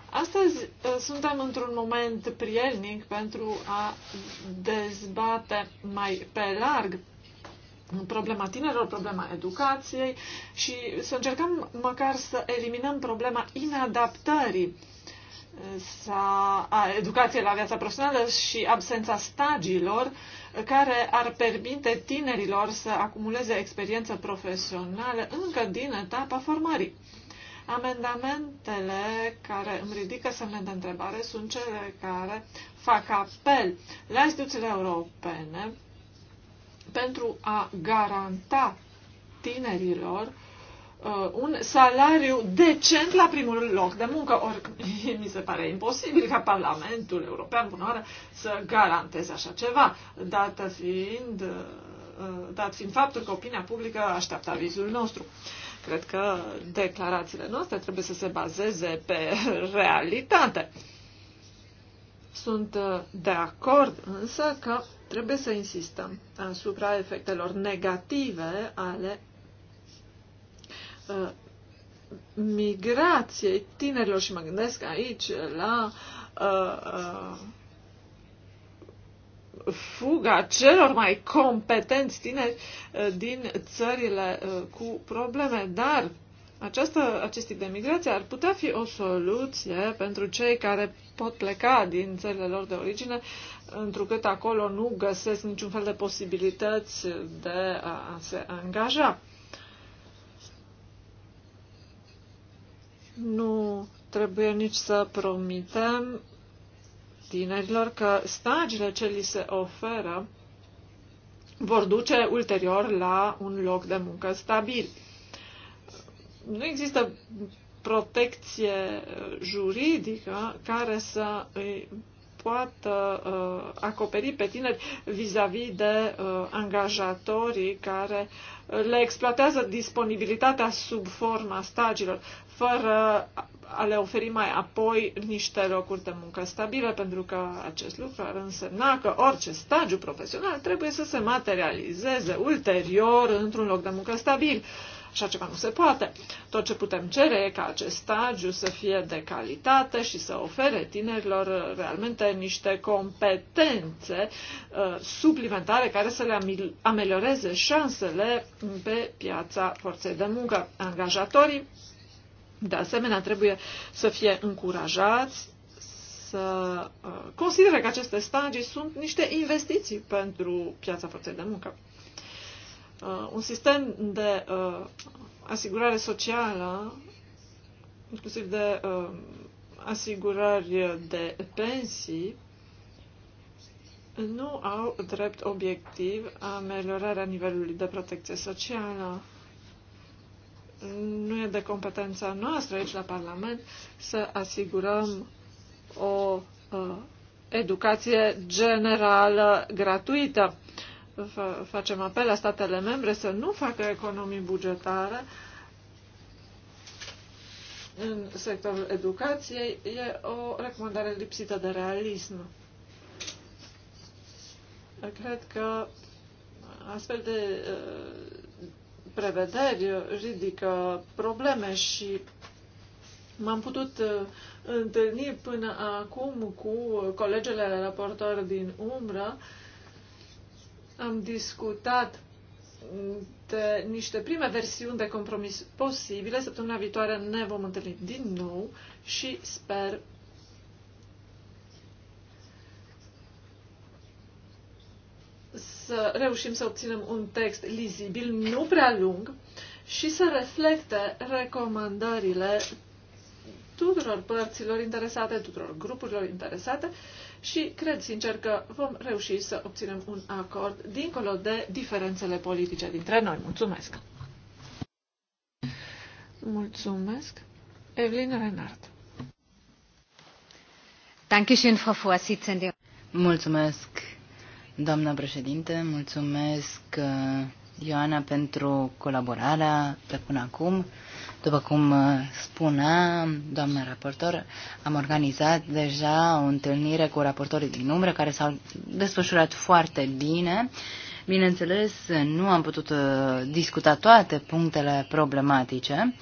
Astăzi uh, suntem într-un moment prielnic pentru a dezbate mai pe larg problema tinerilor, problema educației și să încercăm măcar să eliminăm problema inadaptării eh, a educației la viața profesională și absența stagiilor eh, care ar permite tinerilor să acumuleze experiență profesională încă din etapa formării. Amendamentele care îmi ridică semne de întrebare sunt cele care fac apel la instituțiile europene pentru a garanta tinerilor uh, un salariu decent la primul loc de muncă. Or, mi se pare imposibil ca Parlamentul European, bună oară, să garanteze așa ceva, dată fiind, uh, dat fiind faptul că opinia publică așteaptă avizul nostru. Cred că declarațiile noastre trebuie să se bazeze pe realitate. Uh, sunt uh, de acord însă că trebuie să insistăm asupra efectelor negative ale uh, migrației tinerilor și mă gândesc aici la uh, fuga celor mai competenți tineri din țările cu probleme, dar aceasta, acest tip de migrație ar putea fi o soluție pentru cei care pot pleca din țările lor de origine, întrucât acolo nu găsesc niciun fel de posibilități de a se angaja. Nu trebuie nici să promitem tinerilor că stagiile ce li se oferă vor duce ulterior la un loc de muncă stabil nu există protecție uh, juridică care să îi poată uh, acoperi pe tineri vis-a-vis -vis de uh, angajatorii care uh, le exploatează disponibilitatea sub forma stagiilor, fără a le oferi mai apoi niște locuri de muncă stabile, pentru că acest lucru ar însemna că orice stagiu profesional trebuie să se materializeze ulterior într-un loc de muncă stabil. Uh, Așa ceva nu se poate. Tot ce putem cere e ca acest stagiu să fie de calitate și să ofere tinerilor uh, realmente niște competențe uh, suplimentare care să le amelioreze șansele pe piața forței de muncă. Angajatorii, de asemenea, trebuie să fie încurajați să uh, considere că aceste stagii sunt niște investiții pentru piața forței de muncă uh, un sistem de uh, asigurare socială, inclusiv de uh, asigurări de pensii, nu au drept obiectiv ameliorarea nivelului de protecție socială. Nu e de competența noastră aici la Parlament să asigurăm o uh, educație generală gratuită facem apel la statele membre să nu facă economii bugetare în sectorul educației, e o recomandare lipsită de realism. Cred că astfel de uh, prevederi ridică probleme și m-am putut uh, întâlni până acum cu colegele raportori din umbră am discutat de niște prime versiuni de compromis posibile. Săptămâna viitoare ne vom întâlni din nou și sper să reușim să obținem un text lizibil, nu prea lung, și să reflecte recomandările tuturor părților interesate, tuturor grupurilor interesate și cred sincer că vom reuși să obținem un acord dincolo de diferențele politice dintre noi. Mulțumesc! Mulțumesc! Evelyn Renard. Frau Vorsitzende. Mulțumesc, doamna președinte, mulțumesc, uh, Ioana, pentru colaborarea pe până acum. După cum uh, spunea doamna raportor, am organizat deja o întâlnire cu raportorii din umbră care s-au desfășurat foarte bine. Bineînțeles, nu am putut uh, discuta toate punctele problematice.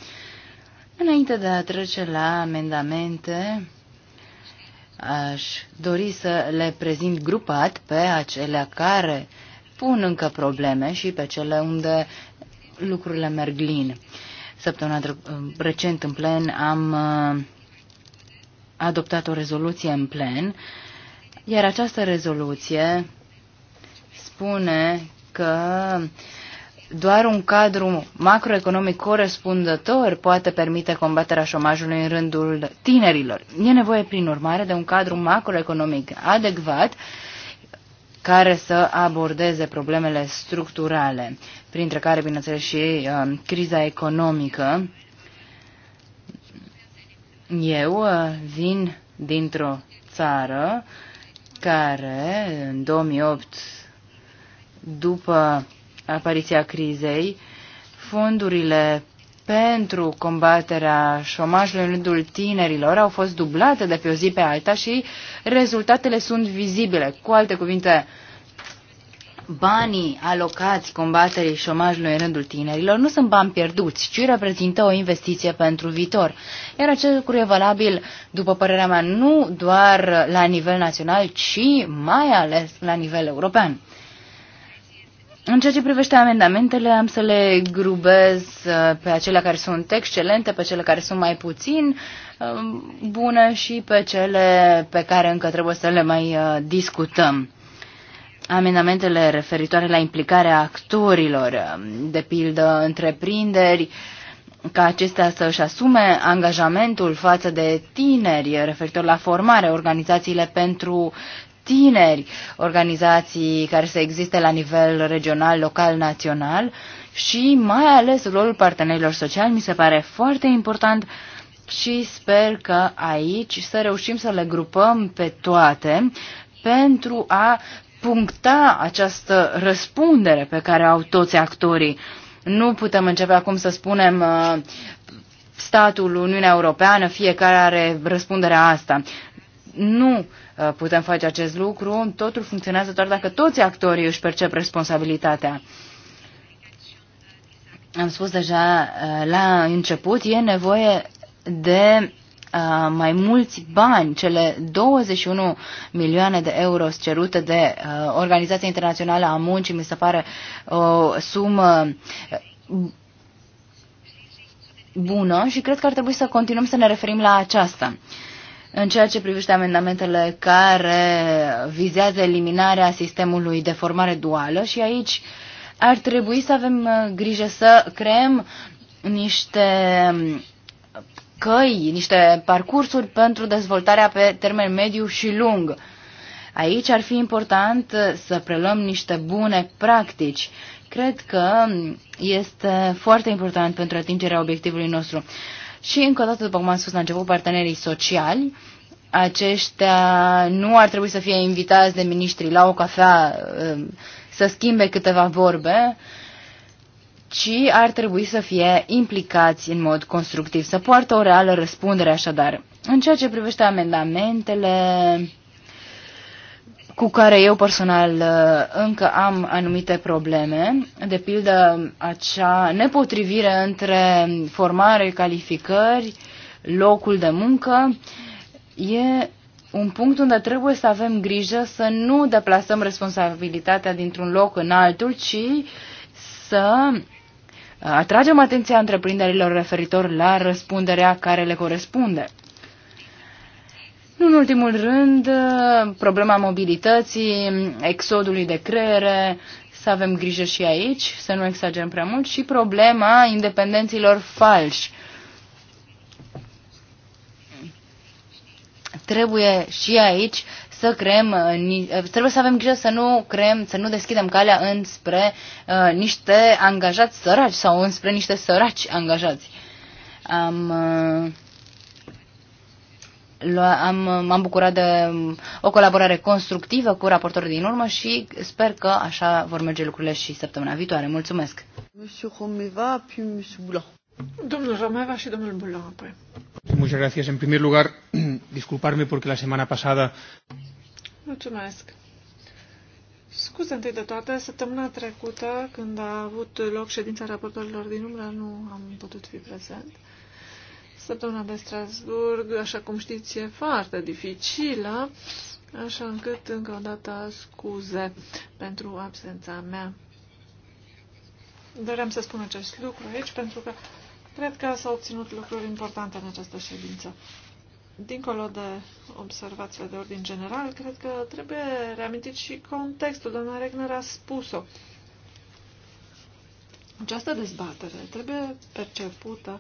Înainte de a trece la amendamente, aș dori să le prezint grupat pe acele care pun încă probleme și pe cele unde lucrurile merg lin. Săptămâna recent în plen am uh, adoptat o rezoluție în plen, iar această rezoluție spune că doar un cadru macroeconomic corespundător poate permite combaterea șomajului în rândul tinerilor. E nevoie, prin urmare, de un cadru macroeconomic adecvat care să abordeze problemele structurale, printre care, bineînțeles, și uh, criza economică. Eu uh, vin dintr-o țară care, în 2008, după apariția crizei, fondurile pentru combaterea șomajului în rândul tinerilor au fost dublate de pe o zi pe alta și rezultatele sunt vizibile. Cu alte cuvinte, banii alocați combaterii șomajului în rândul tinerilor nu sunt bani pierduți, ci reprezintă o investiție pentru viitor. Iar acest lucru e valabil, după părerea mea, nu doar la nivel național, ci mai ales la nivel european. În ceea ce privește amendamentele, am să le grubez uh, pe acelea care sunt excelente, pe cele care sunt mai puțin um, bune și pe cele pe care încă trebuie să le mai uh, discutăm. Amendamentele referitoare la implicarea actorilor, um, de pildă întreprinderi, ca acestea să își asume angajamentul față de tineri referitor la formare, organizațiile pentru tineri, organizații care să existe la nivel regional, local, național și mai ales rolul partenerilor sociali mi se pare foarte important și sper că aici să reușim să le grupăm pe toate pentru a puncta această răspundere pe care au toți actorii. Nu putem începe acum să spunem uh, statul, Uniunea Europeană, fiecare are răspunderea asta nu uh, putem face acest lucru, totul funcționează doar dacă toți actorii își percep responsabilitatea. Am spus deja uh, la început, e nevoie de uh, mai mulți bani, cele 21 milioane de euro cerute de Organizația Internațională a Muncii, mi se pare o sumă bună și cred că ar trebui să continuăm să ne referim la aceasta. Uh, în ceea ce privește amendamentele care vizează eliminarea sistemului de formare duală și aici ar trebui să avem uh, grijă să creăm niște um, căi, niște parcursuri pentru dezvoltarea pe termen mediu și lung. Aici ar fi important uh, să preluăm niște bune practici. Cred că um, este foarte important pentru atingerea obiectivului nostru. Și încă o dată, după cum am spus la început, partenerii sociali, aceștia nu ar trebui să fie invitați de miniștri la o cafea um, să schimbe câteva vorbe, ci ar trebui să fie implicați în mod constructiv, să poartă o reală răspundere așadar. În ceea ce privește amendamentele, cu care eu personal uh, încă am anumite probleme, de pildă acea nepotrivire între formare, calificări, locul de muncă, e un punct unde trebuie să avem grijă să nu deplasăm responsabilitatea dintr-un loc în altul, ci să uh, atragem atenția întreprinderilor referitor la răspunderea care le corespunde. Nu în ultimul rând, problema mobilității, exodului de creiere, să avem grijă și aici, să nu exagerăm prea mult, și problema independenților falși. Trebuie și aici să creăm, trebuie să avem grijă să nu creăm, să nu deschidem calea înspre uh, niște angajați săraci sau înspre niște săraci angajați. Am uh, am, m-am bucurat de o colaborare constructivă cu raportorul din urmă și sper că așa vor merge lucrurile și săptămâna viitoare. Mulțumesc! Domnul Romeva și domnul Boulan apoi. Muchas gracias. En primer lugar, disculparme porque la semana pasada... Mulțumesc! Scuze întâi de toate, săptămâna trecută, când a avut loc ședința raportorilor din umbră, nu am putut fi prezent. Săptămâna de Strasburg, așa cum știți, e foarte dificilă, așa încât, încă o dată, scuze pentru absența mea. Doream să spun acest lucru aici pentru că cred că s-au obținut lucruri importante în această ședință. Dincolo de observațiile de ordin general, cred că trebuie reamintit și contextul. Doamna Regner a spus-o. Această dezbatere trebuie percepută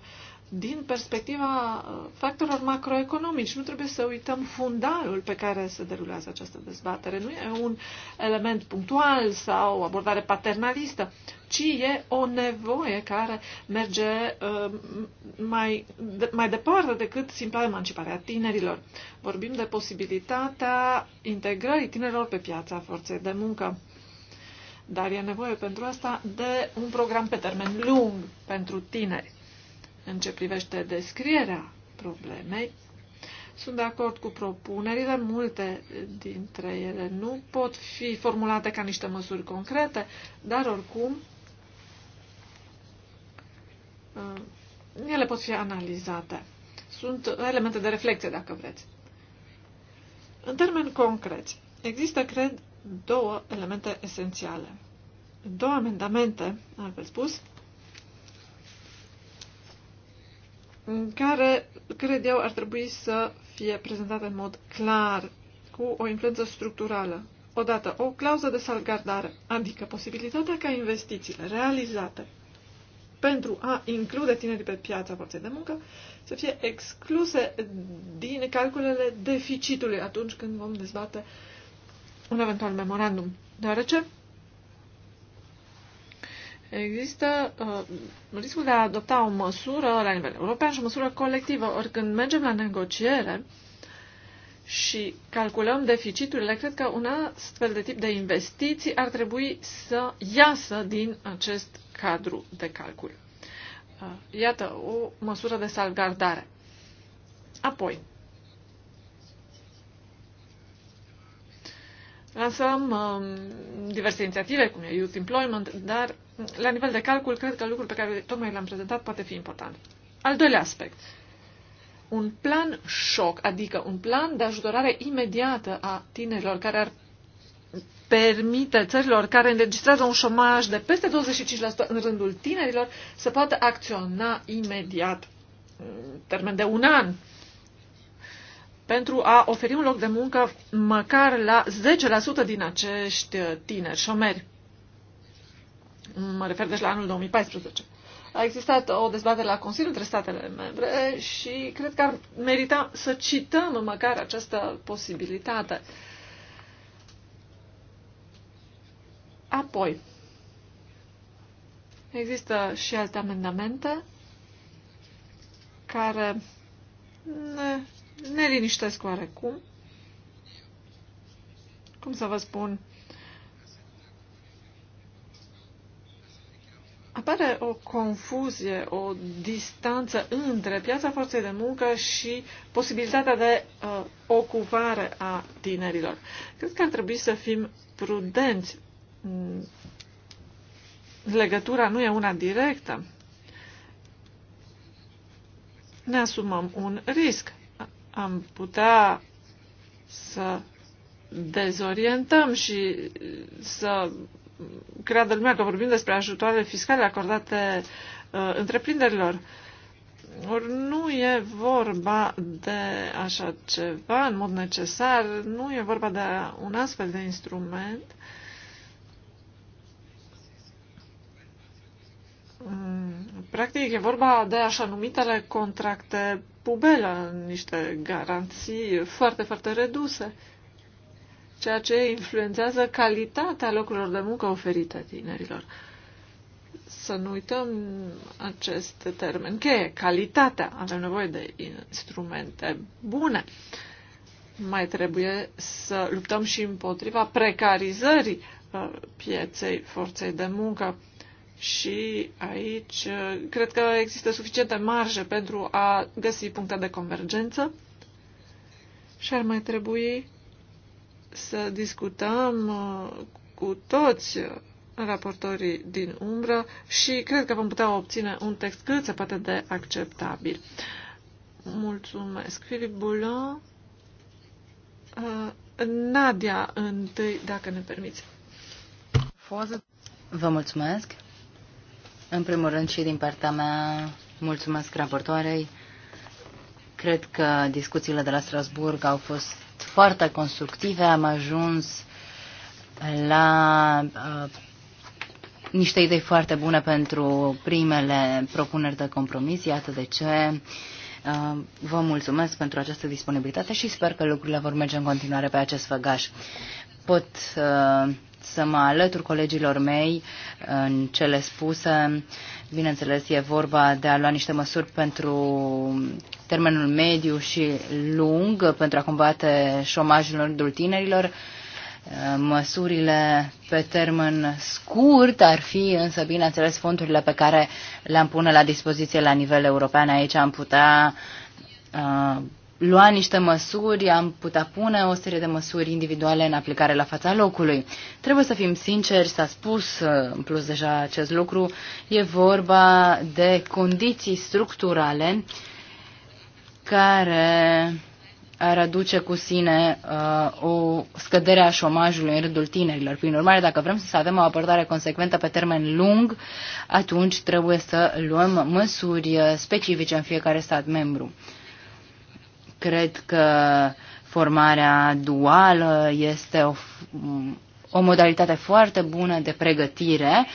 din perspectiva uh, factorilor macroeconomici. Nu trebuie să uităm fundalul pe care se derulează această dezbatere. Nu e un element punctual sau o abordare paternalistă, ci e o nevoie care merge uh, mai, de, mai departe decât simpla emanciparea tinerilor. Vorbim de posibilitatea integrării tinerilor pe piața forței de muncă. Dar e nevoie pentru asta de un program pe termen lung pentru tineri în ce privește descrierea problemei, sunt de acord cu propunerile, multe dintre ele nu pot fi formulate ca niște măsuri concrete, dar oricum uh, ele pot fi analizate. Sunt elemente de reflexie, dacă vreți. În termeni concreți, există, cred, două elemente esențiale. Două amendamente, altfel spus, care, cred eu, ar trebui să fie prezentate în mod clar, cu o influență structurală. Odată, o clauză de salgardare, adică posibilitatea ca investițiile realizate pentru a include tinerii pe piața forței de muncă să fie excluse din calculele deficitului atunci când vom dezbate un eventual memorandum. Deoarece Există uh, riscul de a adopta o măsură la nivel european și o măsură colectivă. Ori când mergem la negociere și calculăm deficiturile, cred că un astfel de tip de investiții ar trebui să iasă din acest cadru de calcul. Uh, iată, o măsură de salvgardare. Apoi, lansăm um, diverse inițiative, cum e Youth Employment, dar la nivel de calcul, cred că lucrul pe care tocmai l-am prezentat poate fi important. Al doilea aspect. Un plan șoc, adică un plan de ajutorare imediată a tinerilor care ar permite țărilor care înregistrează un șomaj de peste 25% în rândul tinerilor să poată acționa imediat, în termen de un an, pentru a oferi un loc de muncă măcar la 10% din acești tineri șomeri. Mă refer deci la anul 2014. A existat o dezbatere la Consiliu între statele membre și cred că ar merita să cităm măcar această posibilitate. Apoi, există și alte amendamente care ne, ne liniștesc oarecum. Cum să vă spun, apare o confuzie, o distanță între piața forței de muncă și posibilitatea de uh, ocupare a tinerilor. Cred că ar trebui să fim prudenți. Mm, legătura nu e una directă. Ne asumăm un risc. Am putea să dezorientăm și să creadă lumea că vorbim despre ajutoare fiscale acordate uh, întreprinderilor. Or, nu e vorba de așa ceva în mod necesar, nu e vorba de un astfel de instrument mm, Practic, e vorba de așa numitele contracte pubelă, niște garanții foarte, foarte reduse ceea ce influențează calitatea locurilor de muncă oferite tinerilor. Să nu uităm acest termen cheie, calitatea. Avem nevoie de instrumente bune. Mai trebuie să luptăm și împotriva precarizării uh, pieței forței de muncă. Și aici uh, cred că există suficiente marje pentru a găsi puncte de convergență și ar mai trebui să discutăm uh, cu toți raportorii din umbră și cred că vom putea obține un text cât se poate de acceptabil. Mulțumesc, Filip Boulon. Uh, Nadia, întâi, dacă ne permiți. Vă mulțumesc. În primul rând și din partea mea, mulțumesc raportoarei. Cred că discuțiile de la Strasburg au fost foarte constructive, am ajuns la uh, niște idei foarte bune pentru primele propuneri de compromis. Iată de ce uh, vă mulțumesc pentru această disponibilitate și sper că lucrurile vor merge în continuare pe acest făgaș. Pot uh, să mă alătur colegilor mei în cele spuse. Bineînțeles, e vorba de a lua niște măsuri pentru termenul mediu și lung, pentru a combate șomajul în rândul tinerilor. Măsurile pe termen scurt ar fi însă, bineînțeles, fondurile pe care le-am pune la dispoziție la nivel european. Aici am putea uh, lua niște măsuri, am putea pune o serie de măsuri individuale în aplicare la fața locului. Trebuie să fim sinceri, s-a spus în plus deja acest lucru, e vorba de condiții structurale care ar aduce cu sine uh, o scădere a șomajului în rândul tinerilor. Prin urmare, dacă vrem să avem o abordare consecventă pe termen lung, atunci trebuie să luăm măsuri uh, specifice în fiecare stat membru. Cred că formarea duală este o, o modalitate foarte bună de pregătire,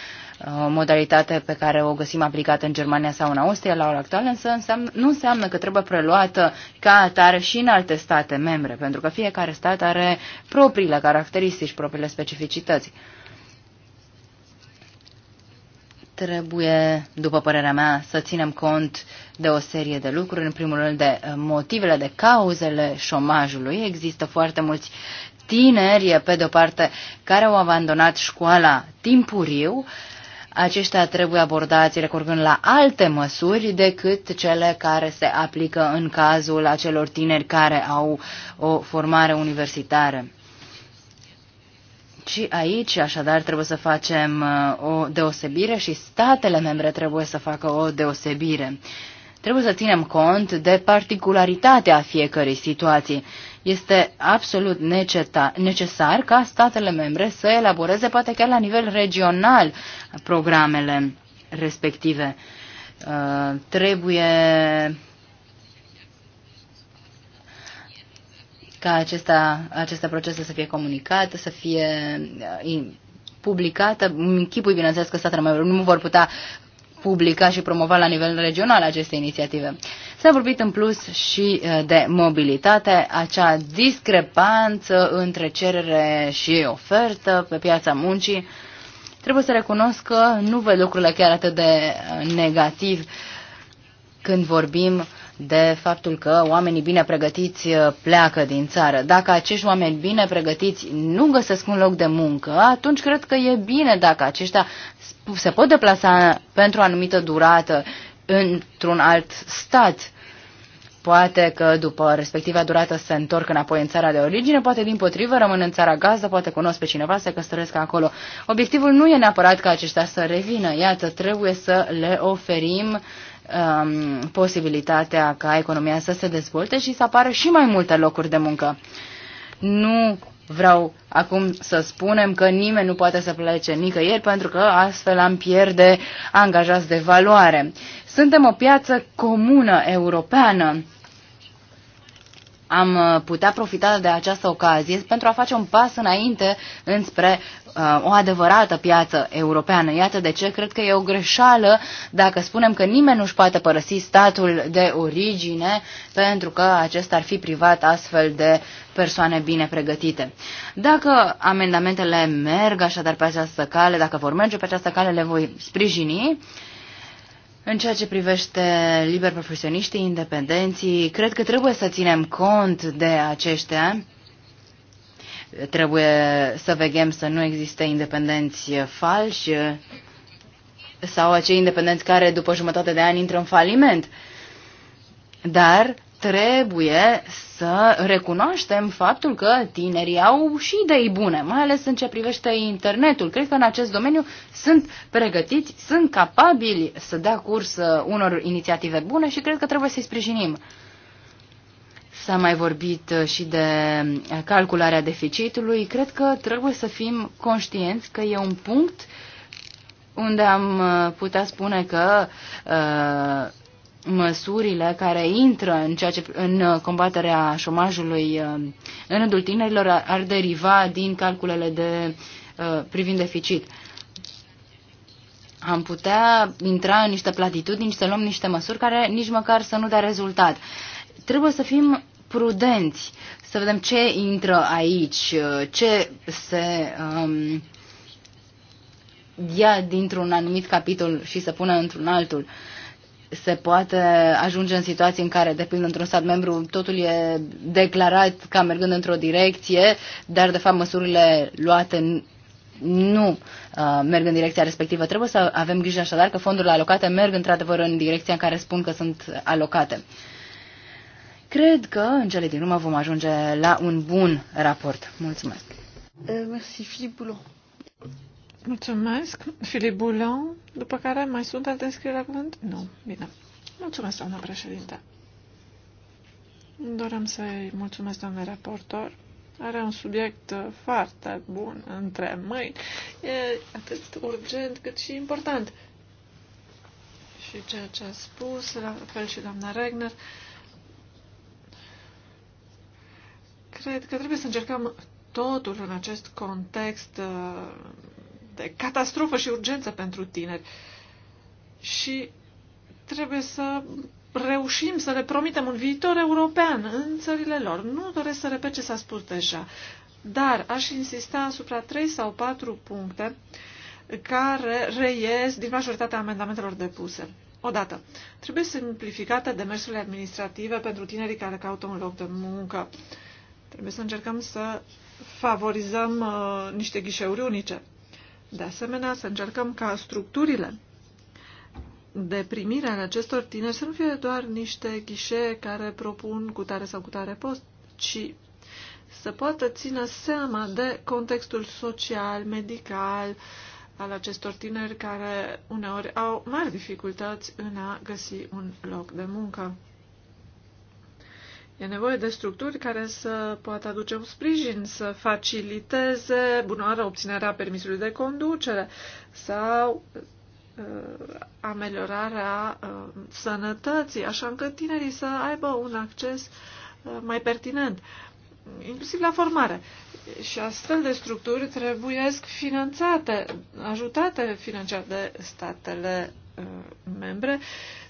o modalitate pe care o găsim aplicată în Germania sau în Austria la ora actuală, însă înseamnă, nu înseamnă că trebuie preluată ca atare și în alte state membre, pentru că fiecare stat are propriile caracteristici, propriile specificități. Trebuie, după părerea mea, să ținem cont de o serie de lucruri. În primul rând, de uh, motivele, de cauzele șomajului. Există foarte mulți tineri, pe de-o parte, care au abandonat școala timpuriu, aceștia trebuie abordați recurgând la alte măsuri decât cele care se aplică în cazul acelor tineri care au o formare universitară. Și aici, așadar, trebuie să facem uh, o deosebire și statele membre trebuie să facă o deosebire. Trebuie să ținem cont de particularitatea fiecărei situații. Este absolut necesar ca statele membre să elaboreze, poate chiar la nivel regional, programele respective. Uh, trebuie ca acesta, aceste procese să fie comunicate, uh, să fie publicată. Chipul, bineînțeles, că statele membre nu vor putea publica și promova la nivel regional aceste inițiative. S-a vorbit în plus și uh, de mobilitate, acea discrepanță între cerere și ofertă pe piața muncii. Trebuie să recunosc că nu văd lucrurile chiar atât de uh, negativ când vorbim de faptul că oamenii bine pregătiți uh, pleacă din țară. Dacă acești oameni bine pregătiți nu găsesc un loc de muncă, atunci cred că e bine dacă aceștia se pot deplasa pentru o anumită durată într-un alt stat. Poate că după respectiva durată se întorc înapoi în țara de origine, poate din potrivă rămân în țara gazdă, poate cunosc pe cineva, se căsătoresc acolo. Obiectivul nu e neapărat ca aceștia să revină. Iată, trebuie să le oferim uh, um, posibilitatea ca economia să se dezvolte și să apară și mai multe locuri de muncă. Nu vreau acum să spunem că nimeni nu poate să plece nicăieri pentru că astfel am pierde angajați de valoare. Suntem o piață comună europeană am uh, putea profita de această ocazie pentru a face un pas înainte înspre uh, o adevărată piață europeană. Iată de ce cred că e o greșeală dacă spunem că nimeni nu-și poate părăsi statul de origine pentru că acesta ar fi privat astfel de persoane bine pregătite. Dacă amendamentele merg așadar pe această cale, dacă vor merge pe această cale, le voi sprijini. Uh, în ceea ce privește liber profesioniștii, independenții, cred că trebuie să ținem cont de aceștia. Trebuie să vegem să nu existe independenți falși sau acei independenți care după jumătate de ani intră în faliment. Dar trebuie să recunoaștem faptul că tinerii au și idei bune, mai ales în ce privește internetul. Cred că în acest domeniu sunt pregătiți, sunt capabili să dea curs uh, unor inițiative bune și cred că trebuie să-i sprijinim. S-a mai vorbit uh, și de uh, calcularea deficitului. Cred că trebuie să fim conștienți că e un punct unde am putea spune că uh, măsurile care intră în, ceea ce, în uh, combaterea șomajului uh, în rândul tinerilor ar deriva din calculele de uh, privind deficit. Am putea intra în niște platitudini, să luăm niște măsuri care nici măcar să nu dea rezultat. Trebuie să fim prudenți, să vedem ce intră aici, ce se um, ia dintr-un anumit capitol și să pună într-un altul. Uh, se poate ajunge în situații în care, de pildă, într-un stat membru totul e declarat ca mergând într-o direcție, dar, de fapt, măsurile luate nu uh, merg în direcția respectivă. Trebuie să avem grijă așadar că fondurile alocate merg într-adevăr în direcția în care spun că sunt alocate. Cred că în cele din urmă vom ajunge la un bun raport. Mulțumesc. Uh, merci, Boulon. Mulțumesc. Filip Boulon, după care mai sunt alte înscrieri la cuvânt? Nu. Bine. Mulțumesc, doamna președinte. Doream să-i mulțumesc, doamne raportor. Are un subiect uh, foarte bun între mâini. E atât urgent cât și important. Și ceea ce a spus, la fel și doamna Regner, cred că trebuie să încercăm totul în acest context uh, de catastrofă și urgență pentru tineri. Și trebuie să reușim să le promitem un viitor european în țările lor. Nu doresc să repet ce s-a spus deja, dar aș insista asupra trei sau patru puncte care reies din majoritatea amendamentelor depuse. Odată, trebuie simplificate demersurile administrative pentru tinerii care caută un loc de muncă. Trebuie să încercăm să favorizăm uh, niște ghișeuri unice. De asemenea, să încercăm ca structurile de primire ale acestor tineri să nu fie doar niște ghișee care propun cu tare sau cu tare post, ci să poată țină seama de contextul social, medical al acestor tineri care uneori au mari dificultăți în a găsi un loc de muncă. E nevoie de structuri care să poată aduce un sprijin, să faciliteze bunoară obținerea permisului de conducere sau uh, ameliorarea uh, sănătății, așa încât tinerii să aibă un acces uh, mai pertinent, inclusiv la formare. Și astfel de structuri trebuie finanțate, ajutate financiar de statele Uh, membre,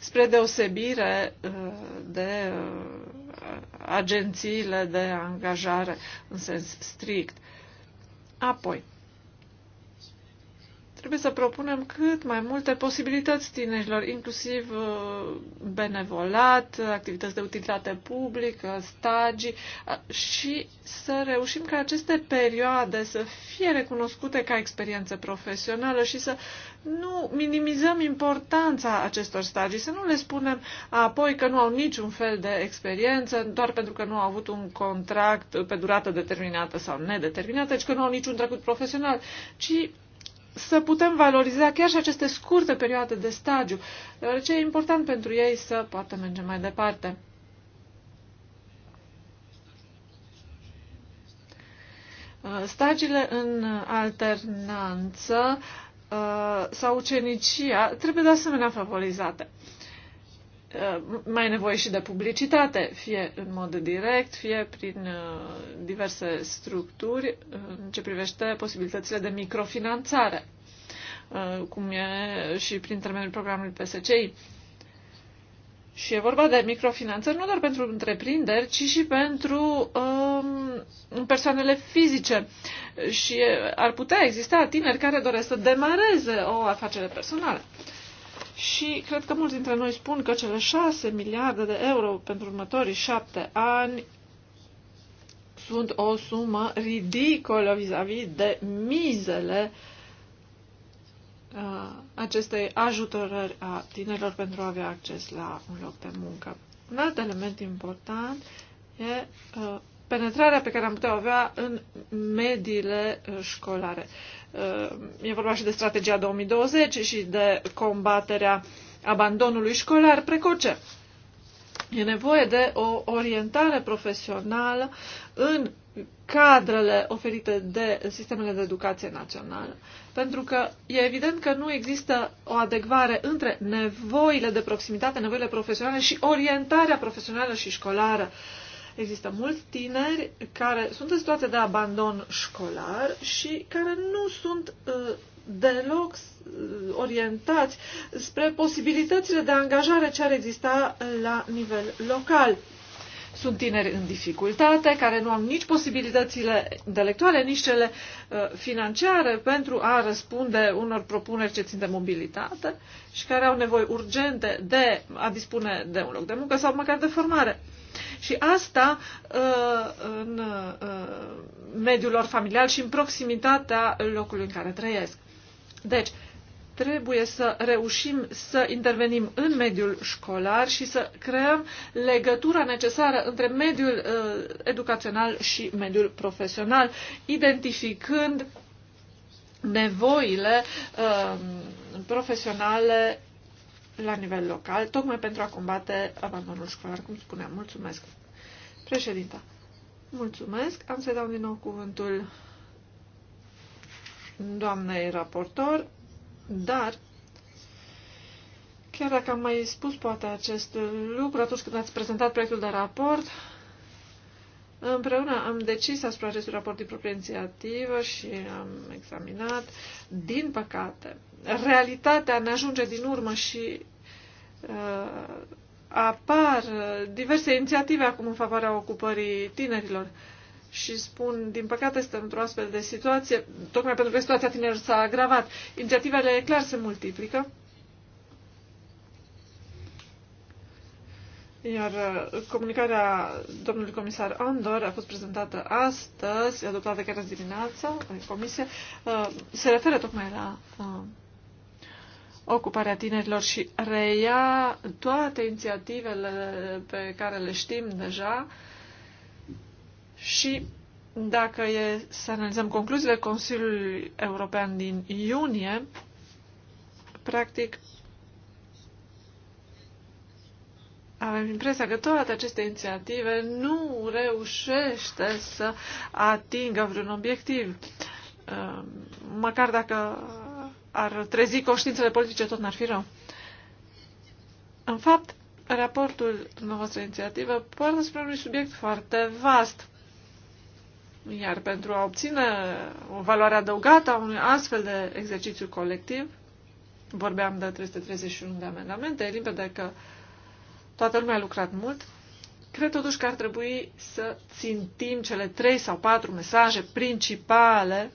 spre deosebire uh, de uh, agențiile de angajare în sens strict. Apoi, Trebuie să propunem cât mai multe posibilități tinerilor, inclusiv uh, benevolat, activități de utilitate publică, stagii și să reușim ca aceste perioade să fie recunoscute ca experiență profesională și să nu minimizăm importanța acestor stagii, să nu le spunem apoi că nu au niciun fel de experiență doar pentru că nu au avut un contract pe durată determinată sau nedeterminată, deci că nu au niciun trecut profesional, ci să putem valoriza chiar și aceste scurte perioade de stagiu, deoarece e important pentru ei să poată merge mai departe. Stagiile în alternanță uh, sau ucenicia trebuie de asemenea favorizate. Uh, mai nevoie și de publicitate, fie în mod direct, fie prin uh, diverse structuri în ce privește posibilitățile de microfinanțare, uh, cum e și prin intermediul programului PSCI. Și e vorba de microfinanțări nu doar pentru întreprinderi, ci și pentru um, persoanele fizice. Și ar putea exista tineri care doresc să demareze o afacere personală. Uh, și cred că mulți dintre noi spun că cele 6 miliarde de euro pentru următorii 7 ani sunt o sumă ridicolă vis-a-vis -vis de mizele uh, acestei ajutorări a tinerilor pentru a avea acces la un loc de muncă. Un alt element important e uh, penetrarea pe care am putea avea în mediile uh, școlare. Uh, e vorba și de strategia 2020 și de combaterea abandonului școlar precoce. E nevoie de o orientare profesională în cadrele oferite de sistemele de educație națională, pentru că e evident că nu există o adecvare între nevoile de proximitate, nevoile profesionale și orientarea profesională și școlară. Uh, Există mulți tineri care sunt în situație de abandon școlar și care nu sunt uh, deloc uh, orientați spre posibilitățile de angajare ce ar exista la nivel local. Sunt tineri în dificultate, care nu au nici posibilitățile intelectuale, nici cele uh, financiare pentru a răspunde unor propuneri ce țin de mobilitate și care au nevoi urgente de a dispune de un loc de muncă sau măcar de formare. Și asta uh, în uh, mediul lor familial și în proximitatea locului în care trăiesc. Deci, trebuie să reușim să intervenim în mediul școlar și să creăm legătura necesară între mediul uh, educațional și mediul profesional, identificând nevoile uh, profesionale la nivel local, tocmai pentru a combate abandonul școlar, cum spuneam. Mulțumesc. Președinta, mulțumesc. Am să dau din nou cuvântul doamnei raportor, dar chiar dacă am mai spus poate acest lucru atunci când ați prezentat proiectul de raport, Împreună am decis asupra acestui raport din proprie inițiativă și am examinat. Din păcate, realitatea ne ajunge din urmă și uh, apar diverse inițiative acum în favoarea ocupării tinerilor. Și spun, din păcate, suntem într-o astfel de situație, tocmai pentru că situația tinerilor s-a agravat. Inițiativele, clar, se multiplică. Iar uh, comunicarea domnului comisar Andor a fost prezentată astăzi, adoptată chiar azi dimineața, în comisie, uh, se referă tocmai la uh, ocuparea tinerilor și reia toate inițiativele pe care le știm deja și dacă e să analizăm concluziile Consiliului European din iunie, practic avem impresia că toate aceste inițiative nu reușește să atingă vreun obiectiv, ă, măcar dacă ar trezi conștiințele politice, tot n-ar fi rău. În fapt, raportul dumneavoastră inițiativă poartă spre un subiect foarte vast. Iar pentru a obține o valoare adăugată a unui astfel de exercițiu colectiv, vorbeam de 331 de amendamente, e limpede că toată lumea a lucrat mult, cred totuși că ar trebui să țintim cele trei sau patru mesaje principale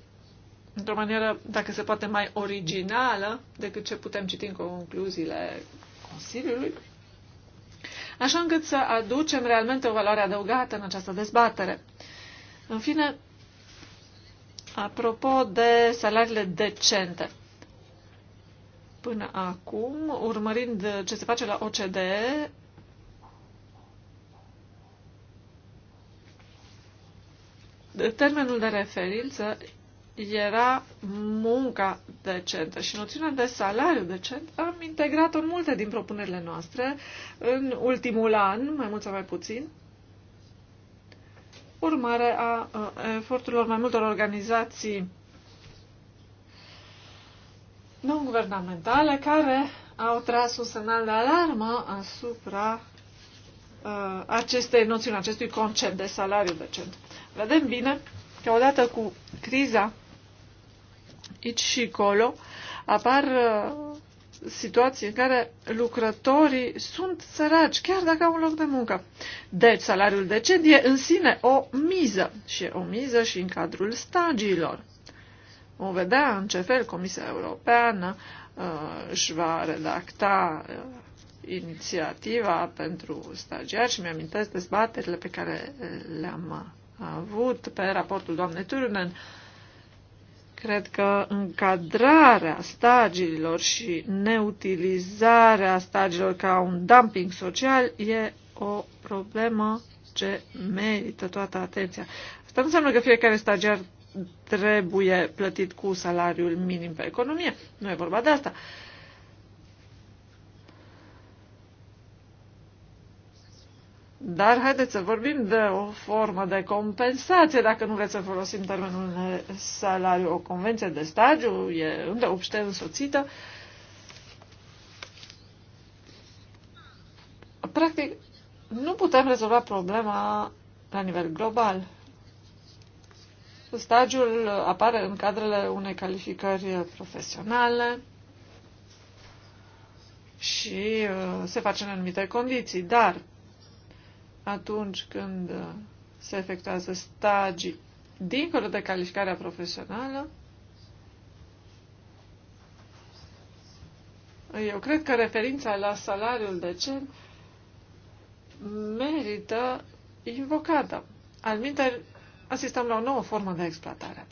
într-o manieră, dacă se poate, mai originală decât ce putem citi în concluziile Consiliului, așa încât să aducem realmente o valoare adăugată în această dezbatere. În fine, apropo de salariile decente, până acum, urmărind ce se face la OCDE, termenul de referință era munca decentă și noțiunea de salariu decent am integrat-o în multe din propunerile noastre în ultimul an, mai mult sau mai puțin, urmare a eforturilor mai multor organizații non-guvernamentale care au tras un semnal de alarmă asupra uh, acestei noțiuni, acestui concept de salariu decent. Vedem bine că odată cu criza aici și acolo apar uh, situații în care lucrătorii sunt săraci, chiar dacă au un loc de muncă. Deci, salariul decent e în sine o miză și e o miză și în cadrul stagiilor. O vedea în ce fel Comisia Europeană uh, își va redacta uh, inițiativa pentru stagiari și mi-amintesc dezbaterile pe care uh, le-am uh, avut pe raportul doamnei Turunen uh, Cred că încadrarea stagiilor și neutilizarea stagiilor ca un dumping social e o problemă ce merită toată atenția. Asta nu înseamnă că fiecare stagiar trebuie plătit cu salariul minim pe economie. Nu e vorba de asta. Uh, Dar haideți să vorbim de o formă de compensație, dacă nu vreți să folosim termenul de salariu. O convenție de stagiu e îndeopște însoțită. Practic, nu putem rezolva problema la nivel global. Stagiul apare în cadrele unei calificări profesionale și uh, se face în anumite condiții, dar atunci când uh, se efectuează stagii dincolo de calificarea profesională, eu cred că referința la salariul decent merită invocată. Alminter, asistăm la o nouă formă de exploatare.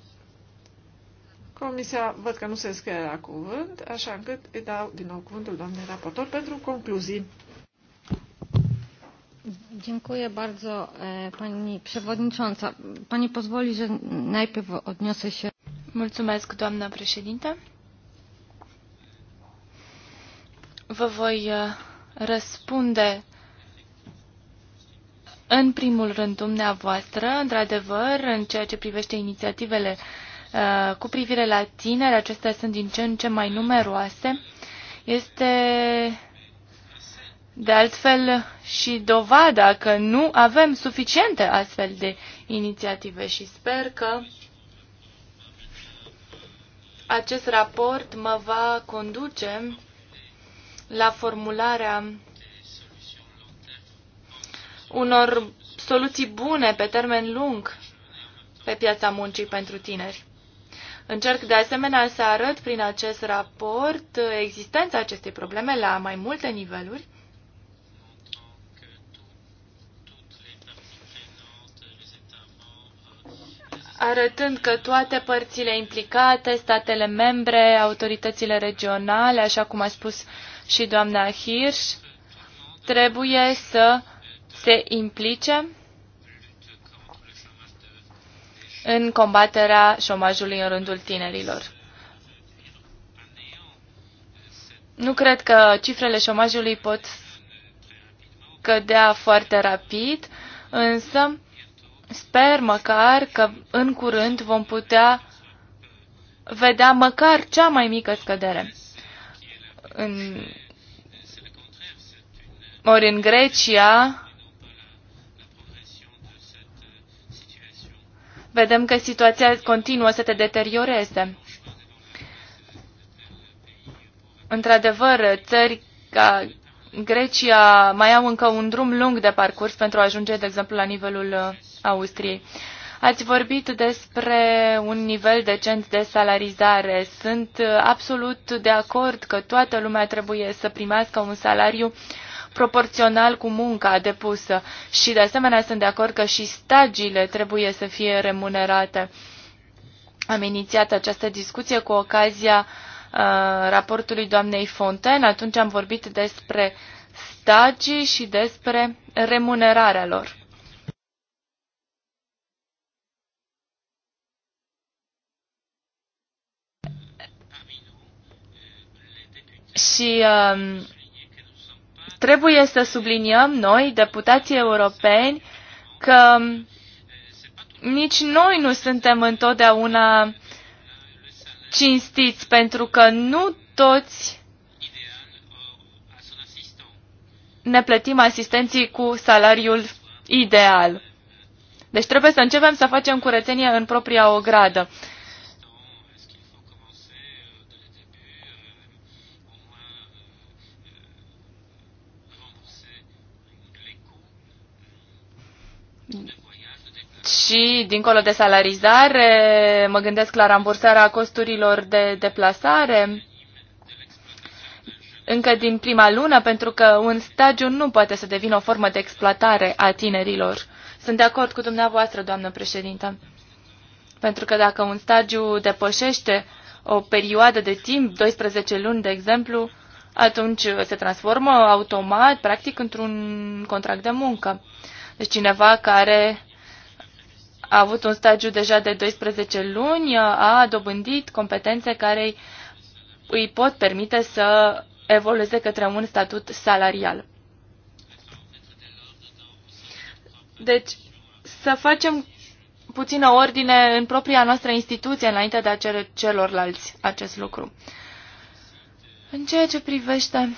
Comisia văd că nu se scrie la cuvânt, așa încât îi dau din nou cuvântul doamnei raportor pentru concluzii. Dziękuję bardzo Pani Przewodnicząca. Pani pozwoli, że najpierw odniosę się. Mulțumesc, doamna președinte. Vă voi răspunde în primul rând dumneavoastră, într-adevăr, în ceea ce privește inițiativele cu privire la tineri, acestea sunt din ce în ce mai numeroase. Este de altfel și dovada că nu avem suficiente astfel de inițiative și sper că acest raport mă va conduce la formularea unor soluții bune pe termen lung pe piața muncii pentru tineri. Încerc de asemenea să arăt prin acest raport existența acestei probleme la mai multe niveluri arătând că toate părțile implicate, statele membre, autoritățile regionale, așa cum a spus și doamna Hirsch, trebuie să se implice în combaterea șomajului în rândul tinerilor. Nu cred că cifrele șomajului pot cădea foarte rapid, însă Sper măcar că în curând vom putea vedea măcar cea mai mică scădere. În, ori în Grecia vedem că situația continuă să te deterioreze. Într-adevăr, țări ca Grecia mai au încă un drum lung de parcurs pentru a ajunge, de exemplu, la nivelul uh, Austriei. Ați vorbit despre un nivel decent de salarizare. Sunt uh, absolut de acord că toată lumea trebuie să primească un salariu proporțional cu munca depusă și de asemenea sunt de acord că și stagiile trebuie să fie remunerate. Am inițiat această discuție cu ocazia uh, raportului doamnei Fonten. Atunci am vorbit despre stagii și despre remunerarea lor. Și um, trebuie să subliniem noi, deputații europeni, că um, nici noi nu suntem întotdeauna cinstiți, pentru că nu toți ne plătim asistenții cu salariul ideal. Deci trebuie să începem să facem curățenie în propria ogradă. și dincolo de salarizare, mă gândesc la rambursarea costurilor de deplasare încă din prima lună, pentru că un stagiu nu poate să devină o formă de exploatare a tinerilor. Sunt de acord cu dumneavoastră, doamnă președintă. Pentru că dacă un stagiu depășește o perioadă de timp, 12 luni, de exemplu, atunci se transformă automat, practic, într-un contract de muncă. Deci cineva care a avut un stagiu deja de 12 luni, a dobândit competențe care îi pot permite să evolueze către un statut salarial. Deci, să facem puțină ordine în propria noastră instituție înainte de a cere celorlalți acest lucru. În ceea ce privește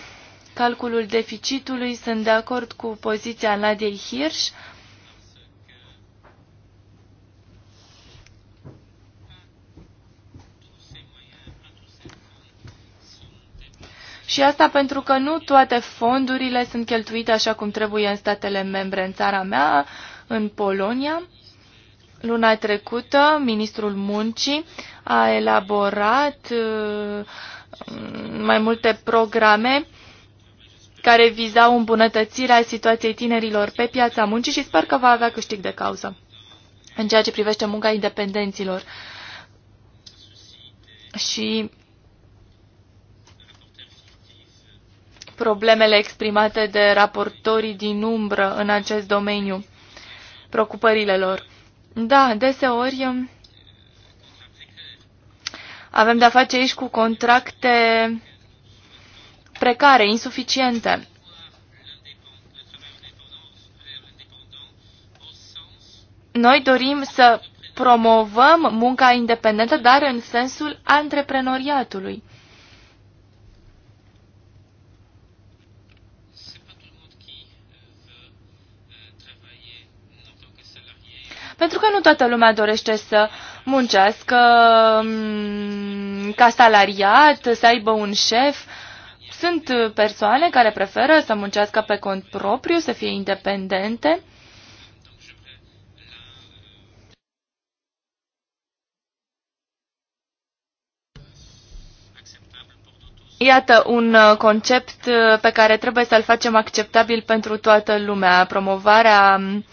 calculul deficitului, sunt de acord cu poziția Nadiei Hirsch. Și asta pentru că nu toate fondurile sunt cheltuite așa cum trebuie în statele membre. În țara mea, în Polonia, luna trecută, ministrul muncii a elaborat uh, mai multe programe care vizau îmbunătățirea situației tinerilor pe piața muncii și sper că va avea câștig de cauză în ceea ce privește munca independenților. Și problemele exprimate de raportorii din umbră în acest domeniu, preocupările lor. Da, deseori um, avem de-a face aici cu contracte precare, insuficiente. Noi dorim să promovăm munca independentă, dar în sensul antreprenoriatului. Pentru că nu toată lumea dorește să muncească mm, ca salariat, să aibă un șef. Sunt persoane care preferă să muncească pe cont propriu, să fie independente. Iată un uh, concept uh, pe care trebuie să-l facem acceptabil pentru toată lumea, promovarea uh,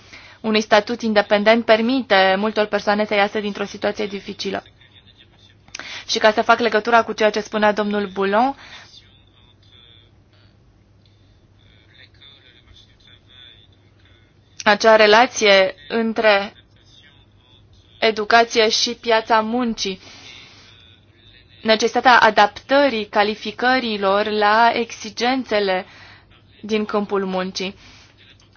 unui statut independent permite multor persoane să iasă dintr-o situație dificilă. Și ca să fac legătura cu ceea ce spunea domnul Boulon, acea relație între educație și piața muncii, necesitatea adaptării calificărilor la exigențele din câmpul muncii.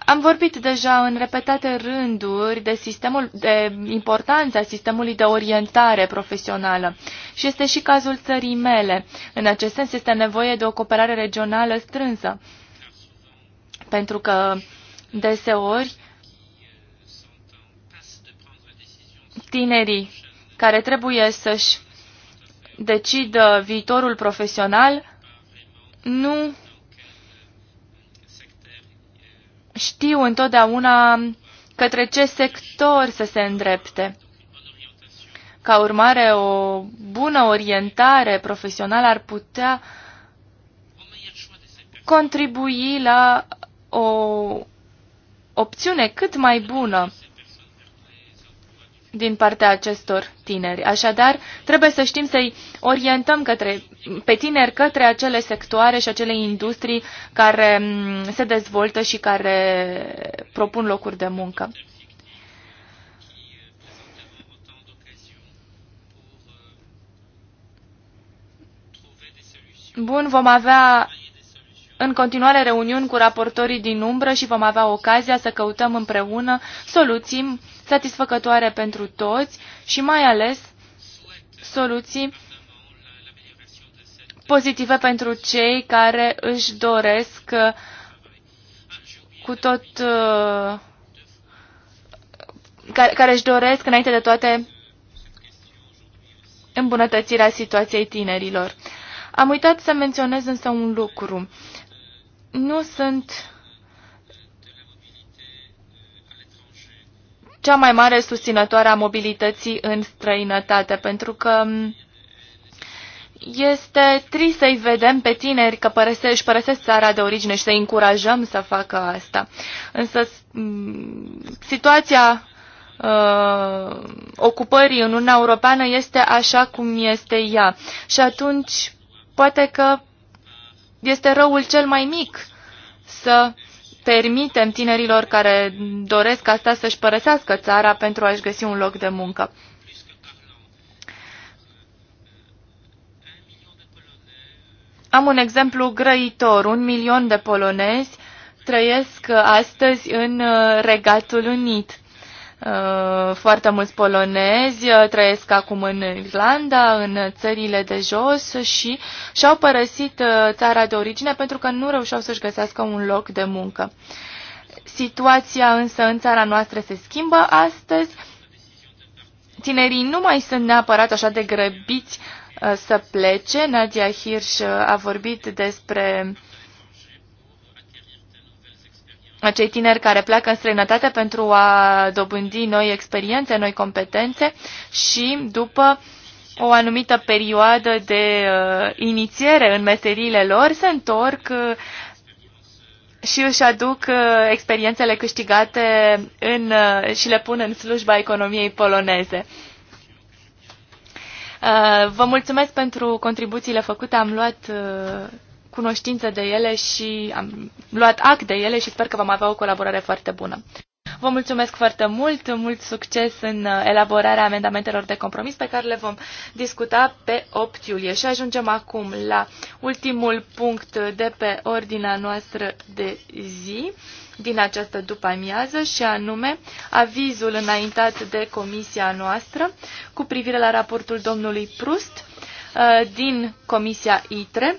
Am vorbit deja în repetate rânduri de, sistemul, de importanța sistemului de orientare profesională și este și cazul țării mele. În acest sens este nevoie de o cooperare regională strânsă, pentru că deseori tinerii care trebuie să-și decidă viitorul profesional nu știu întotdeauna către ce sector să se îndrepte. Ca urmare, o bună orientare profesională ar putea contribui la o opțiune cât mai bună din partea acestor tineri. Așadar, trebuie să știm să-i orientăm către, pe tineri către acele sectoare și acele industrii care mm, se dezvoltă și care propun locuri de muncă. Bun, vom avea în continuare reuniuni cu raportorii din umbră și vom avea ocazia să căutăm împreună soluții satisfăcătoare pentru toți și mai ales soluții pozitive pentru cei care își doresc uh, cu tot uh, care, care își doresc înainte de toate îmbunătățirea situației tinerilor. Am uitat să menționez însă un lucru. Nu sunt cea mai mare susținătoare a mobilității în străinătate, pentru că este trist să-i vedem pe tineri că părăse, își părăsesc țara de origine și să-i încurajăm să facă asta. Însă situația uh, ocupării în Uniunea Europeană este așa cum este ea. Și atunci poate că este răul cel mai mic să uh, permitem tinerilor care doresc asta să-și părăsească țara pentru a-și găsi un loc de muncă. Am un exemplu grăitor. Un milion de polonezi trăiesc astăzi în uh, Regatul Unit. Uh, foarte mulți polonezi uh, trăiesc acum în Irlanda, în țările de jos și și-au părăsit uh, țara de origine pentru că nu reușeau să-și găsească un loc de muncă. Situația însă în țara noastră se schimbă astăzi. Tinerii nu mai sunt neapărat așa de grăbiți să plece. Nadia Hirsch a vorbit despre uh, acei tineri care pleacă în străinătate pentru a dobândi noi experiențe, noi competențe și după o anumită perioadă de uh, inițiere în meseriile lor se întorc uh, și își aduc uh, experiențele câștigate în, uh, și le pun în slujba economiei poloneze. Uh, vă mulțumesc pentru contribuțiile făcute. Am luat uh, cunoștință de ele și am luat act de ele și sper că vom avea o colaborare foarte bună. Vă mulțumesc foarte mult, mult succes în uh, elaborarea amendamentelor de compromis pe care le vom discuta pe 8 iulie. Și ajungem acum la ultimul punct de pe ordinea noastră de zi din această după-amiază și anume avizul înaintat de comisia noastră cu privire la raportul domnului Prust uh, din comisia ITRE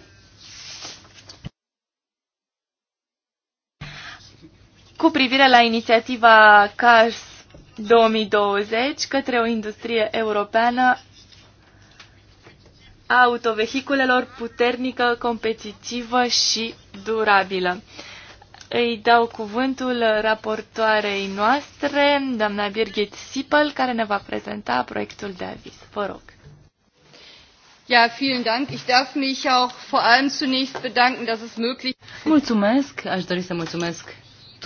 cu privire la inițiativa CARS 2020 către o industrie europeană a autovehiculelor puternică, competitivă și durabilă. Îi dau cuvântul raportoarei noastre, doamna Birgit Sipel, care ne va prezenta proiectul de aviz. Vă rog. Ja, vielen Dank. Ich darf mich auch vor allem zunächst bedanken, dass es möglich Mulțumesc. Aș dori să mulțumesc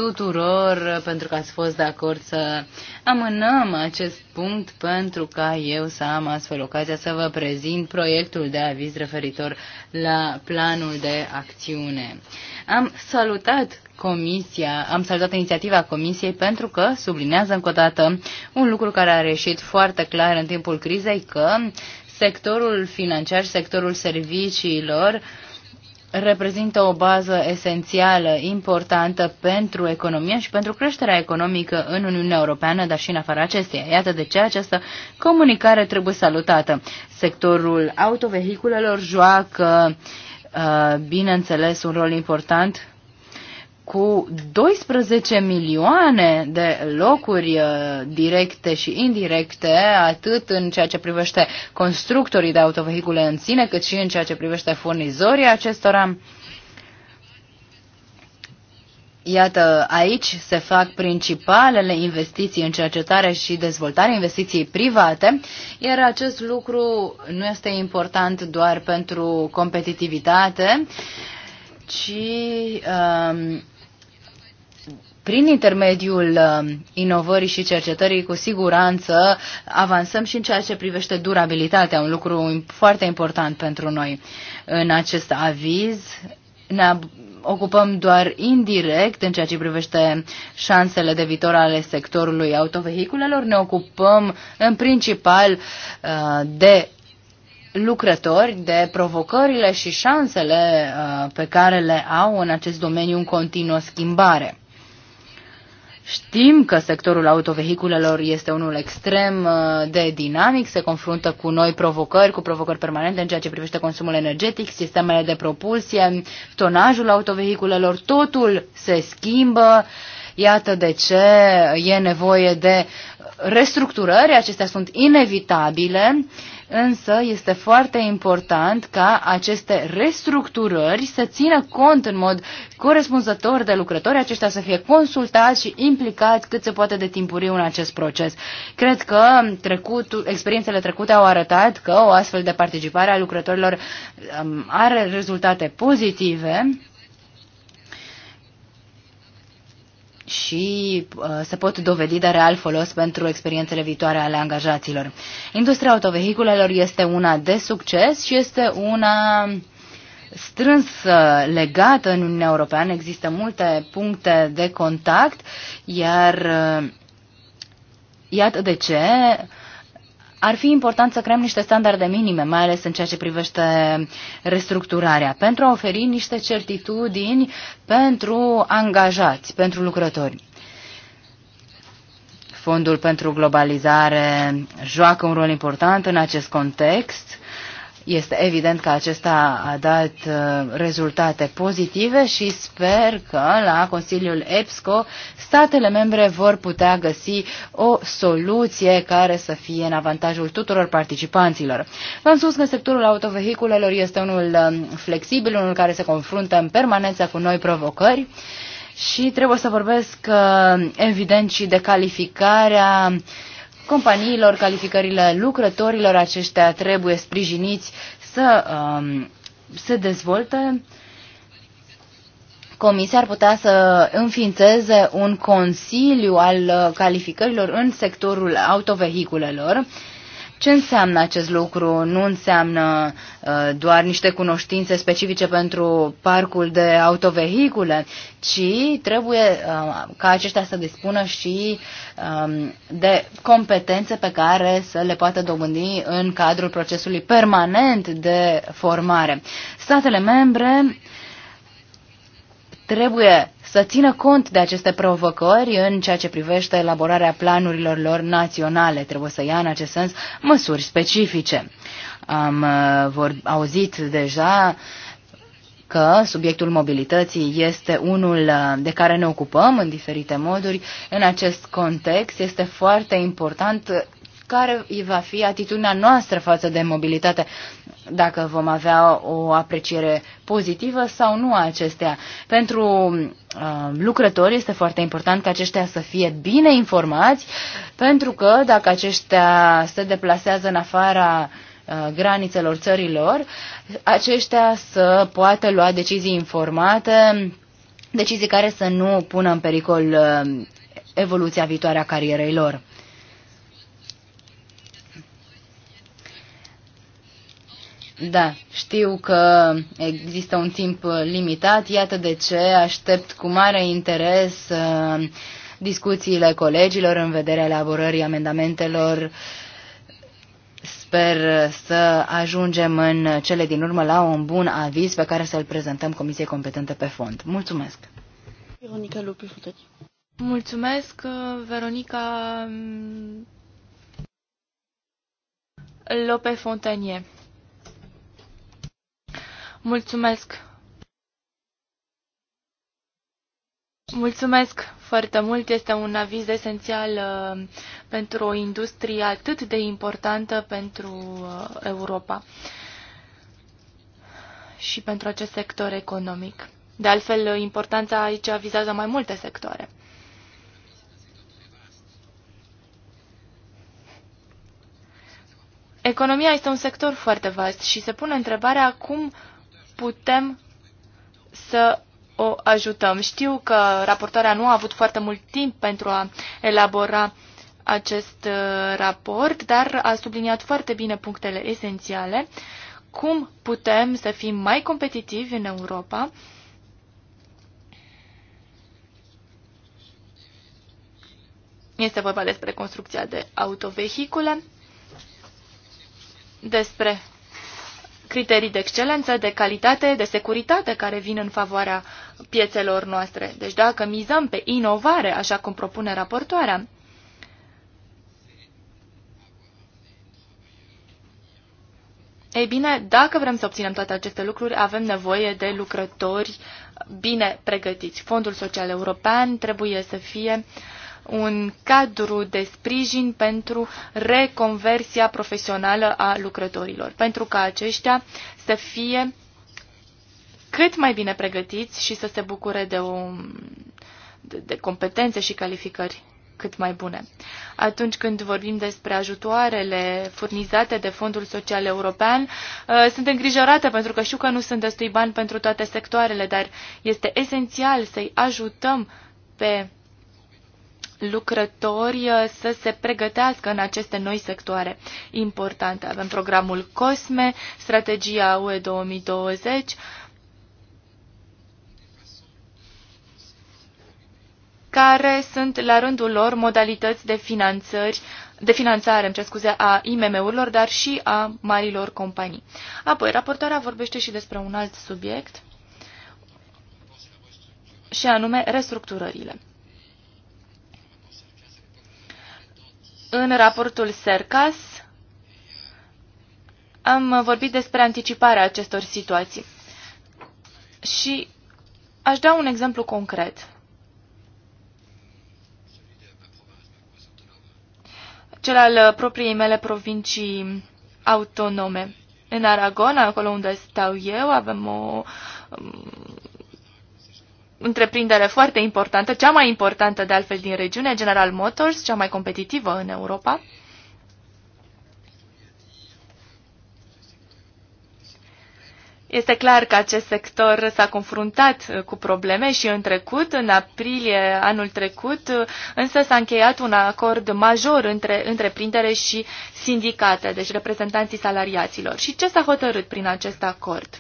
tuturor pentru că ați fost de acord să amânăm acest punct pentru ca eu să am astfel ocazia să vă prezint proiectul de aviz referitor la planul de acțiune. Am salutat comisia, am salutat inițiativa comisiei pentru că sublinează încă o dată un lucru care a reșit foarte clar în timpul crizei că sectorul financiar, sectorul serviciilor uh, reprezintă o bază esențială, importantă pentru economia și pentru creșterea economică în Uniunea Europeană, dar și în afara acesteia. Iată de ce această comunicare trebuie salutată. Sectorul autovehiculelor joacă, uh, bineînțeles, un rol important cu 12 milioane de locuri uh, directe și indirecte, atât în ceea ce privește constructorii de autovehicule în sine, cât și în ceea ce privește furnizorii acestora. Iată, aici se fac principalele investiții în cercetare și dezvoltare, investiții private, iar acest lucru nu este important doar pentru competitivitate, ci um, prin intermediul um, inovării și cercetării, cu siguranță avansăm și în ceea ce privește durabilitatea, un lucru foarte important pentru noi. În acest aviz ne ocupăm doar indirect în ceea ce privește șansele de viitor ale sectorului autovehiculelor. Ne ocupăm în principal uh, de lucrători, de provocările și șansele uh, pe care le au în acest domeniu în continuă schimbare. Știm că sectorul autovehiculelor este unul extrem uh, de dinamic, se confruntă cu noi provocări, cu provocări permanente în ceea ce privește consumul energetic, sistemele de propulsie, tonajul autovehiculelor, totul se schimbă. Iată de ce e nevoie de restructurări, acestea sunt inevitabile însă este foarte important ca aceste restructurări să țină cont în mod corespunzător de lucrători, aceștia să fie consultați și implicați cât se poate de timpuriu în acest proces. Cred că trecut, experiențele trecute au arătat că o astfel de participare a lucrătorilor um, are rezultate pozitive și uh, se pot dovedi de real folos pentru experiențele viitoare ale angajaților. Industria autovehiculelor este una de succes și este una strâns legată în Uniunea Europeană. Există multe puncte de contact, iar uh, iată de ce uh, ar fi important să creăm niște standarde minime, mai ales în ceea ce privește restructurarea, pentru a oferi niște certitudini pentru angajați, pentru lucrători. Fondul pentru globalizare joacă un rol important în acest context este evident că acesta a dat uh, rezultate pozitive și sper că la Consiliul EPSCO statele membre vor putea găsi o soluție care să fie în avantajul tuturor participanților. V-am spus că sectorul autovehiculelor este unul um, flexibil, unul care se confruntă în permanență cu noi provocări și trebuie să vorbesc uh, evident și de calificarea uh, companiilor, calificările lucrătorilor aceștia trebuie sprijiniți să um, se dezvolte. Comisia ar putea să înființeze un consiliu al calificărilor în sectorul autovehiculelor ce înseamnă acest lucru? Nu înseamnă uh, doar niște cunoștințe specifice pentru parcul de autovehicule, ci trebuie uh, ca aceștia să dispună și um, de competențe pe care să le poată dobândi în cadrul procesului permanent de formare. Statele membre trebuie să țină cont de aceste provocări în ceea ce privește elaborarea planurilor lor naționale. Trebuie să ia în acest sens măsuri specifice. Am uh, vor, auzit deja că subiectul mobilității este unul uh, de care ne ocupăm în diferite moduri. În acest context este foarte important care va fi atitudinea noastră față de mobilitate, dacă vom avea o apreciere pozitivă sau nu a acestea. Pentru uh, lucrători este foarte important ca aceștia să fie bine informați, pentru că dacă aceștia se deplasează în afara uh, granițelor țărilor, aceștia să poată lua decizii informate, decizii care să nu pună în pericol uh, evoluția viitoare a carierei lor. Da, știu că există un timp limitat, iată de ce aștept cu mare interes uh, discuțiile colegilor în vederea elaborării amendamentelor. Sper să ajungem în cele din urmă la un bun aviz pe care să-l prezentăm Comisiei Competente pe fond. Mulțumesc! Veronica Lupi, Mulțumesc, uh, Veronica mm, Lope Fontanier. Mulțumesc! Mulțumesc foarte mult. Este un aviz esențial uh, pentru o industrie atât de importantă pentru uh, Europa și pentru acest sector economic. De altfel, uh, importanța aici vizează mai multe sectoare. Economia este un sector foarte vast și se pune întrebarea cum uh, putem să o ajutăm. Știu că raportarea nu a avut foarte mult timp pentru a elabora acest uh, raport, dar a subliniat foarte bine punctele esențiale, cum putem să fim mai competitivi în Europa, Este vorba despre construcția de autovehicule, despre criterii de excelență, de calitate, de securitate care vin în favoarea piețelor noastre. Deci dacă mizăm pe inovare, așa cum propune raportoarea, Ei bine, dacă vrem să obținem toate aceste lucruri, avem nevoie de lucrători bine pregătiți. Fondul Social European trebuie să fie uh, un cadru de sprijin pentru reconversia profesională a lucrătorilor, pentru ca aceștia să fie cât mai bine pregătiți și să se bucure de, o, de, de competențe și calificări cât mai bune. Atunci când vorbim despre ajutoarele furnizate de Fondul Social European, uh, sunt îngrijorată pentru că știu că nu sunt destui bani pentru toate sectoarele, dar este esențial să-i ajutăm pe lucrători uh, să se pregătească în aceste noi sectoare importante. Avem programul COSME, strategia UE 2020, care sunt la rândul lor modalități de finanțări de finanțare, îmi scuze, a IMM-urilor, dar și a marilor companii. Apoi, raportoarea vorbește și despre un alt subiect, și anume restructurările. În raportul SERCAS am vorbit despre anticiparea acestor situații. Și aș da un exemplu concret. Cel al propriei mele provincii autonome. În Aragona, acolo unde stau eu, avem o um, întreprindere foarte importantă, cea mai importantă de altfel din regiune, General Motors, cea mai competitivă în Europa. Este clar că acest sector s-a confruntat uh, cu probleme și în trecut, în aprilie anul trecut, uh, însă s-a încheiat un acord major între întreprindere și sindicate, deci reprezentanții salariaților. Și ce s-a hotărât prin acest acord?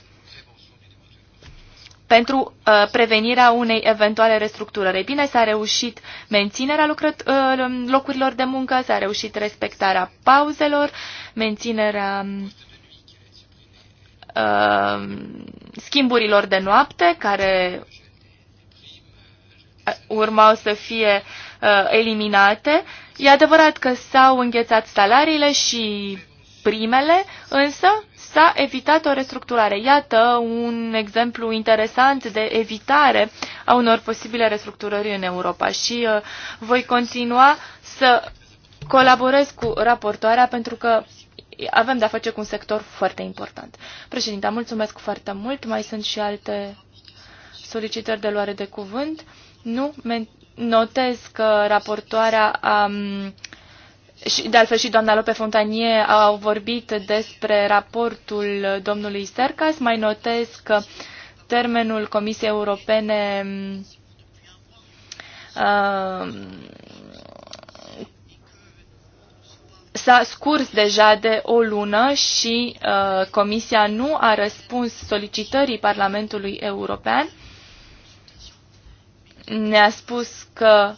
pentru uh, prevenirea unei eventuale restructurări. Bine, s-a reușit menținerea lucrăt, uh, locurilor de muncă, s-a reușit respectarea pauzelor, menținerea uh, schimburilor de noapte care uh, urmau să fie uh, eliminate. E adevărat că s-au înghețat salariile și primele, însă s-a evitat o restructurare. Iată un exemplu interesant de evitare a unor posibile restructurări în Europa și uh, voi continua să colaborez cu raportoarea pentru că avem de-a face cu un sector foarte important. Președinte, mulțumesc foarte mult. Mai sunt și alte solicitări de luare de cuvânt. Nu, notez că raportoarea a și de altfel și doamna Lope Fontanie au vorbit despre raportul domnului Sercas. Mai notez că termenul Comisiei Europene uh, s-a scurs deja de o lună și uh, Comisia nu a răspuns solicitării Parlamentului European. Ne-a spus că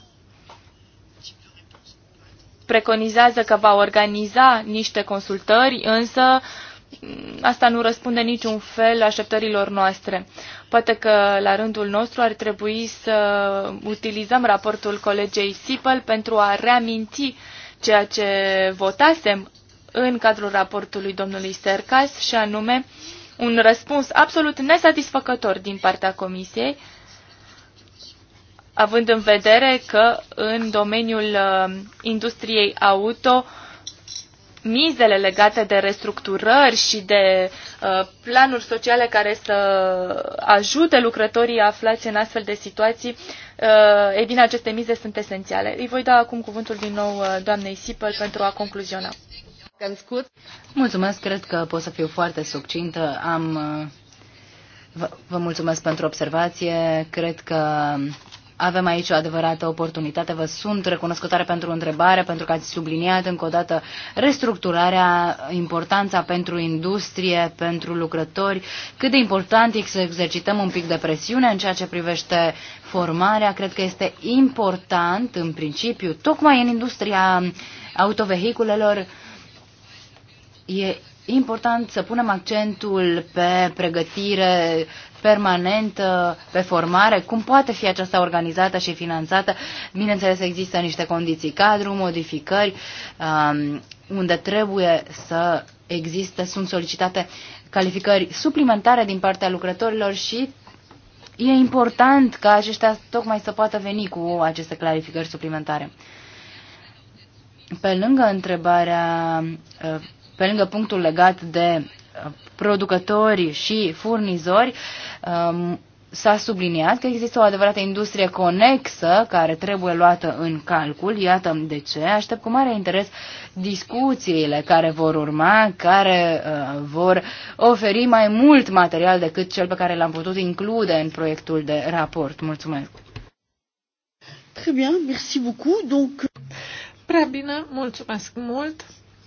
preconizează că va organiza niște consultări, însă mm, asta nu răspunde niciun fel așteptărilor noastre. Poate că la rândul nostru ar trebui să utilizăm raportul colegei Sipel pentru a reaminti ceea ce votasem în cadrul raportului domnului Sercas și anume un răspuns absolut nesatisfăcător din partea Comisiei având în vedere că în domeniul uh, industriei auto mizele legate de restructurări și de uh, planuri sociale care să ajute lucrătorii aflați în astfel de situații, uh, ei bine, aceste mize sunt esențiale. Îi voi da acum cuvântul din nou doamnei Sipăl pentru a concluziona. Mulțumesc, cred că pot să fiu foarte succintă. Am Vă, mulțumesc pentru observație. Cred că avem aici o adevărată oportunitate. Vă sunt recunoscătoare pentru întrebare, pentru că ați subliniat încă o dată restructurarea, importanța pentru industrie, pentru lucrători, cât de important e să exercităm un pic de presiune în ceea ce privește formarea. Cred că este important, în principiu, tocmai în industria autovehiculelor, e important să punem accentul pe pregătire, permanent pe uh, formare, cum poate fi aceasta organizată și finanțată. Bineînțeles, există niște condiții cadru, modificări, um, unde trebuie să existe, sunt solicitate calificări suplimentare din partea lucrătorilor și e important ca aceștia tocmai să poată veni cu aceste clarificări suplimentare. Pe lângă întrebarea, uh, pe lângă punctul legat de producători și furnizori, um, s-a subliniat că există o adevărată industrie conexă care trebuie luată în calcul. Iată de ce. Aștept cu mare interes discuțiile care vor urma, care uh, vor oferi mai mult material decât cel pe care l-am putut include în proiectul de raport. Mulțumesc! Très bien, merci beaucoup. Donc... Prea bine, mulțumesc mult!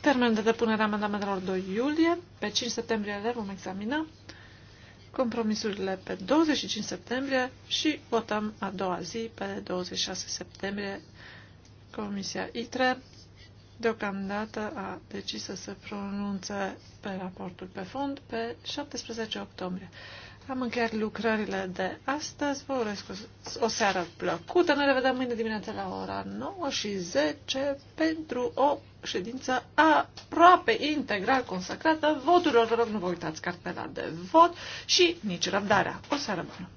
Termenul de depunere a amendamentelor 2 iulie. Pe 5 septembrie le vom examina. Compromisurile pe 25 septembrie și votăm a doua zi, pe 26 septembrie, Comisia ITRE. Deocamdată a decis să se pronunțe pe raportul pe fond pe 17 octombrie. Am încheiat lucrările de astăzi. Vă urez o o seară plăcută. Ne revedem mâine dimineața la ora 9 și 10 pentru o ședință aproape integral consacrată voturilor. Vă rog, nu vă uitați cartela de vot și nici răbdarea. O seară bună!